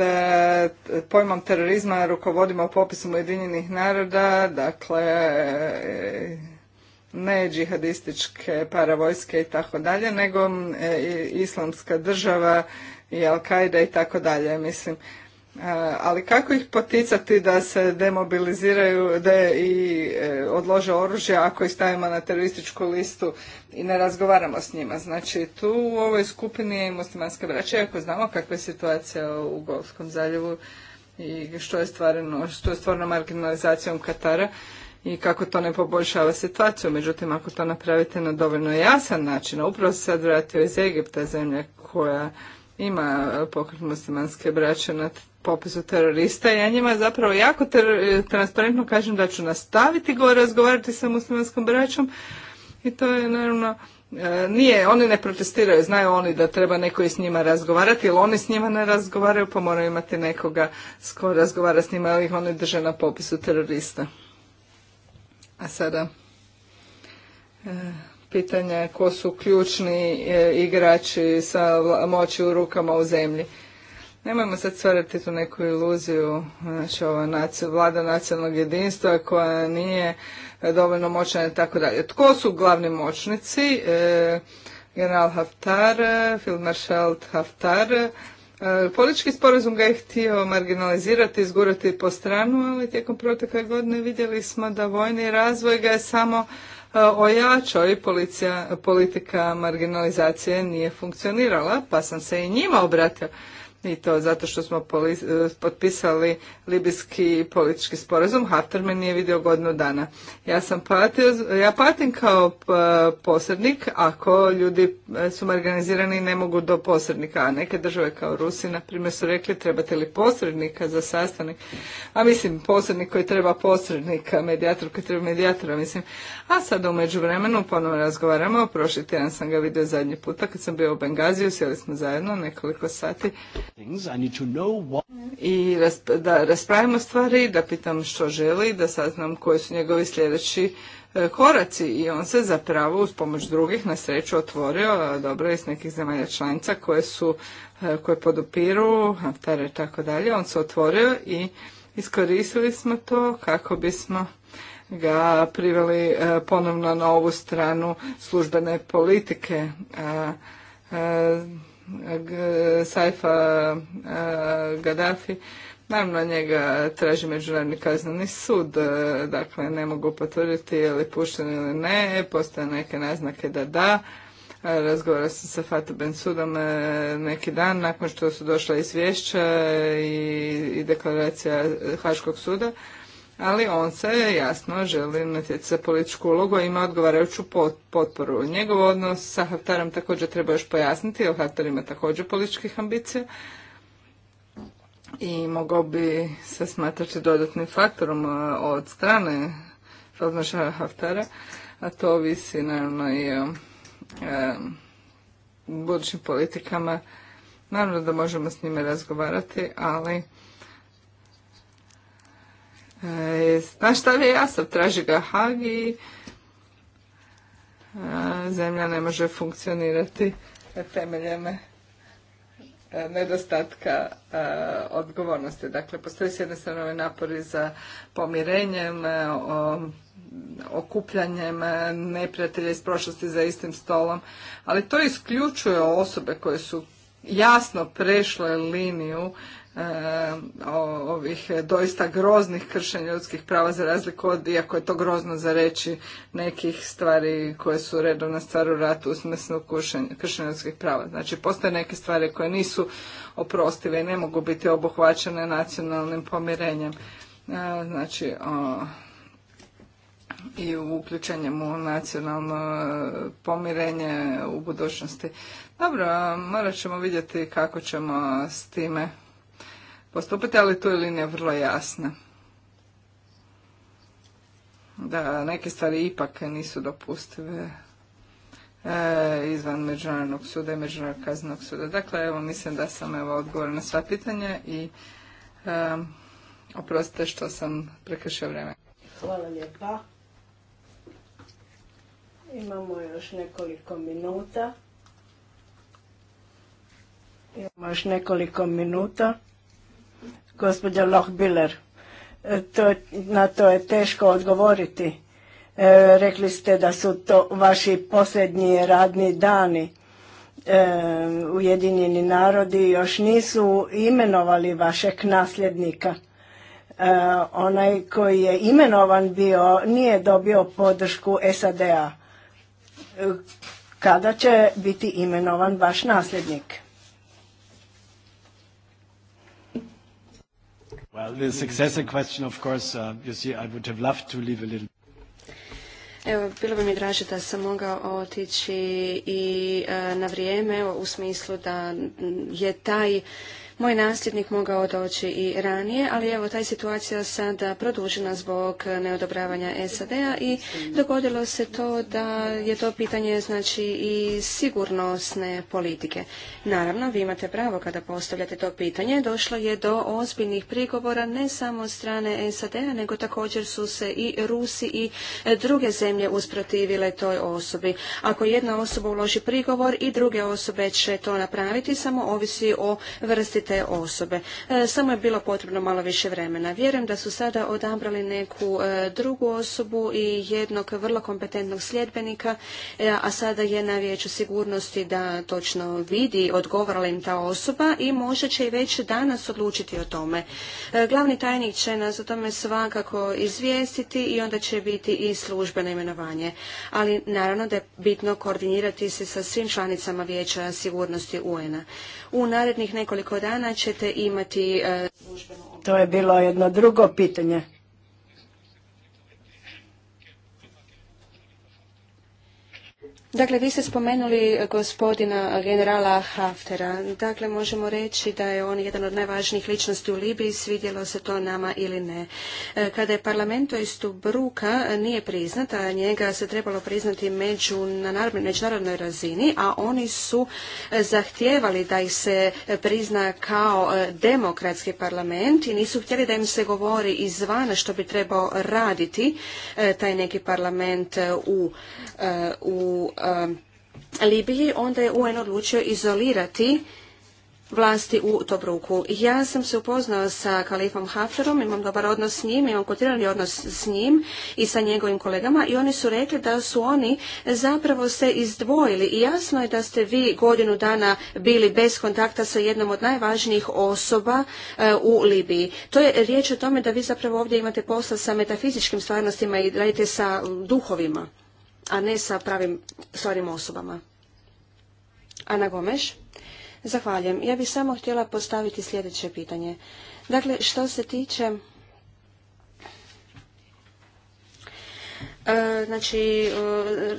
pojmom terorizma rukovodimo popisom Ujedinjenih naroda, dakle ne džihadističke paravojske i tako dalje, nego e, islamska država i Al-Qaida i tako dalje, mislim. E, ali kako ih poticati da se demobiliziraju da i e, odlože oružje ako ih stavimo na terorističku listu i ne razgovaramo s njima? Znači tu u ovoj skupini je muslimanska braća, ako znamo kakva je situacija u Golfskom zaljevu i što je stvarno, što je stvarno marginalizacijom Katara, i kako to ne poboljšava situaciju. Međutim, ako to napravite na dovoljno jasan način, a upravo se sad vratio iz Egipta, zemlja koja ima e, pokret muslimanske braće na popisu terorista. Ja njima zapravo jako e, transparentno kažem da ću nastaviti gore razgovarati sa muslimanskom braćom i to je naravno e, nije, oni ne protestiraju, znaju oni da treba neko i s njima razgovarati, jer oni s njima ne razgovaraju, pa moraju imati nekoga s ko razgovara s njima, ali ih oni drže na popisu terorista. A sada e, pitanje ko su ključni e, igrači sa moći u rukama u zemlji. Nemojmo sad stvarati tu neku iluziju, znači ova vlada nacionalnog jedinstva koja nije dovoljno moćna i tako dalje. Tko su glavni moćnici? E, general Haftar, field marshal Haftar, E, politički sporazum ga je htio marginalizirati, izgurati po stranu, ali tijekom protekle godine vidjeli smo da vojni razvoj ga je samo e, ojačao i politika marginalizacije nije funkcionirala, pa sam se i njima obratio i to zato što smo e, potpisali libijski politički sporazum. Haftar me nije vidio godinu dana. Ja sam patio, ja patim kao e, posrednik ako ljudi e, su organizirani i ne mogu do posrednika. A neke države kao Rusi, na primjer, su rekli trebate li posrednika za sastanak. A mislim, posrednik koji treba posrednika, medijator koji treba medijatora, mislim. A sad u međuvremenu ponovno razgovaramo. Prošli tjedan sam ga vidio zadnji puta kad sam bio u Bengaziju, sjeli smo zajedno nekoliko sati. I da raspravimo stvari, da pitam što želi, da saznam koji su njegovi sljedeći e, koraci i on se zapravo uz pomoć drugih na sreću otvorio, dobro iz nekih zemalja članica koje su, e, koje podupiru, haftare i tako dalje, on se otvorio i iskoristili smo to kako bismo ga priveli e, ponovno na ovu stranu službene politike. Saifa e, Gaddafi. Naravno njega traži Međunarodni kazneni sud, e, dakle ne mogu potvrditi je li pušten ili ne, postoje neke naznake da da. E, razgovara sam sa Ben Sudom neki dan nakon što su došla izvješća i, i deklaracija Haškog suda ali on se jasno želi natjecati za političku ulogu, a ima odgovarajuću potporu. Njegov odnos sa Haftarom također treba još pojasniti, jer Haftar ima također političkih ambicija i mogao bi se smatrati dodatnim faktorom e, od strane odnoša Haftara, a to ovisi naravno i o e, budućim politikama. Naravno da možemo s njime razgovarati, ali E, znaš pa šta je jasno? traži ga Hagi, e, zemlja ne može funkcionirati temeljem e, nedostatka e, odgovornosti. Dakle, postoji s jedne strane napori za pomirenjem, okupljanjem neprijatelja iz prošlosti za istim stolom, ali to isključuje osobe koje su jasno prešle liniju Eh, ovih doista groznih kršenja ljudskih prava za razliku od, iako je to grozno za reći, nekih stvari koje su redovna stvar u ratu u smislu kršenja ljudskih prava. Znači, postoje neke stvari koje nisu oprostive i ne mogu biti obuhvaćene nacionalnim pomirenjem. Eh, znači, i i uključenjem u nacionalno eh, pomirenje u budućnosti. Dobro, morat ćemo vidjeti kako ćemo s time postupiti, ali tu je linija vrlo jasna. Da, neke stvari ipak nisu dopustive e, izvan Međunarodnog suda i Međunarodnog kaznenog suda. Dakle, evo, mislim da sam evo odgovor na sva pitanja i e, oprostite što sam prekršio vreme. Hvala lijepa. Imamo još nekoliko minuta. Imamo još nekoliko minuta gospođa Lochbiller, e, To, na to je teško odgovoriti. E, rekli ste da su to vaši posljednji radni dani. E, Ujedinjeni narodi još nisu imenovali vašeg nasljednika. E, onaj koji je imenovan bio nije dobio podršku SAD-a. Kada će biti imenovan vaš nasljednik? Well, the successor question, of course, uh, you see, I would have loved to leave a little. Evo, bilo bi mi draže da sam mogao otići i e, na vrijeme u smislu da je taj moj nasljednik mogao doći i ranije, ali evo ta je situacija sada produžena zbog neodobravanja SAD-a i dogodilo se to da je to pitanje znači i sigurnosne politike. Naravno, vi imate pravo kada postavljate to pitanje, došlo je do ozbiljnih prigovora ne samo od strane SAD-a, nego također su se i Rusi i druge zemlje usprotivile toj osobi. Ako jedna osoba uloži prigovor i druge osobe će to napraviti, samo ovisi o vrsti te osobe. E, samo je bilo potrebno malo više vremena. Vjerujem da su sada odabrali neku e, drugu osobu i jednog vrlo kompetentnog sljedbenika, e, a sada je na vijeću sigurnosti da točno vidi odgovara im ta osoba i možda će i već danas odlučiti o tome. Glavni tajnik će nas o tome svakako izvijestiti i onda će biti i službeno imenovanje. Ali naravno da je bitno koordinirati se sa svim članicama vijeća sigurnosti UN-a. U narednih nekoliko dana dana imati... E, to je bilo jedno drugo pitanje. Dakle, vi ste spomenuli gospodina generala Haftera. Dakle, možemo reći da je on jedan od najvažnijih ličnosti u Libiji, svidjelo se to nama ili ne. E, kada je parlament iz Tubruka nije priznat, a njega se trebalo priznati među, na međunarodnoj razini, a oni su e, zahtijevali da ih se prizna kao e, demokratski parlament i nisu htjeli da im se govori izvana što bi trebao raditi taj neki parlament u, u Eh, Libiji, onda je UN odlučio izolirati vlasti u Tobruku. Ja sam se upoznao sa kalifom Haftarom, imam dobar odnos s njim, imam kontinuirani odnos s njim i sa njegovim kolegama i oni su rekli da su oni zapravo se izdvojili i jasno je da ste vi godinu dana bili bez kontakta sa jednom od najvažnijih osoba eh, u Libiji. To je riječ o tome da vi zapravo ovdje imate posla sa metafizičkim stvarnostima i radite sa duhovima a ne sa pravim sorim osobama. Ana Gomeš, zahvaljujem. Ja bih samo htjela postaviti sljedeće pitanje. Dakle, što se tiče E, znači e,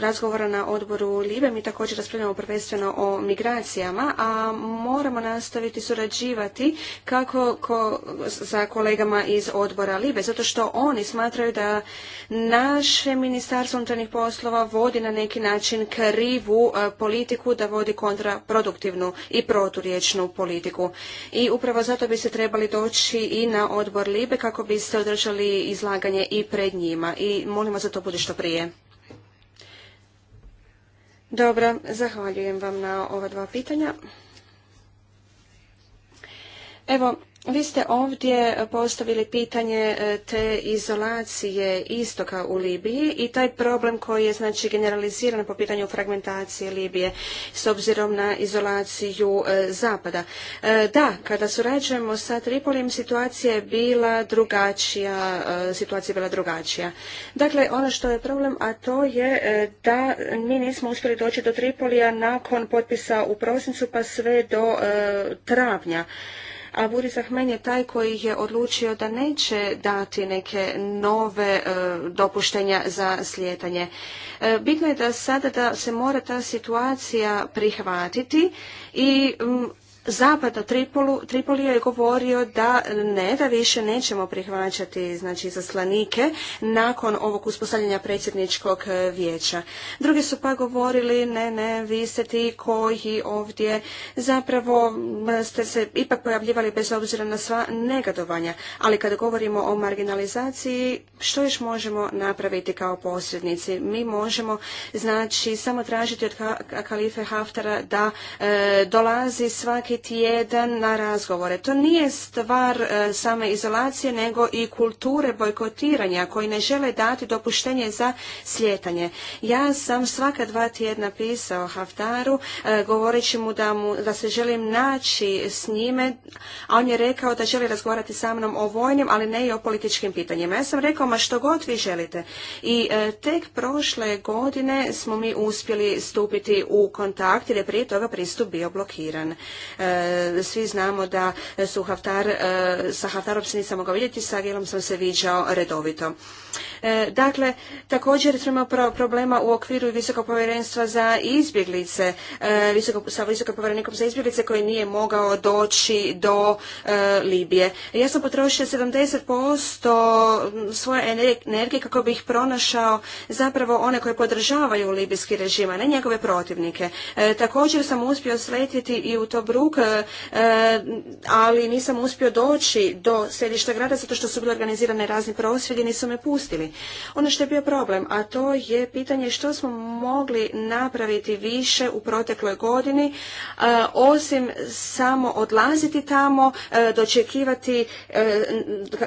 razgovora na odboru Libe mi također raspravljamo prvenstveno o migracijama, a moramo nastaviti surađivati kako ko, sa kolegama iz odbora Libe, zato što oni smatraju da naše ministarstvo unutarnjih poslova vodi na neki način krivu e, politiku, da vodi kontraproduktivnu i proturječnu politiku. I upravo zato bi se trebali doći i na odbor Libe kako biste održali izlaganje i pred njima. I molimo za to bude što prije. Dobro, zahvaljujem vam na ova dva pitanja. Evo, vi ste ovdje postavili pitanje e, te izolacije istoka u Libiji i taj problem koji je znači generaliziran po pitanju fragmentacije Libije s obzirom na izolaciju e, zapada. E, da, kada surađujemo sa Tripolijem situacija je bila drugačija, situacija je bila drugačija. Dakle, ono što je problem, a to je da mi nismo uspjeli doći do Tripolija nakon potpisa u prosincu pa sve do travnja a Buri Zahmen je taj koji je odlučio da neće dati neke nove e, dopuštenja za slijetanje. E, bitno je da sada da se mora ta situacija prihvatiti i zapada Tripolu, Tripolija je govorio da ne, da više nećemo prihvaćati znači zaslanike nakon ovog uspostavljanja predsjedničkog vijeća. Drugi su pa govorili ne, ne, vi ste ti koji ovdje zapravo ste se ipak pojavljivali bez obzira na sva negadovanja. Ali kada govorimo o marginalizaciji, što još možemo napraviti kao posrednici? Mi možemo znači samo tražiti od kalife Haftara da e, dolazi svaki tjedan na razgovore. To nije stvar e, same izolacije, nego i kulture bojkotiranja koji ne žele dati dopuštenje za slijetanje. Ja sam svaka dva tjedna pisao Haftaru, e, govoreći mu da, mu da se želim naći s njime, a on je rekao da želi razgovarati sa mnom o vojnim, ali ne i o političkim pitanjima. Ja sam rekao, ma što god vi želite. I e, tek prošle godine smo mi uspjeli stupiti u kontakt, jer je prije toga pristup bio blokiran. E, svi znamo da su Haftar, e, sa Haftarom se nisam mogao vidjeti, sa Agilom sam se viđao redovito. E, dakle, također smo problema u okviru Visokog povjerenstva za izbjeglice, visoko, sa Visokom povjerenikom za izbjeglice koji nije mogao doći do Libije. Ja sam potrošio 70% svoje energije kako bih pronašao zapravo one koje podržavaju libijski režim, a ne njegove protivnike. Također sam uspio sletjeti i u Tobruk E, e, ali nisam uspio doći do središta grada zato što su bile organizirane razni prosvjedi, nisu me pustili. Ono što je bio problem, a to je pitanje što smo mogli napraviti više u protekloj godini, e, osim samo odlaziti tamo, dočekivati,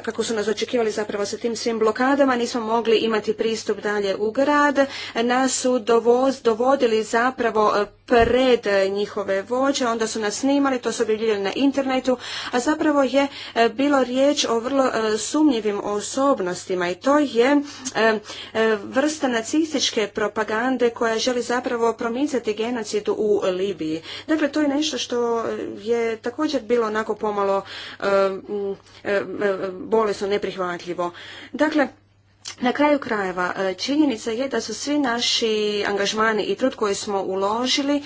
kako su nas očekivali zapravo sa tim svim blokadama, nismo mogli imati pristup dalje u grad, nas su dovodili zapravo pred njihove vođe, onda su nas imali, to su objavljivali na internetu, a zapravo je e, bilo riječ o vrlo e, sumnjivim osobnostima i to je e, vrsta nacističke propagande koja želi zapravo promicati genocid u Libiji. Dakle, to je nešto što je također bilo onako pomalo bolesno neprihvatljivo. Dakle, na kraju krajeva, e, činjenica je da su svi naši angažmani i trud koji smo uložili, e,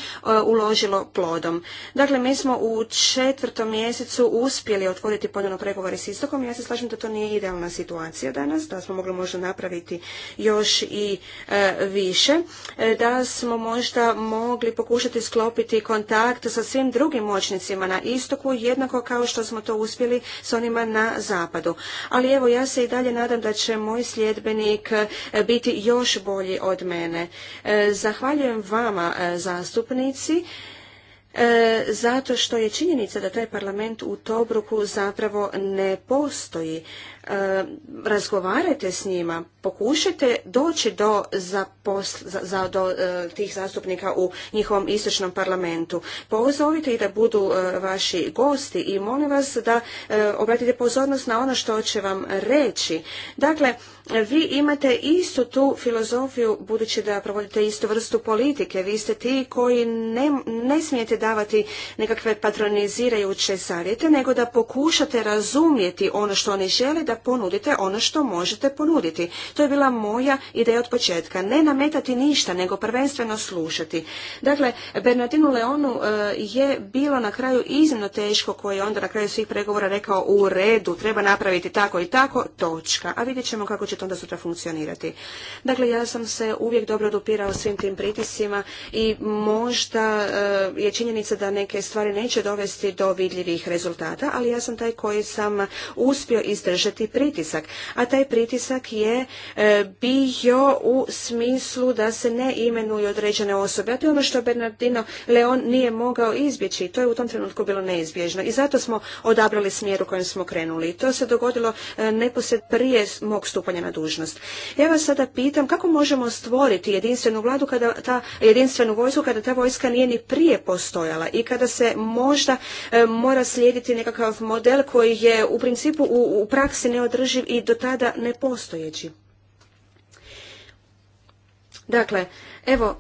uložilo plodom. Dakle, mi smo u četvrtom mjesecu uspjeli otvoriti ponovno pregovore s Istokom. Ja se slažem da to nije idealna situacija danas, da smo mogli možda napraviti još i e, više, da smo možda mogli pokušati sklopiti kontakt sa svim drugim moćnicima na Istoku, jednako kao što smo to uspjeli s onima na Zapadu. Ali evo, ja se i dalje nadam da će moj slijed sljedbenik e, biti još bolji od mene. E, zahvaljujem vama e, zastupnici zato što je činjenica da taj parlament u Tobruku zapravo ne postoji razgovarate razgovarajte s njima, pokušajte doći do, za, za, e, tih zastupnika u njihovom istočnom parlamentu. Pozovite i da budu e, vaši gosti i molim vas da e, obratite pozornost na ono što će vam reći. Dakle, vi imate istu tu filozofiju, budući da provodite istu vrstu politike. Vi ste ti koji ne, ne smijete davati nekakve patronizirajuće savjete, nego da pokušate razumjeti ono što oni žele, da ponudite ono što možete ponuditi. To je bila moja ideja od početka. Ne nametati ništa, nego prvenstveno slušati. Dakle, Bernardinu Leonu e, je bilo na kraju iznimno teško koji je onda na kraju svih pregovora rekao u redu, treba napraviti tako i tako, točka. A vidjet ćemo kako će to onda sutra funkcionirati. Dakle, ja sam se uvijek dobro dopirao svim tim pritisima i možda e, je činjenica da neke stvari neće dovesti do vidljivih rezultata, ali ja sam taj koji sam uspio izdržati pritisak, a taj pritisak je e, bio u smislu da se ne imenuju određene osobe. A to je ono što Bernardino Leon nije mogao izbjeći i to je u tom trenutku bilo neizbježno. I zato smo odabrali smjer u kojem smo krenuli. I to se dogodilo e, neposred prije mog stupanja na dužnost. Ja vas sada pitam kako možemo stvoriti jedinstvenu vladu kada ta jedinstvenu vojsku kada ta vojska nije ni prije postojala i kada se možda e, mora slijediti nekakav model koji je u principu u praksi neodrživ i do tada nepostojeći. Dakle, evo,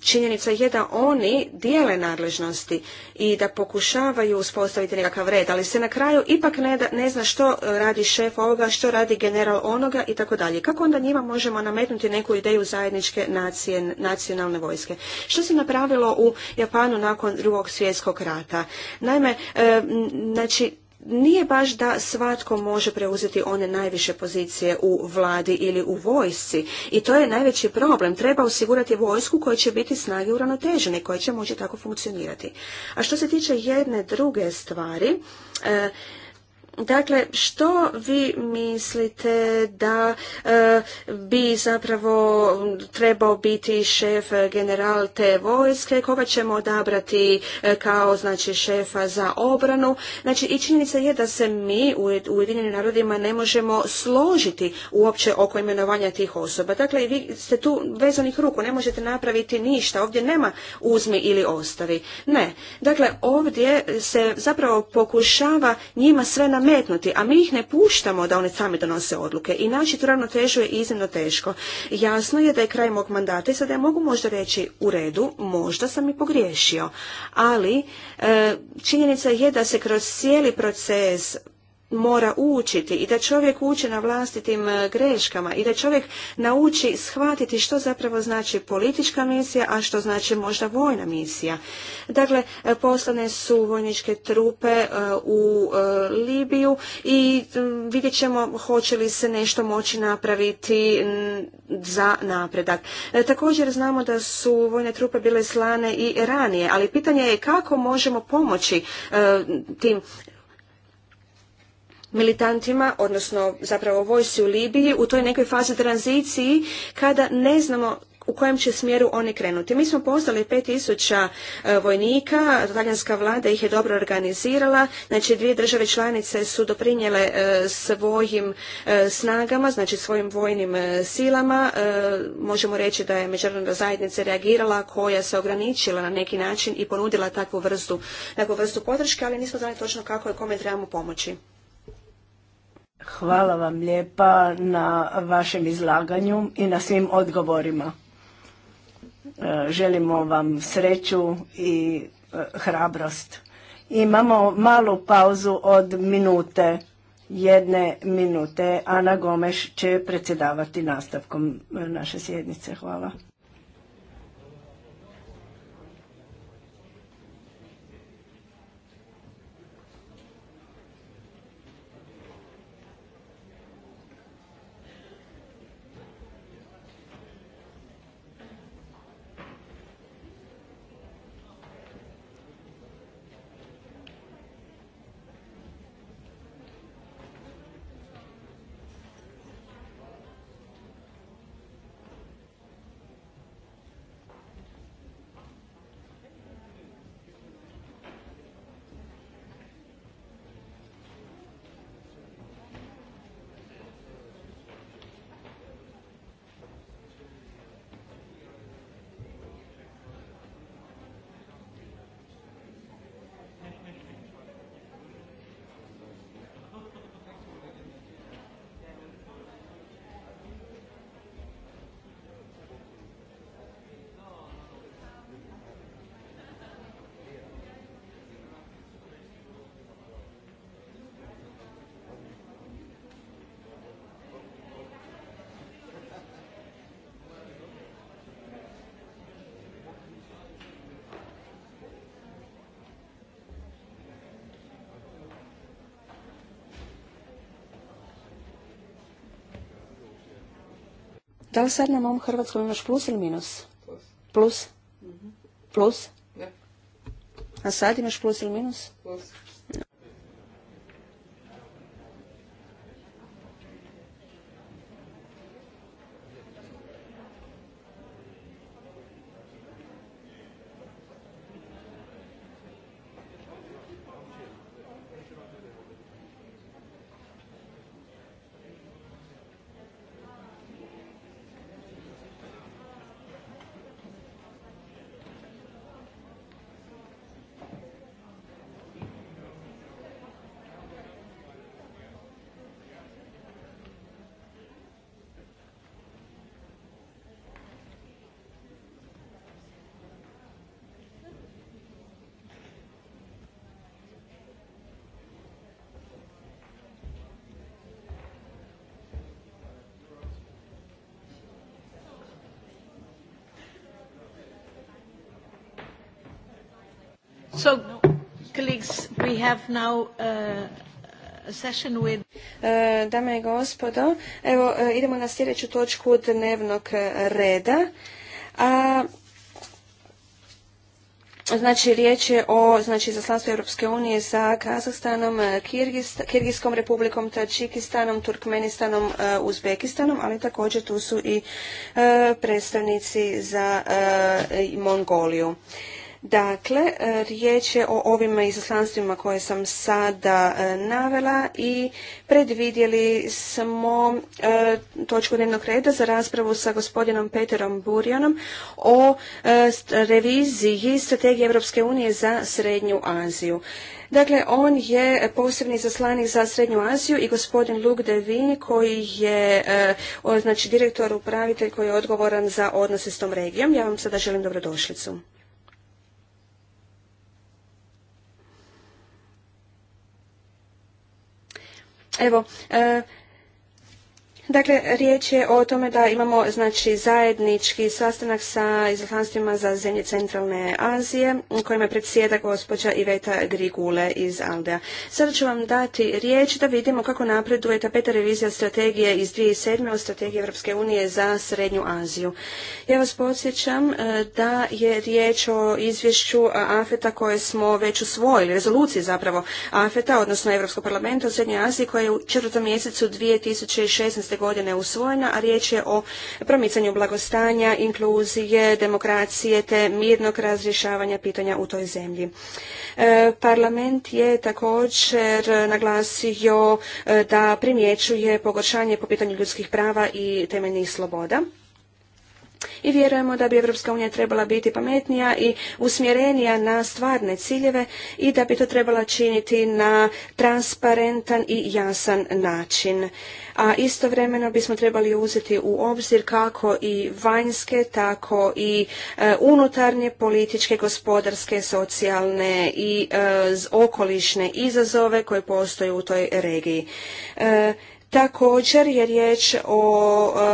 činjenica je da oni dijele nadležnosti i da pokušavaju uspostaviti nekakav red, ali se na kraju ipak ne, ne zna što radi šef ovoga, što radi general onoga i tako dalje. Kako onda njima možemo nametnuti neku ideju zajedničke nacije, nacionalne vojske? Što se napravilo u Japanu nakon drugog svjetskog rata? Naime, e, znači, nije baš da svatko može preuzeti one najviše pozicije u vladi ili u vojsci. I to je najveći problem. Treba osigurati vojsku koja će biti snage uravnotežene i koja će moći tako funkcionirati. A što se tiče jedne druge stvari, e, Dakle, što vi mislite da e, bi zapravo trebao biti šef general te vojske, koga ćemo odabrati e, kao znači šefa za obranu? Znači, i činjenica je da se mi u Ujedinjenim narodima ne možemo složiti uopće oko imenovanja tih osoba. Dakle, vi ste tu vezanih ruku, ne možete napraviti ništa, ovdje nema uzmi ili ostavi. Ne. Dakle, ovdje se zapravo pokušava njima sve na nametnuti, a mi ih ne puštamo da one sami donose odluke i naći tu ravnotežu je iznimno teško. Jasno je da je kraj mog mandata i sada ja mogu možda reći u redu, možda sam i pogriješio, ali e, činjenica je da se kroz cijeli proces mora učiti i da čovjek uči na vlastitim e, greškama i da čovjek nauči shvatiti što zapravo znači politička misija, a što znači možda vojna misija. Dakle, e, poslane su vojničke trupe e, u Libiju i vidjet ćemo hoće li se nešto moći napraviti za napredak. Također znamo da su vojne trupe bile slane i ranije, ali pitanje je kako možemo pomoći tim militantima, odnosno zapravo vojsi u Libiji u toj nekoj fazi tranziciji kada ne znamo u kojem će smjeru oni krenuti. Mi smo poslali 5000 e, vojnika, talijanska vlada ih je dobro organizirala, znači dvije države članice su doprinjele e, svojim e, snagama, znači svojim vojnim silama. Možemo reći da je međunarodna zajednica reagirala koja se ograničila na neki način i ponudila takvu vrstu, takvu vrstu podrške, ali nismo znali točno kako i kome trebamo pomoći. Hvala vam lijepa na vašem izlaganju i na svim odgovorima. E, želimo vam sreću i e, hrabrost. Imamo malu pauzu od minute, jedne minute. Ana Gomeš će predsjedavati nastavkom e, naše sjednice. Hvala. Da li sad na mom hrvatskom imaš plus ili minus? Plus. Plus? Plus? A sad imaš plus ili minus? So, colleagues, we have now uh, a session with... E, dame i gospodo, evo e, idemo na sljedeću točku dnevnog reda. A, Znači, riječ je o znači, zaslanstvu Europske unije sa Kazahstanom, e, Kirgijskom republikom, Tačikistanom, Turkmenistanom, Uzbekistanom, ali također tu su i predstavnici za Mongoliju. Dakle, e, riječ je o ovim izaslanstvima koje sam sada e, navela i predvidjeli smo e, točku dnevnog reda za raspravu sa gospodinom Peterom Burjanom o reviziji strategije Europske unije za Srednju Aziju. Dakle, on je posebni zaslanik za Srednju Aziju i gospodin Luke Devin koji je znači direktor upravitelj koji je odgovoran za odnose s tom regijom. Ja vam sada želim dobrodošlicu. Evo, e, Dakle, riječ je o tome da imamo znači, zajednički sastanak sa izlanstvima za zemlje centralne Azije, kojima predsjeda gospođa Iveta Grigule iz Aldea. Sada ću vam dati riječ da vidimo kako napreduje ta peta revizija strategije iz 2007. o strategiji Europske unije za Srednju Aziju. Ja vas podsjećam e, da je riječ o izvješću e, AFETA koje smo već usvojili, rezoluciji zapravo AFETA, odnosno Europskog parlamenta u Srednjoj Aziji, koja je u četvrtom mjesecu 2016 godine usvojena, a riječ je o promicanju blagostanja, inkluzije, demokracije te mirnog razrješavanja pitanja u toj zemlji. E, parlament je također naglasio e, da primjećuje pogoršanje po pitanju ljudskih prava i temeljnih sloboda i vjerujemo da bi Evropska unija trebala biti pametnija i usmjerenija na stvarne ciljeve i da bi to trebala činiti na transparentan i jasan način. A istovremeno bismo trebali uzeti u obzir kako i vanjske, tako i e, unutarnje političke, gospodarske, socijalne i e, okolišne izazove koje postoje u toj regiji. E, Također je riječ o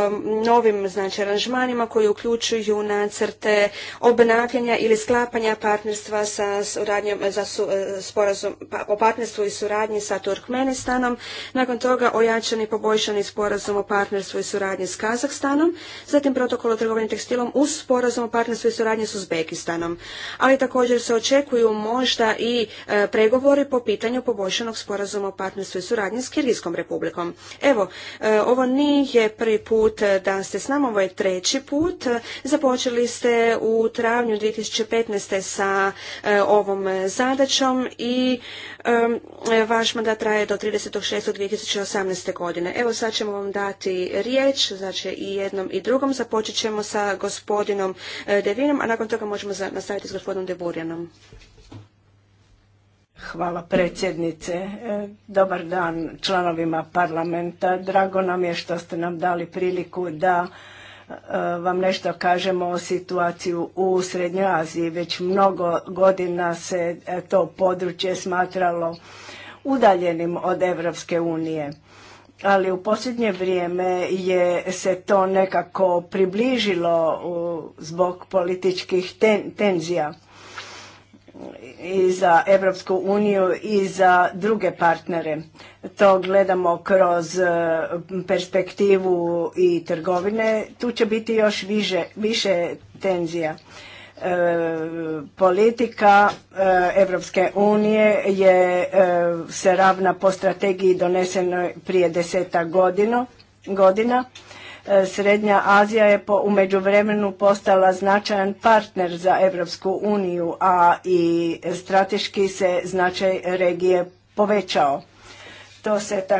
um, novim znači, aranžmanima koji uključuju nacrte obnavljanja ili sklapanja partnerstva sa suradnjom, za e, sporazum pa, o partnerstvu i suradnji sa Turkmenistanom, nakon toga ojačani i poboljšani sporazum o partnerstvu i suradnji s Kazahstanom, zatim protokol o trgovini tekstilom uz sporazum o partnerstvu i suradnji s Uzbekistanom. Ali također se očekuju možda i e, pregovori po pitanju poboljšanog sporazuma o partnerstvu i suradnji s Kirgijskom republikom. Evo, e, ovo nije prvi put da ste s nama, ovo je treći put. Započeli ste u travnju 2015. sa e, ovom zadaćom i e, vaš mandat traje do 36.2018. godine. Evo sad ćemo vam dati riječ, znači i jednom i drugom. Započet ćemo sa gospodinom Devinom, a nakon toga možemo nastaviti s gospodinom Deburjanom. Hvala predsjednice. E, dobar dan članovima parlamenta. Drago nam je što ste nam dali priliku da e, vam nešto kažemo o situaciju u Srednjoj Aziji. Već mnogo godina se e, to područje smatralo udaljenim od Evropske unije. Ali u posljednje vrijeme je se to nekako približilo zbog političkih tenzija i za Evropsku uniju i za druge partnere. To gledamo kroz e, perspektivu i trgovine. Tu će biti još više, više tenzija. E, politika e, Evropske unije je se ravna po strategiji donesenoj prije deseta godino, godina E, Srednja Azija je po, u međuvremenu postala značajan partner za Europsku uniju, a i strateški se značaj regije povećao. To se e,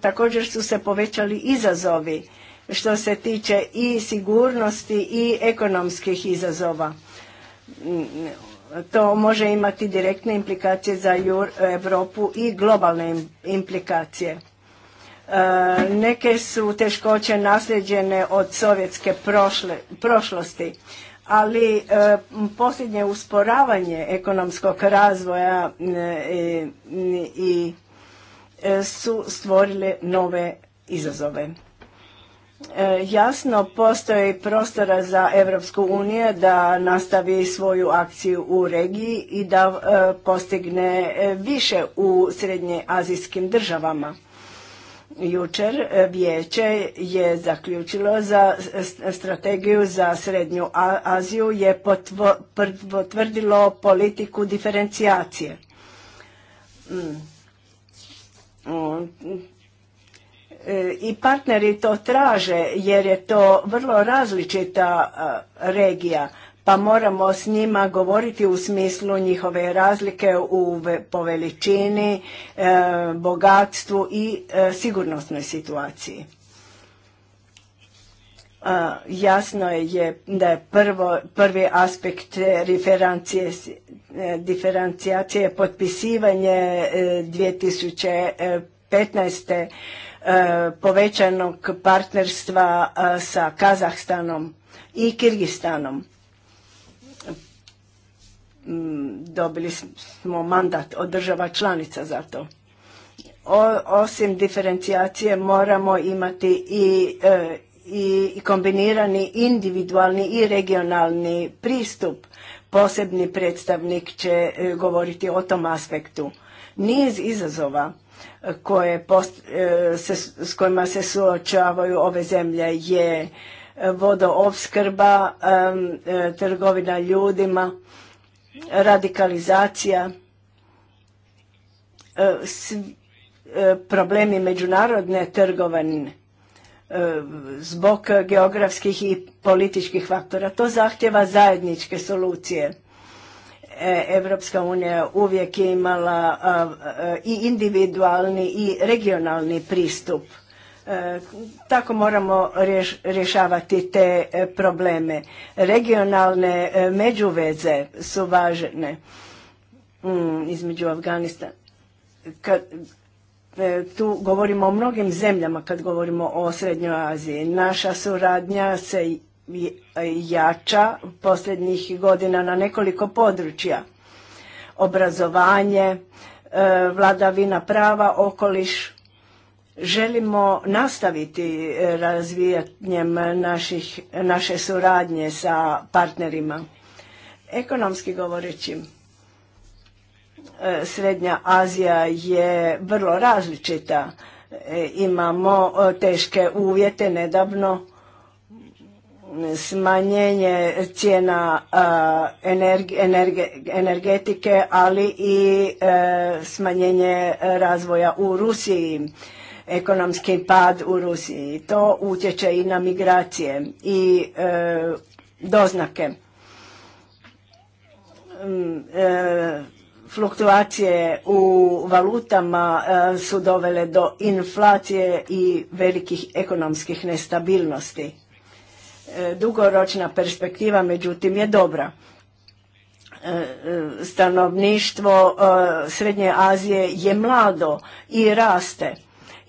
također su se povećali izazovi što se tiče i sigurnosti i ekonomskih izazova. To može imati direktne implikacije za Europu i globalne implikacije. Neke su teškoće nasljeđene od sovjetske prošlosti, ali e, posljednje usporavanje ekonomskog razvoja e, i e, su stvorile nove izazove. Jasno postoji prostora za Europsku uniju da nastavi svoju akciju u regiji i da postigne više u srednje državama. Jučer e, vijeće je zaključilo za strategiju za Srednju Aziju je potvrdilo politiku diferencijacije. Mm. Mm. E, I partneri to traže jer je to vrlo različita regija pa moramo s njima govoriti u smislu njihove razlike u, po veličini, e, bogatstvu i e, sigurnosnoj situaciji. jasno je da je prvo, prvi aspekt e, diferencijacije potpisivanje 2015. povećanog partnerstva sa Kazahstanom i Kirgistanom Mm, dobili smo mandat od država članica za to. osim diferencijacije moramo imati e, i, i kombinirani individualni i regionalni pristup. Posebni predstavnik će e, govoriti o tom aspektu. Niz izazova e, koje se, s kojima se suočavaju ove zemlje je vodoopskrba, trgovina ljudima, radikalizacija, e, e, problemi međunarodne trgovine e, zbog geografskih i političkih faktora. To zahtjeva zajedničke solucije. Evropska unija uvijek je imala i individualni i regionalni pristup E, tako moramo rješavati te e, probleme. Regionalne e, međuveze su važne mm, između Afganistana. Kad, tu govorimo o mnogim zemljama kad govorimo o Srednjoj Aziji. Naša suradnja se jača posljednjih godina na nekoliko područja. Obrazovanje, vladavina prava, okoliš, Želimo nastaviti e, razvijanjem naših, naše suradnje sa partnerima. Ekonomski govoreći, e, Srednja Azija je vrlo različita. E, imamo teške uvjete nedavno, smanjenje cijena energetike, ali i smanjenje razvoja u Rusiji ekonomski pad u Rusiji. To utječe i na migracije i e, doznake. Mm, e, fluktuacije u valutama e, su dovele do inflacije i velikih ekonomskih nestabilnosti. Dugoročna perspektiva međutim je dobra stanovništvo Srednje Azije je mlado i raste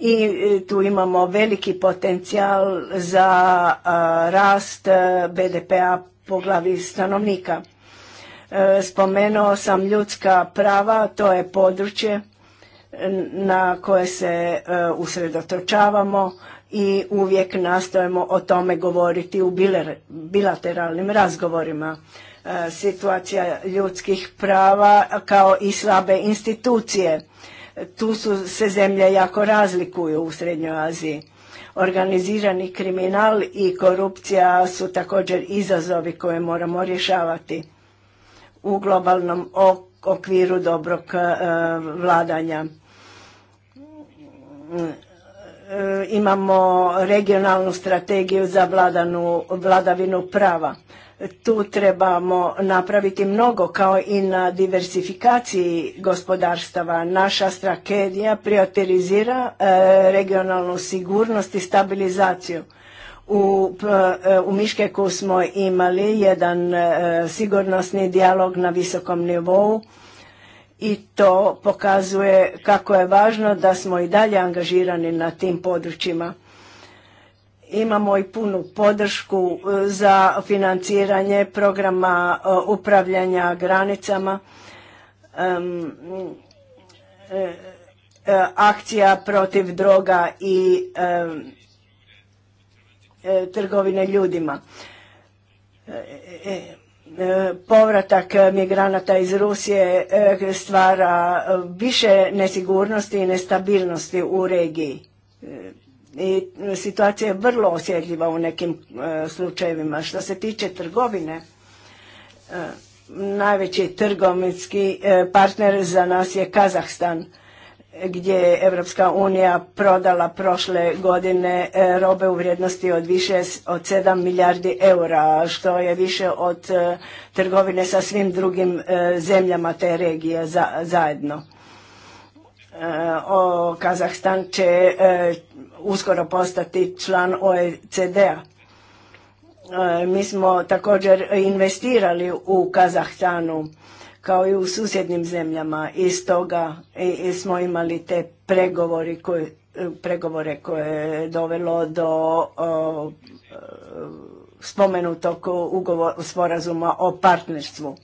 i e, tu imamo veliki potencijal za rast e, BDP-a po glavi stanovnika. E, spomenuo sam ljudska prava, to je područje na koje se usredotočavamo i uvijek nastojimo o tome govoriti u bilateralnim razgovorima. Situacija ljudskih prava kao i slabe institucije tu su se zemlje jako razlikuju u Srednjoj Aziji. Organizirani kriminal i korupcija su također izazovi koje moramo rješavati u globalnom okviru dobrog e, vladanja. E, imamo regionalnu strategiju za vladanu, vladavinu prava tu trebamo napraviti mnogo kao i na diversifikaciji gospodarstava. Naša strategija prioritizira e, regionalnu sigurnost i stabilizaciju. U, e, u Miškeku smo imali jedan e, sigurnosni dijalog na visokom nivou i to pokazuje kako je važno da smo i dalje angažirani na tim područjima. Imamo i punu podršku e, za financiranje programa e, upravljanja granicama, e, akcija protiv droga i trgovine ljudima. Povratak migranata iz Rusije stvara više nesigurnosti i nestabilnosti u regiji. I e, situacija je vrlo osjetljiva u nekim e, slučajevima. Što se tiče trgovine, e, najveći trgovinski partner za nas je Kazahstan gdje je Evropska unija prodala prošle godine robe u vrijednosti od više od 7 milijardi eura, što je više od trgovine sa svim drugim zemljama te regije zajedno. o Kazahstan će uskoro postati član OECD-a. E, mi smo također investirali u Kazahstanu kao i u susjednim zemljama i stoga smo imali te pregovori koje, pregovore koje je dovelo do o, e, spomenutog sporazuma o partnerstvu.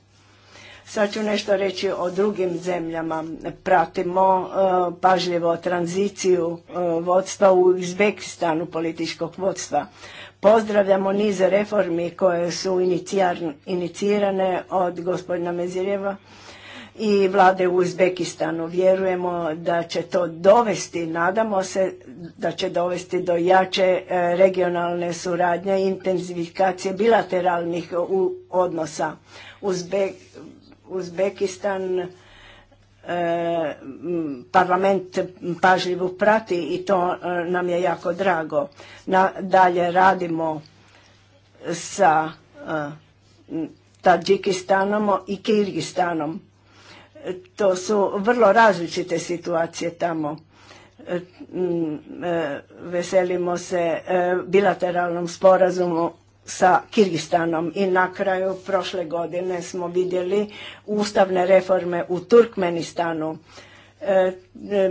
Sad ću nešto reći o drugim zemljama. Pratimo e, pažljivo tranziciju e, vodstva u Uzbekistanu političkog vodstva. Pozdravljamo niz reformi koje su inicirane od gospodina Mezirjeva i vlade u Uzbekistanu. Vjerujemo da će to dovesti, nadamo se da će dovesti do jače e, regionalne suradnje i intenzifikacije bilateralnih odnosa. Uzbek, Uzbekistan e, parlament pažljivo prati i to e, nam je jako drago. Dalje radimo sa e, Tadžikistanom i Kirgistanom. To su vrlo različite situacije tamo. Veselimo se bilateralnom sporazumu sa Kirgistanom i na kraju prošle godine smo vidjeli ustavne reforme u Turkmenistanu, e, e,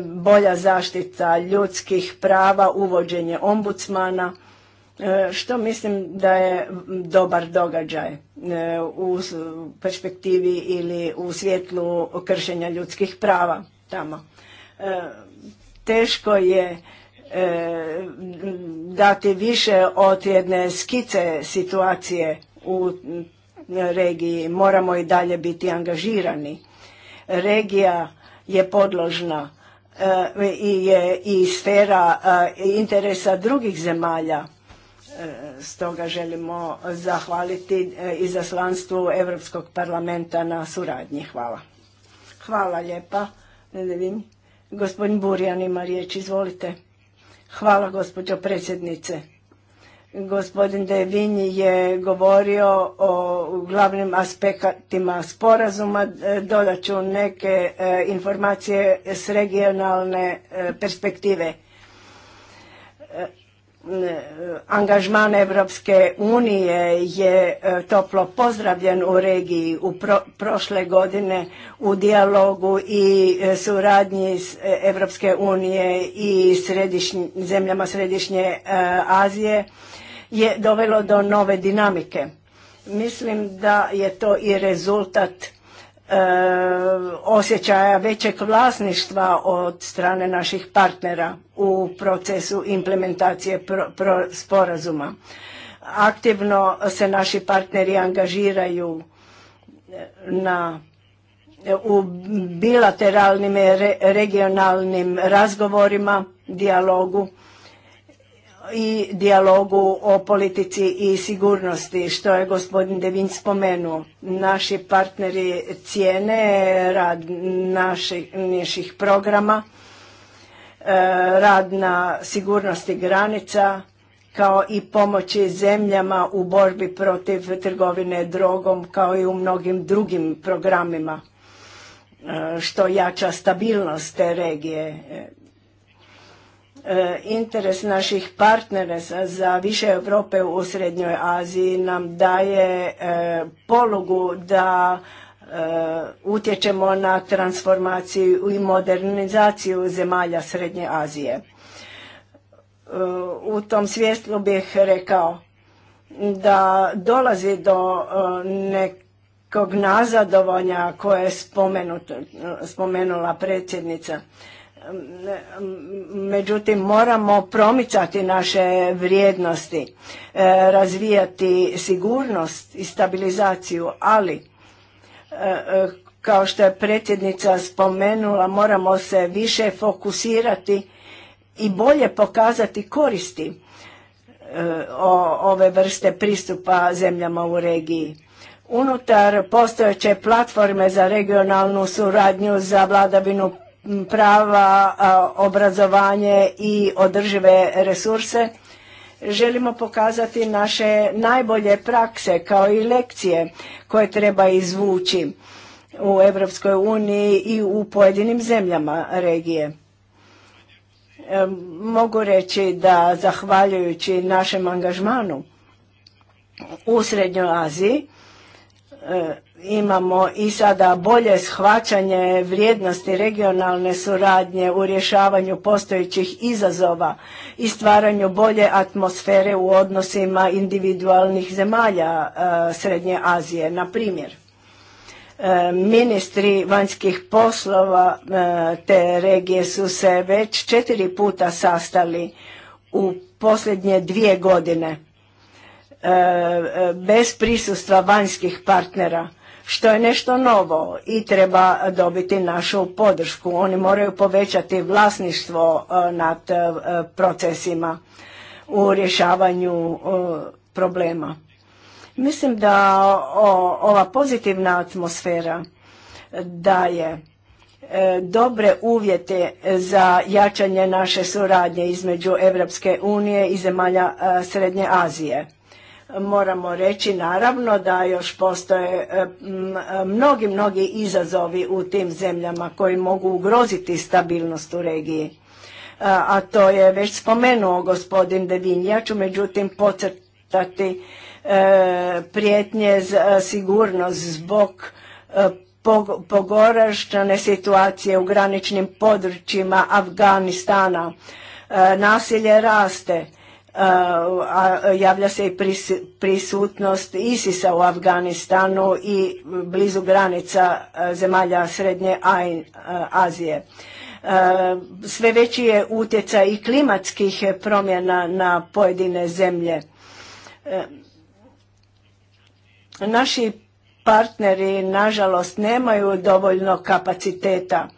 bolja zaštita ljudskih prava, uvođenje ombudsmana, e, što mislim da je dobar događaj u perspektivi ili u svjetlu kršenja ljudskih prava tamo. Teško je dati više od jedne skice situacije u regiji. Moramo i dalje biti angažirani. Regija je podložna e, i je i sfera e, interesa drugih zemalja. E, stoga želimo zahvaliti izaslanstvu Europskog parlamenta na suradnji. Hvala. Hvala lijepa. Gospodin Burjan ima riječ. Izvolite. Hvala gospođo predsjednice. Gospodin Devinji je govorio o glavnim aspektima sporazuma. Dodat ću neke e, informacije s regionalne e, perspektive angažman Evropske unije je e, toplo pozdravljen u regiji u prošle godine u dijalogu i e, suradnji s e, Evropske unije i zemljama središnje Azije je dovelo do nove dinamike. Mislim da je to i rezultat E, osjećaja većeg vlasništva od strane naših partnera u procesu implementacije sporazuma. Aktivno se naši partneri angažiraju e, na u bilateralnim i regionalnim razgovorima, dijalogu i dijalogu o politici i sigurnosti, što je gospodin Devin spomenuo. Naši partneri cijene rad naših, naših programa, e, rad na sigurnosti granica, kao i pomoći zemljama u borbi protiv trgovine drogom, kao i u mnogim drugim programima, e, što jača stabilnost te regije Eh, interes naših partnera za više Europe u Srednjoj Aziji nam daje eh, polugu da eh, utječemo na transformaciju i modernizaciju zemalja Srednje Azije. U tom svjestlu bih rekao da dolazi do nekog nazadovanja koje je spomenula predsjednica međutim moramo promicati naše vrijednosti, e, razvijati sigurnost i stabilizaciju, ali e, e, kao što je predsjednica spomenula, moramo se više fokusirati i bolje pokazati koristi ove vrste pristupa zemljama u regiji. Unutar postojeće platforme za regionalnu suradnju za vladavinu prava, obrazovanje i održive resurse. Želimo pokazati naše najbolje prakse kao i lekcije koje treba izvući u Europskoj uniji i u pojedinim zemljama regije. E, mogu reći da zahvaljujući našem angažmanu u Srednjoj Aziji, e, imamo i sada bolje shvaćanje vrijednosti regionalne suradnje u rješavanju postojećih izazova i stvaranju bolje atmosfere u odnosima individualnih zemalja e, Srednje Azije. Na primjer, e, ministri vanjskih poslova e, te regije su se već četiri puta sastali u posljednje dvije godine bez prisustva vanjskih partnera što je nešto novo i treba dobiti našu podršku. Oni moraju povećati vlasništvo e, nad e, procesima u rješavanju e, problema. Mislim da ova pozitivna atmosfera daje dobre uvjete za jačanje naše suradnje između Europske unije i zemalja Srednje Azije moramo reći naravno da još postoje e, mnogi, mnogi izazovi u tim zemljama koji mogu ugroziti stabilnost u regiji. E, a to je već spomenuo gospodin Devin. Ja ću međutim pocrtati e, prijetnje za sigurnost zbog pogoraštane situacije u graničnim područjima Afganistana. Nasilje raste, javlja se i prisutnost ISIS-a u Afganistanu i blizu granica zemalja Srednje Azije. Sve veći je utjecaj i klimatskih promjena na pojedine zemlje. Naši partneri, nažalost, nemaju dovoljno kapaciteta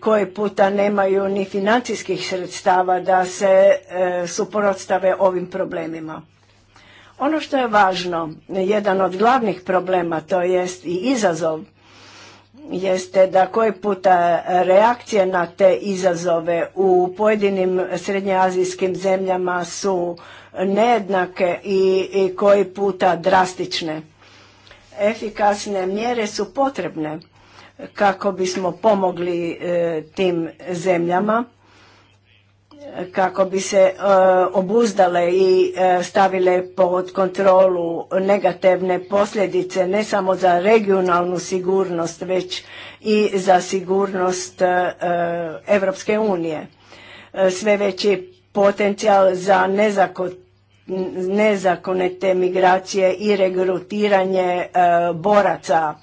koji puta nemaju ni financijskih sredstava da se e, suprotstave ovim problemima. Ono što je važno, jedan od glavnih problema, to jest i izazov, jeste da koji puta reakcije na te izazove u pojedinim srednjeazijskim zemljama su nejednake i, i koji puta drastične. Efikasne mjere su potrebne kako bismo pomogli e, tim zemljama kako bi se e, obuzdale i e, stavile pod kontrolu negativne posljedice ne samo za regionalnu sigurnost već i za sigurnost Europske unije. Sve veći potencijal za nezakonete migracije i regrutiranje boraca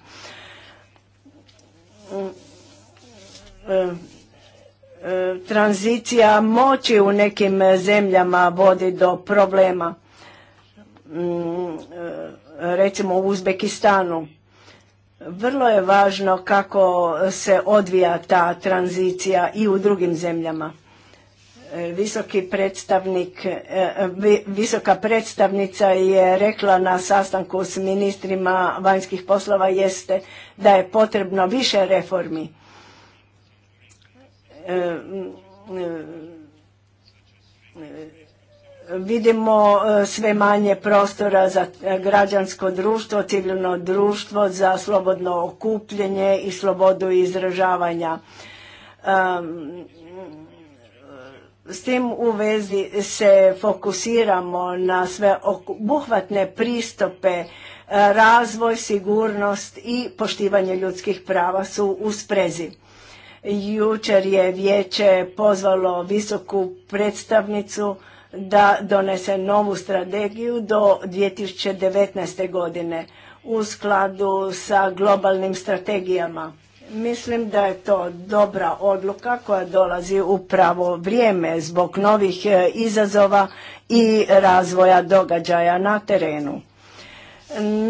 E, e, tranzicija moći u nekim zemljama vodi do problema mm, e, recimo u Uzbekistanu. Vrlo je važno kako se odvija ta tranzicija i u drugim zemljama. E, predstavnik, e, visoka predstavnica je rekla na sastanku s ministrima vanjskih poslova jeste da je potrebno više reformi. E, vidimo sve manje prostora za građansko društvo, civilno društvo, za slobodno okupljenje i slobodu izražavanja. S tim u vezi se fokusiramo na sve obuhvatne pristope, e, razvoj, sigurnost i poštivanje ljudskih prava su u sprezi. Jučer je vijeće pozvalo visoku predstavnicu da donese novu strategiju do 2019. godine u skladu sa globalnim strategijama Mislim da je to dobra odluka koja dolazi u pravo vrijeme zbog novih e, izazova i razvoja događaja na terenu.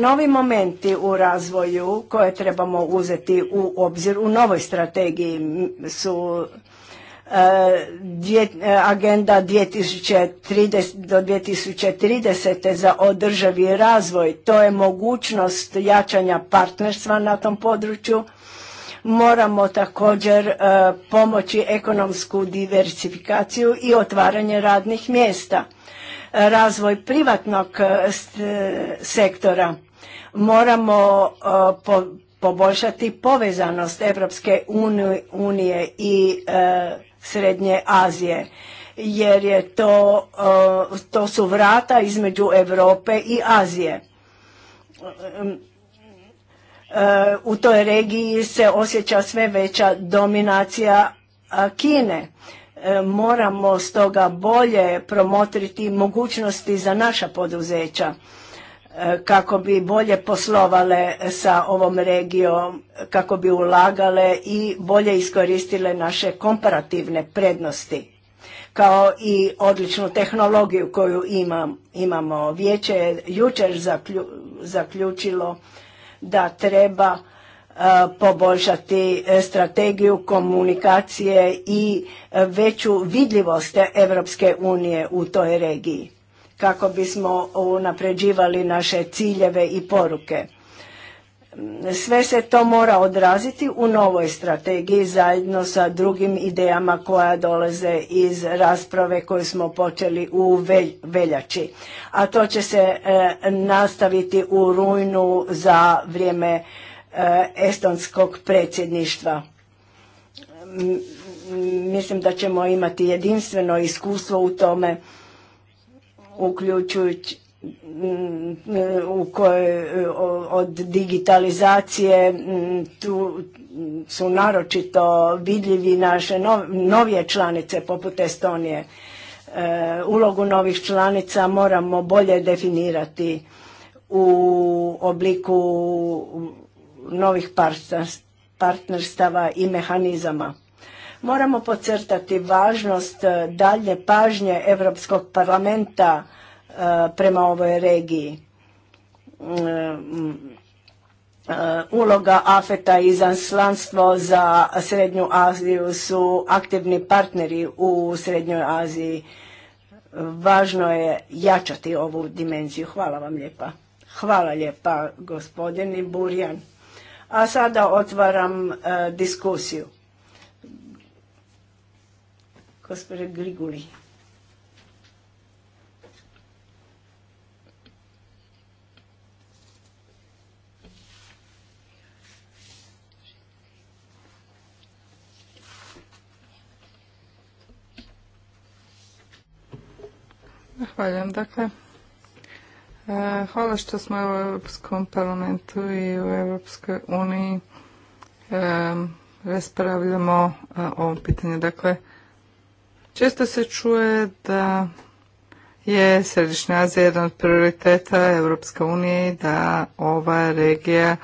Novi momenti u razvoju koje trebamo uzeti u obzir u novoj strategiji su e, e, agenda 2030, do 2030. za održavi razvoj. To je mogućnost jačanja partnerstva na tom području Moramo također e, pomoći ekonomsku diversifikaciju i otvaranje radnih mjesta. Razvoj privatnog e, e, sektora. Moramo poboljšati povezanost Europske unije i Srednje Azije jer je to, to su vrata između Europe i Azije u toj regiji se osjeća sve veća dominacija Kine. E, moramo stoga bolje promotriti mogućnosti za naša poduzeća e, kako bi bolje poslovale sa ovom regijom, kako bi ulagale i bolje iskoristile naše komparativne prednosti kao i odličnu tehnologiju koju imamo. Vijeće je jučer zaključilo da treba e, poboljšati e, strategiju komunikacije i e, veću vidljivost Europske unije u toj regiji kako bismo unapređivali naše ciljeve i poruke. Sve se to mora odraziti u novoj strategiji zajedno sa drugim idejama koja dolaze iz rasprave koju smo počeli u veljači. A to će se e, nastaviti u rujnu za vrijeme e, estonskog predsjedništva. Mislim da ćemo imati jedinstveno iskustvo u tome uključujući Mm, mm, u kojoj e, od digitalizacije mm, tu su naročito vidljivi naše novije članice poput Estonije. E, ulogu novih članica moramo bolje definirati u obliku novih partnerstava i mehanizama. Moramo podcrtati važnost e, dalje pažnje Europskog parlamenta Eh, prema ovoj regiji. Eh, eh, uloga AFETA i zanslanstvo za Srednju Aziju su aktivni partneri u Srednjoj Aziji. Važno je jačati ovu dimenziju. Hvala vam lijepa. Hvala lijepa gospodini Burjan. A sada otvaram diskusiju. Gospodin Griguli. Zahvaljujem. Dakle, eh, hvala što smo u Europskom parlamentu i u Europskoj uniji raspravljamo eh, o ovom pitanju. Dakle, često se čuje da je Središnja Azija jedan od prioriteta Europske unije i da ova regija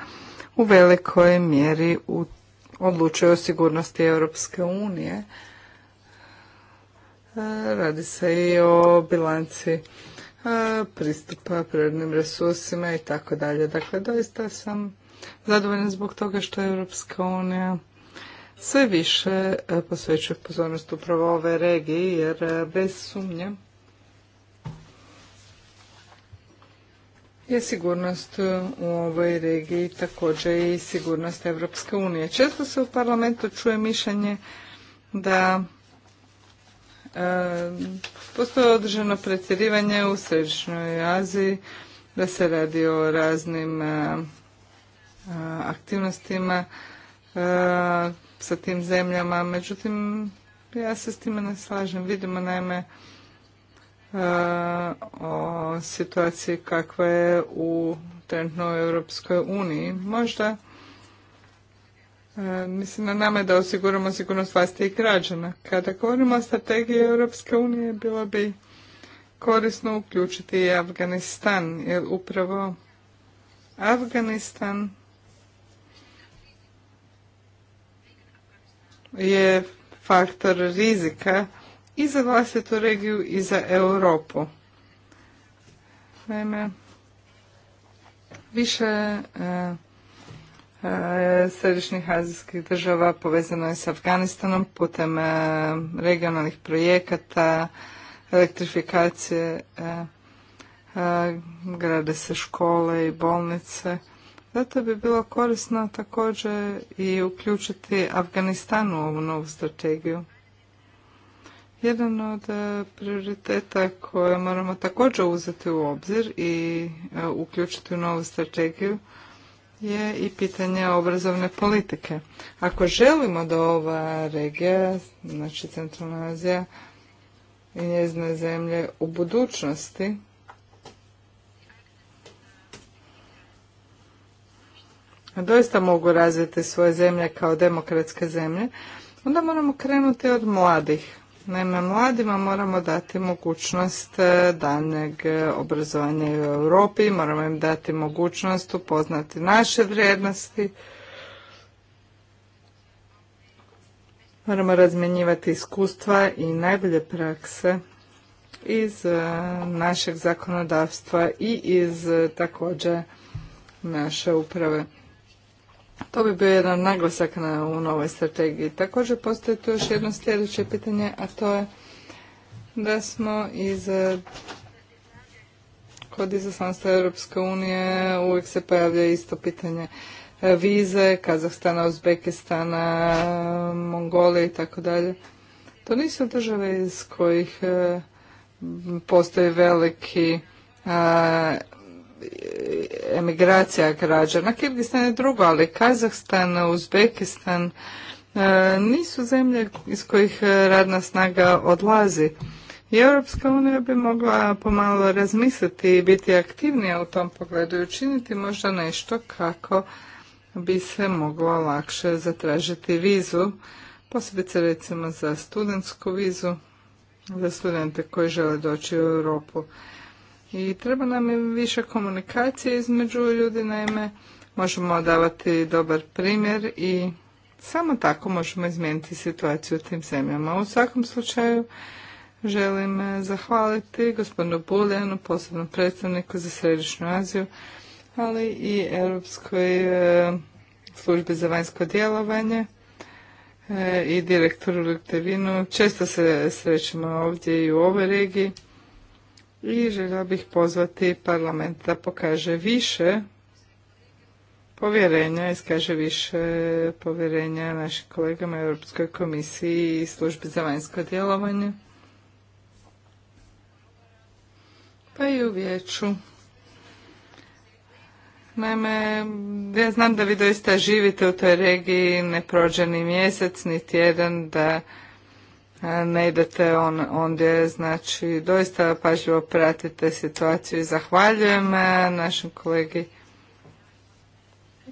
u velikoj mjeri odlučuje o sigurnosti Europske unije E, radi se i o bilanci e, pristupa prirodnim resursima i tako dalje. Dakle, doista sam zadovoljna zbog toga što je Europska unija sve više e, posvećuje pozornost upravo ove regiji, jer bez sumnje je sigurnost u ovoj regiji također i sigurnost Europske unije. Često se u parlamentu čuje mišljenje da E, postoje održano pretjerivanje u Središnjoj Aziji da se radi o raznim e, e, aktivnostima sa tim zemljama, međutim ja se s time ne slažem. Vidimo naime o situaciji kakva je u trenutno u Europskoj uniji. Možda E, mislim, na nama da osiguramo sigurnost vlasti i građana. Kada govorimo o strategiji Europske unije, bilo bi korisno uključiti i Afganistan, jer upravo Afganistan je faktor rizika i za vlastitu regiju i za Europu. Naime, više e, E, središnjih azijskih država povezano je s Afganistanom putem e, regionalnih projekata, elektrifikacije, e, grade se škole i bolnice. Zato bi bilo korisno također i uključiti Afganistan u ovu novu strategiju. Jedan od prioriteta koje moramo također uzeti u obzir i uključiti u novu strategiju je i pitanje obrazovne politike. Ako želimo da ova regija, znači Centralna Azija i njezne zemlje u budućnosti doista mogu razviti svoje zemlje kao demokratske zemlje, onda moramo krenuti od mladih. Naime, mladima moramo dati mogućnost e, daljnjeg obrazovanja u Europi, moramo im dati mogućnost upoznati naše vrijednosti, moramo razmjenjivati iskustva i najbolje prakse iz e, našeg zakonodavstva i iz e, također naše uprave. To bi bio jedan naglasak na, u novoj strategiji. Također postoji tu još jedno sljedeće pitanje, a to je da smo iz kod izaslanstva Europske unije uvijek se pojavlja isto pitanje vize, Kazahstana, Uzbekistana, Mongolije i tako dalje. To nisu države iz kojih e, postoji veliki emigracija građana. Kirgistan je drugo, ali Kazahstan, Uzbekistan e, nisu zemlje iz kojih e, radna snaga odlazi. I Europska unija bi mogla pomalo razmisliti i biti aktivnija u tom pogledu i učiniti možda nešto kako bi se moglo lakše zatražiti vizu, posebice recimo za studentsku vizu, za studente koji žele doći u Europu. I treba nam i više komunikacije između ljudi, naime, možemo davati dobar primjer i samo tako možemo izmijeniti situaciju u tim zemljama. U svakom slučaju želim e, zahvaliti gospodinu Buljanu, posebnom predstavniku za Središnju Aziju, ali i Europskoj e, službi za vanjsko djelovanje e, i direktoru Luktevinu. Često se srećemo ovdje i u ovoj regiji i željela bih pozvati parlament da pokaže više povjerenja, iskaže više povjerenja našim kolegama Europskoj komisiji i službi za vanjsko djelovanje. Pa i u vijeću. Naime, ja znam da vi doista živite u toj regiji, ne prođe ni mjesec, ni tjedan, da ne idete on, ondje, znači doista pažljivo pratite situaciju i zahvaljujem e, našem kolegi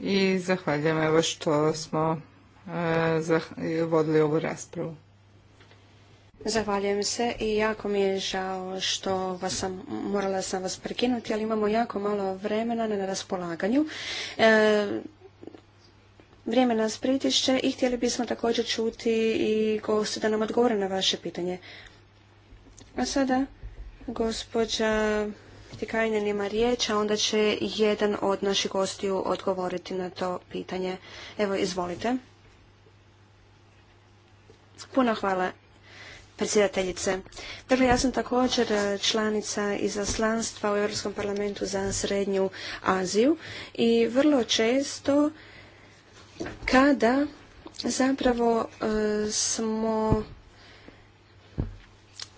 i zahvaljujem evo što smo e, vodili ovu raspravu. Zahvaljujem se i jako mi je žao što vas sam, morala sam vas prekinuti, ali imamo jako malo vremena na raspolaganju. E, vrijeme nas pritišće i htjeli bismo također čuti i goste da nam odgovore na vaše pitanje. A sada gospođa Tikajna ima riječ, a onda će jedan od naših gostiju odgovoriti na to pitanje. Evo, izvolite. Puno hvala predsjedateljice. Dakle, ja sam također e, članica izaslanstva u Europskom parlamentu za Srednju Aziju i vrlo često kada zapravo e, smo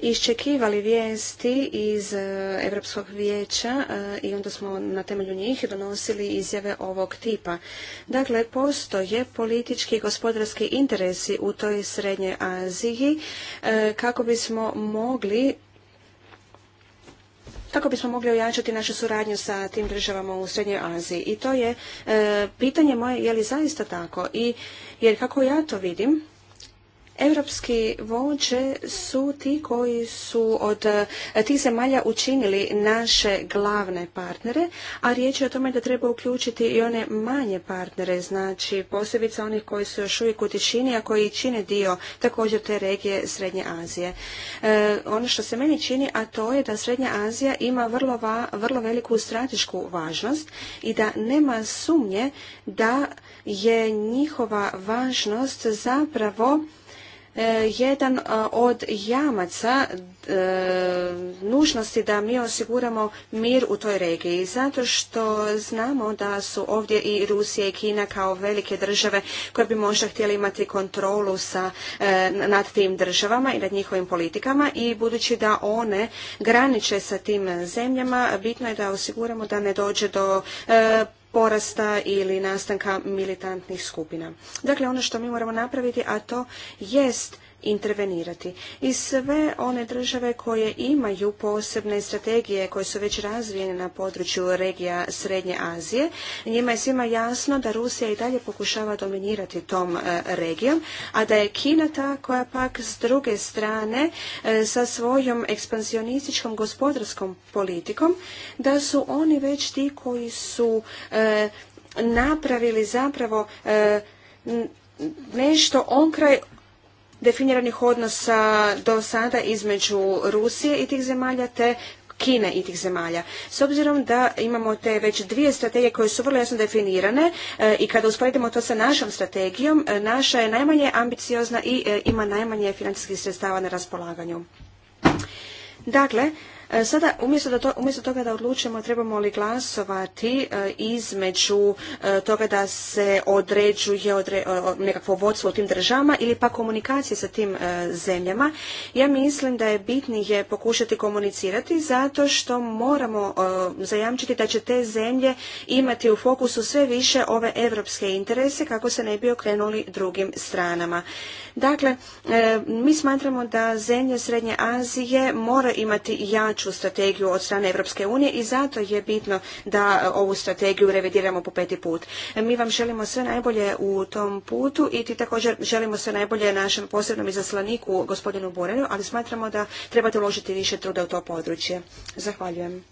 iščekivali vijesti iz e, Europskog vijeća e, i onda smo na temelju njih donosili izjave ovog tipa. Dakle, postoje politički i gospodarski interesi u toj Srednjoj Aziji kako bismo mogli tako bismo mogli ojačati našu suradnju sa tim državama u Srednjoj Aziji. I to je e, pitanje moje je li zaista tako i jer kako ja to vidim Europski vođe su ti koji su od eh, tih zemalja učinili naše glavne partnere, a riječ je o tome da treba uključiti i one manje partnere, znači posebice onih koji su još uvijek u tišini, a koji čine dio također te regije Srednje Azije. Eh, ono što se meni čini, a to je da Srednja Azija ima vrlo, vrlo veliku stratešku važnost i da nema sumnje da je njihova važnost zapravo E, jedan od jamaca e, nužnosti da mi osiguramo mir u toj regiji, zato što znamo da su ovdje i Rusija i Kina kao velike države koje bi možda htjeli imati kontrolu sa, e, nad tim državama i nad njihovim politikama i budući da one graniče sa tim zemljama, bitno je da osiguramo da ne dođe do porasta ili nastanka militantnih skupina. Dakle, ono što mi moramo napraviti, a to jest intervenirati. I sve one države koje imaju posebne strategije koje su već razvijene na području regija Srednje Azije, njima je svima jasno da Rusija i dalje pokušava dominirati tom e, regijom, a da je Kina ta koja pak s druge strane e, sa svojom ekspansionističkom gospodarskom politikom, da su oni već ti koji su e, napravili zapravo nešto onkraj definiranih odnosa do sada između Rusije i tih zemalja te Kine i tih zemalja. S obzirom da imamo te već dvije strategije koje su vrlo jasno definirane eh, i kada usporedimo to sa našom strategijom, eh, naša je najmanje ambiciozna i eh, ima najmanje financijskih sredstava na raspolaganju. Dakle, E, sada, umjesto, toga da odlučimo trebamo li glasovati e, između e, toga da se određuje nekakvo vodstvo u tim državama ili pa komunikacije sa tim zemljama, ja mislim da je bitnije pokušati komunicirati zato što moramo zajamčiti da će te zemlje imati u fokusu sve više ove europske interese kako se ne bi okrenuli drugim stranama. Dakle, mi smatramo da zemlje Srednje Azije mora imati ja strategiju od strane Europske unije i zato je bitno da ovu strategiju revidiramo po peti put. Mi vam želimo sve najbolje u tom putu i ti također želimo sve najbolje našem posebnom izaslaniku gospodinu Borenu, ali smatramo da trebate uložiti više truda u to područje. Zahvaljujem.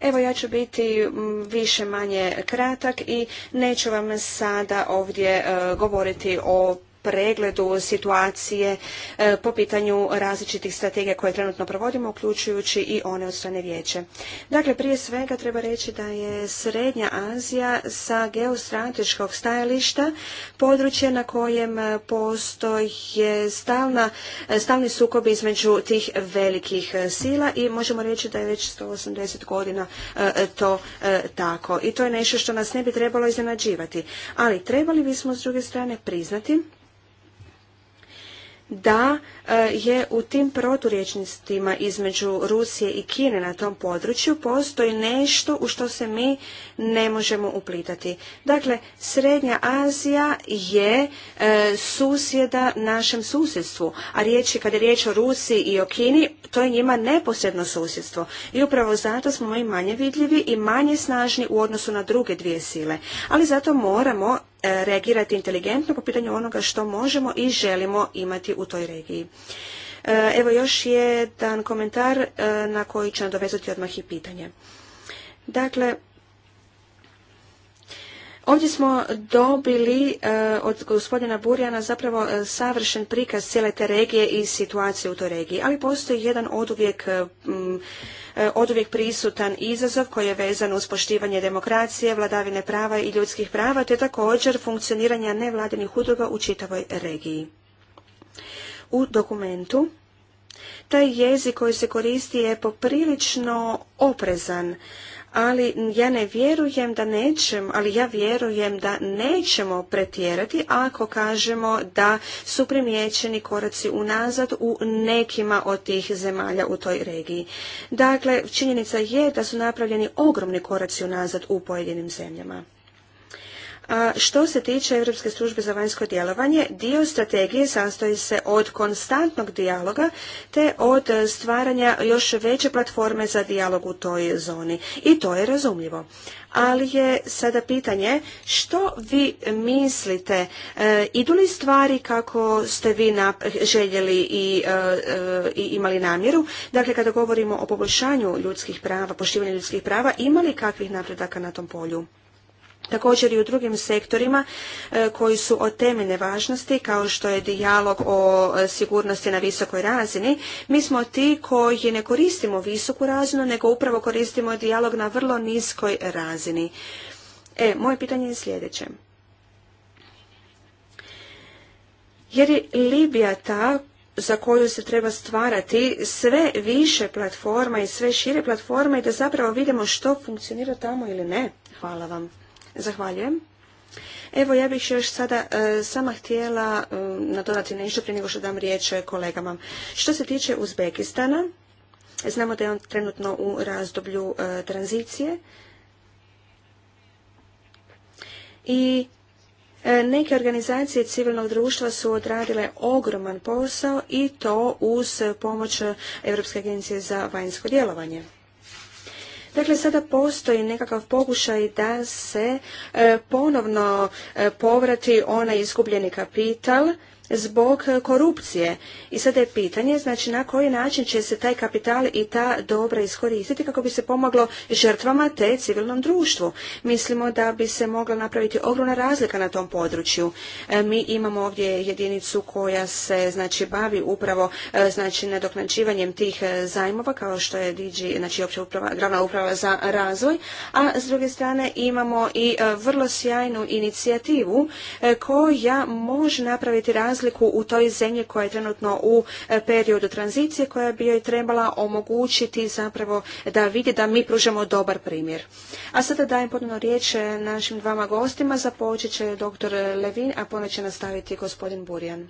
Evo ja ću biti više manje kratak i neću vam sada ovdje e, govoriti o pregledu situacije e, po pitanju različitih strategija koje trenutno provodimo, uključujući i one od strane vijeće. Dakle, prije svega treba reći da je Srednja Azija sa geostrateškog stajališta područje na kojem postoji stalni sukob između tih velikih sila i možemo reći da je već 180 godina e, to e, tako. I to je nešto što nas ne bi trebalo iznenađivati. Ali trebali bismo s druge strane priznati da e, je u tim proturječnostima između Rusije i Kine na tom području postoji nešto u što se mi ne možemo uplitati. Dakle, Srednja Azija je e, susjeda našem susjedstvu, a riječ je, kada je riječ o Rusiji i o Kini, to je njima neposredno susjedstvo. I upravo zato smo mi manje vidljivi i manje snažni u odnosu na druge dvije sile. Ali zato moramo E, reagirati inteligentno po pitanju onoga što možemo i želimo imati u toj regiji. E, evo još jedan komentar e, na koji će nadovezati odmah i pitanje. Dakle, Ovdje smo dobili od gospodina Burjana zapravo savršen prikaz cijele te regije i situacije u toj regiji, ali postoji jedan oduvijek uvijek E, oduvijek prisutan izazov koji je vezan uz poštivanje demokracije, vladavine prava i ljudskih prava, te također funkcioniranja nevladinih udruga u čitavoj regiji. U dokumentu taj jezik koji se koristi je poprilično oprezan ali ja ne vjerujem da nećemo, ali ja vjerujem da nećemo pretjerati ako kažemo da su primijećeni koraci unazad u nekima od tih zemalja u toj regiji. Dakle, činjenica je da su napravljeni ogromni koraci unazad u pojedinim zemljama što se tiče Europske službe za vanjsko djelovanje, dio strategije sastoji se od konstantnog dijaloga te od stvaranja još veće platforme za dijalog u toj zoni. I to je razumljivo. Ali je sada pitanje što vi mislite, e, idu li stvari kako ste vi željeli i, e, e, i imali namjeru? Dakle, kada govorimo o poboljšanju ljudskih prava, poštivanju ljudskih prava, ima li kakvih napredaka na tom polju? također i u drugim sektorima e, koji su od temeljne važnosti kao što je dijalog o e, sigurnosti na visokoj razini mi smo ti koji ne koristimo visoku razinu nego upravo koristimo dijalog na vrlo niskoj razini e moje pitanje je sljedeće jer je libija ta za koju se treba stvarati sve više platforma i sve šire platforme i da zapravo vidimo što funkcionira tamo ili ne hvala vam Zahvaljujem. Evo, ja bih još sada e, sama htjela e, nešto prije nego što dam riječ e, kolegama. Što se tiče Uzbekistana, znamo da je on trenutno u razdoblju e, tranzicije i Neke organizacije civilnog društva su odradile ogroman posao i to uz pomoć Europske agencije za vanjsko djelovanje. Dakle, sada postoji nekakav pokušaj da se e, ponovno e, povrati onaj izgubljeni kapital zbog e, korupcije. I sada je pitanje, znači na koji način će se taj kapital i ta dobra iskoristiti kako bi se pomoglo žrtvama te civilnom društvu. Mislimo da bi se mogla napraviti ogromna razlika na tom području. E, mi imamo ovdje jedinicu koja se znači bavi upravo e, znači nadoknađivanjem tih zajmova kao što je DG, znači opća uprava, glavna uprava za razvoj, a s druge strane imamo i vrlo sjajnu inicijativu koja može napraviti razliku u toj zemlji koja je trenutno u e, periodu tranzicije koja bi joj trebala omogućiti zapravo da vidi da mi pružamo dobar primjer. A sada dajem ponovno riječ e, našim dvama gostima. Započet će dr. Levin, a ponovno će nastaviti gospodin Burjan.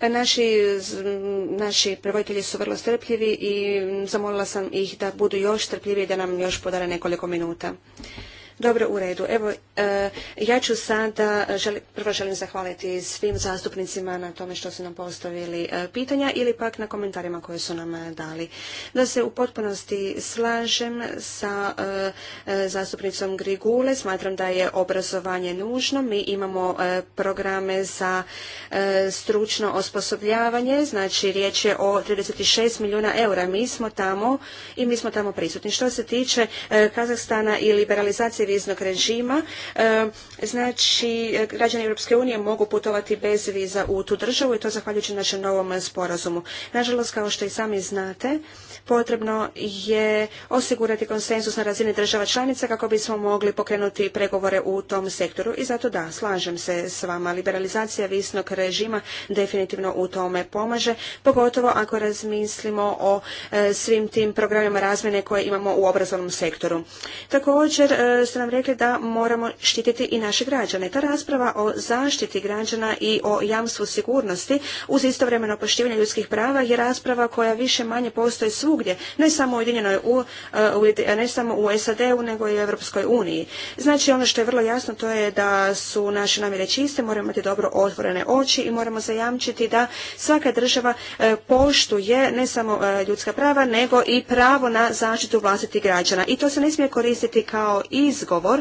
E, naši, naši prevojitelji su vrlo strpljivi i zamolila sam ih da budu još strpljivi i da nam još podare nekoliko minuta. Dobro, u redu. Evo, e, ja ću sada, e, prvo želim zahvaliti svim zastupnicima na tome što su nam postavili e, pitanja ili pak na komentarima koje su nam dali. Da se u potpunosti slažem sa zastupnicom Grigule, smatram da je obrazovanje nužno. Mi imamo programe za stručno osposobljavanje, znači riječ je o 36 milijuna eura. Mi smo tamo i mi smo tamo prisutni. Što se tiče Kazahstana i liberalizacije viznog režima. E, znači, građani Europske unije mogu putovati bez viza u tu državu i to zahvaljujući našem novom sporazumu. Nažalost, kao što i sami znate, Potrebno je osigurati konsenzus na razini država članica kako bismo mogli pokrenuti pregovore u tom sektoru i zato da, slažem se s vama. Liberalizacija visnog režima definitivno u tome pomaže, pogotovo ako razmislimo o e, svim tim programima razmjene koje imamo u obrazovnom sektoru. Također e, ste nam rekli da moramo štititi i naše građane. Ta rasprava o zaštiti građana i o jamstvu sigurnosti uz istovremeno poštivanje ljudskih prava je rasprava koja više manje postoji svugdje, ne samo u e, ne samo u SAD-u, nego i u Europskoj uniji. Znači, ono što je vrlo jasno, to je da su naše namjere čiste, moramo imati dobro otvorene oči i moramo zajamčiti da svaka država e, poštuje ne samo e, ljudska prava, nego i pravo na zaštitu vlastitih građana. I to se ne smije koristiti kao izgovor.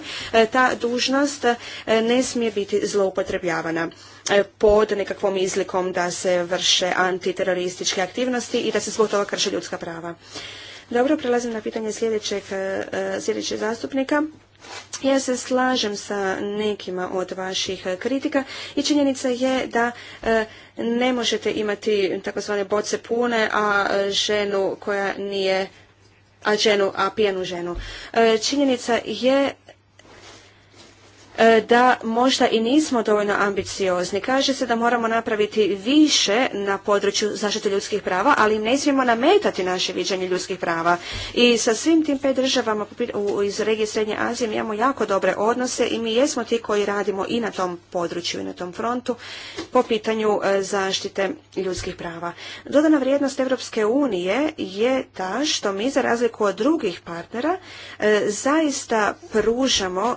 Ta dužnost ne smije biti zloupotrebljavana. E, pod nekakvom izlikom da se vrše antiterorističke aktivnosti i da se zbog toga krše ljudska prava. Dobro, prelazim na pitanje sljedećeg, e, sljedećeg zastupnika. Ja se slažem sa nekima od vaših kritika i činjenica je da e, ne možete imati takozvane boce pune, a ženu koja nije a ženu, a pijenu ženu. Činjenica je E, da možda i nismo dovoljno ambiciozni. Kaže se da moramo napraviti više na području zaštite ljudskih prava, ali ne smijemo nametati naše viđanje ljudskih prava. I sa svim tim pet državama iz regije Srednje Azije mi imamo jako dobre odnose i mi jesmo ti koji radimo i na tom području i na tom frontu po pitanju e, zaštite ljudskih prava. Dodana vrijednost Europske unije je ta što mi za razliku od drugih partnera e, zaista pružamo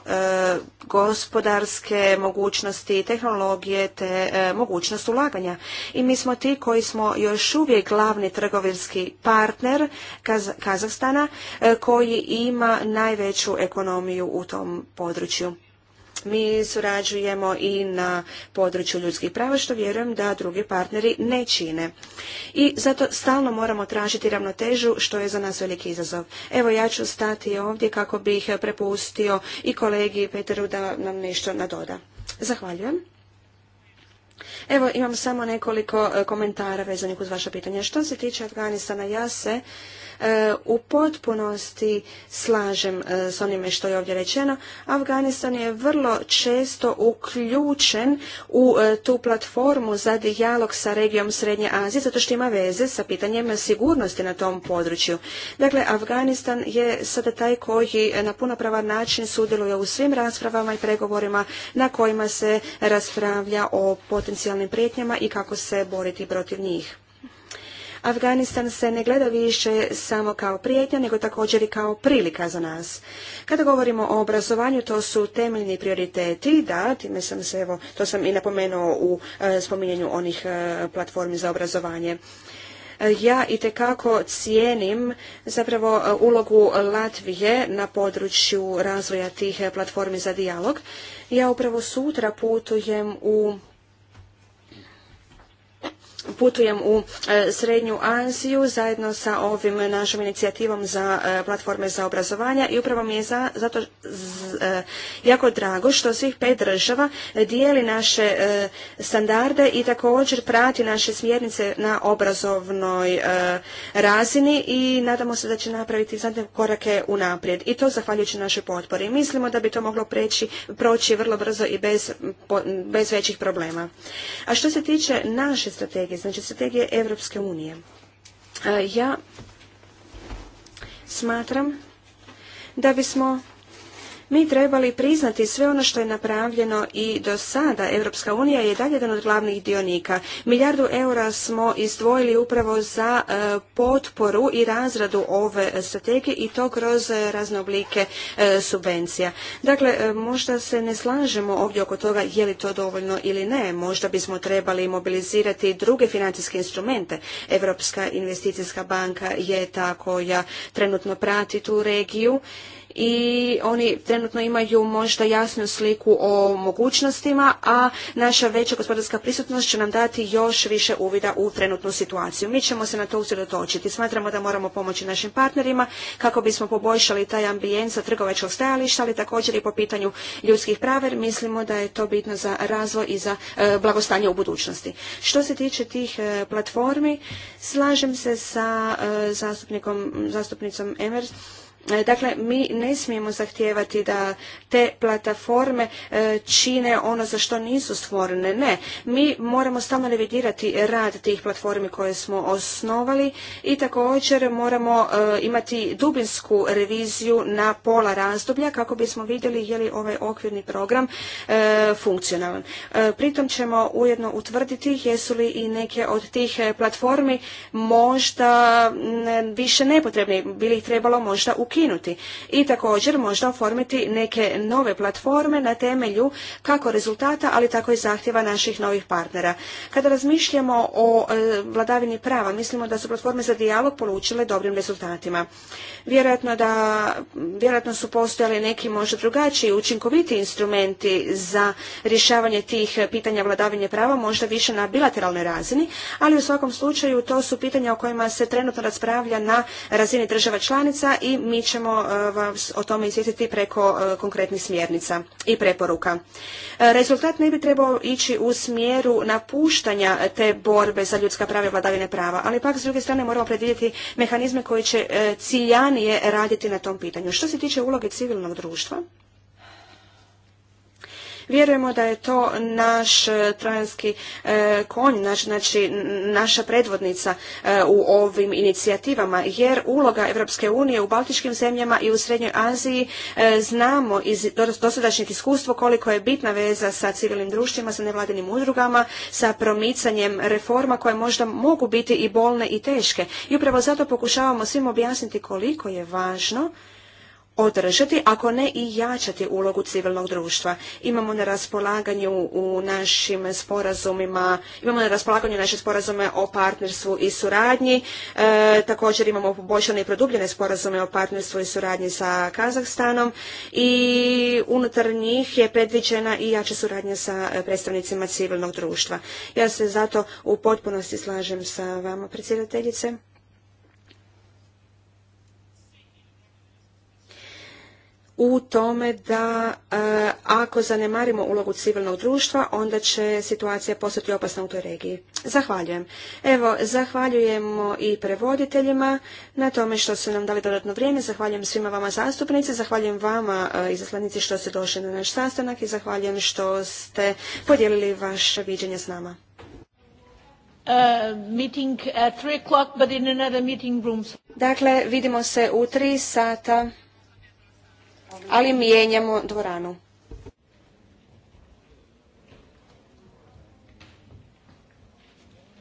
gospodarske mogućnosti, tehnologije te e, mogućnost ulaganja. I mi smo ti koji smo još uvijek glavni trgovinski partner Kazahstana e, koji ima najveću ekonomiju u tom području. Mi surađujemo i na području ljudskih prava, što vjerujem da drugi partneri ne čine. I zato stalno moramo tražiti ravnotežu, što je za nas veliki izazov. Evo ja ću stati ovdje kako bih prepustio i kolegi Peteru da nam nešto nadoda. Zahvaljujem. Evo, imam samo nekoliko e, komentara vezanih uz vaša pitanja. Što se tiče Afganistana, ja se e, u potpunosti slažem e, s onime što je ovdje rečeno. Afganistan je vrlo često uključen u tu platformu za dijalog sa regijom Srednje Azije, zato što ima veze sa pitanjem sigurnosti na tom području. Dakle, Afganistan je sada taj koji na punopravan način sudjeluje u svim raspravama i pregovorima na kojima se raspravlja o potencijalnom potencijalnim prijetnjama i kako se boriti protiv njih. Afganistan se ne gleda više samo kao prijetnja, nego također i kao prilika za nas. Kada govorimo o obrazovanju, to su temeljni prioriteti, da, time sam se, evo, to sam i napomenuo u e, spominjanju onih e, platformi za obrazovanje. E, ja i tekako cijenim zapravo e, ulogu Latvije na području razvoja tih platformi za dijalog. Ja upravo sutra putujem u putujem u e, Srednju Aziju zajedno sa ovim našom inicijativom za e, platforme za obrazovanje i upravo mi je zato e, jako drago što svih pet država dijeli naše standarde i također prati naše smjernice na obrazovnoj razini i nadamo se da će napraviti zadnje korake unaprijed i to zahvaljujući našoj potpori. Mislimo da bi to moglo proći vrlo brzo i bez, bez većih problema. A što se tiče naše strategije strategije, znači strategije Evropske unije. E, ja smatram da bismo mi trebali priznati sve ono što je napravljeno i do sada. Europska unija je dalje jedan od glavnih dionika. Milijardu eura smo izdvojili upravo za e, potporu i razradu ove strategije i to kroz e, razne oblike e, subvencija. Dakle, možda se ne slažemo ovdje oko toga je li to dovoljno ili ne. Možda bismo trebali mobilizirati druge financijske instrumente. Europska investicijska banka je ta koja trenutno prati tu regiju i oni trenutno imaju možda jasnu sliku o mogućnostima, a naša veća gospodarska prisutnost će nam dati još više uvida u trenutnu situaciju. Mi ćemo se na to usredotočiti. Smatramo da moramo pomoći našim partnerima kako bismo poboljšali taj ambijent sa trgovačkog stajališta, ali također i po pitanju ljudskih prava, jer mislimo da je to bitno za razvoj i za e, blagostanje u budućnosti. Što se tiče tih e, platformi, slažem se sa e, zastupnikom, zastupnicom Emers E, dakle, mi ne smijemo zahtijevati da te platforme e, čine ono za što nisu stvorene. Ne, mi moramo stalno revidirati rad tih platformi koje smo osnovali i također moramo e, imati dubinsku reviziju na pola razdoblja kako bismo vidjeli je li ovaj okvirni program funkcionalan. Pritom ćemo ujedno utvrditi jesu li i neke od tih platformi možda više nepotrebni, bili ih trebalo možda ukinuti ukinuti i također možda oformiti neke nove platforme na temelju kako rezultata, ali tako i zahtjeva naših novih partnera. Kada razmišljamo o e, vladavini prava, mislimo da su platforme za dijalog polučile dobrim rezultatima. Vjerojatno, da, vjerojatno su postojali neki možda drugačiji, učinkoviti instrumenti za rješavanje tih pitanja vladavine prava, možda više na bilateralnoj razini, ali u svakom slučaju to su pitanja o kojima se trenutno raspravlja na razini država članica i mi ćemo e, vas o tome izvijestiti preko e, konkretnih smjernica i preporuka. E, rezultat ne bi trebao ići u smjeru napuštanja te borbe za ljudska prava i vladavine prava, ali pak s druge strane moramo predvidjeti mehanizme koji će ciljanije raditi na tom pitanju. Što se tiče uloge civilnog društva, Vjerujemo da je to naš e, trojanski e, konj, naš, znači naša predvodnica e, u ovim inicijativama, jer uloga Europske unije u Baltičkim zemljama i u Srednjoj Aziji znamo iz dosadašnjeg iskustva koliko je bitna veza sa civilnim društvima, sa nevladinim udrugama, sa promicanjem reforma koje možda mogu biti i bolne i teške. I upravo zato pokušavamo svim objasniti koliko je važno održati, ako ne i jačati ulogu civilnog društva. Imamo na raspolaganju u našim sporazumima, imamo na raspolaganju naše sporazume o partnerstvu i suradnji, e, također imamo poboljšane i produbljene sporazume o partnerstvu i suradnji sa Kazahstanom i unutar njih je predviđena i jača suradnja sa e, predstavnicima civilnog društva. Ja se zato u potpunosti slažem sa vama, predsjedateljice. u tome da e, ako zanemarimo ulogu civilnog društva, onda će situacija postati opasna u toj regiji. Zahvaljujem. Evo, zahvaljujemo i prevoditeljima na tome što su nam dali dodatno vrijeme. Zahvaljujem svima vama zastupnici, zahvaljujem vama e, izaslanici što ste došli na naš sastanak i zahvaljujem što ste podijelili vaše viđenje s nama. Dakle, vidimo se u tri sata ali mijenjamo dvoranu.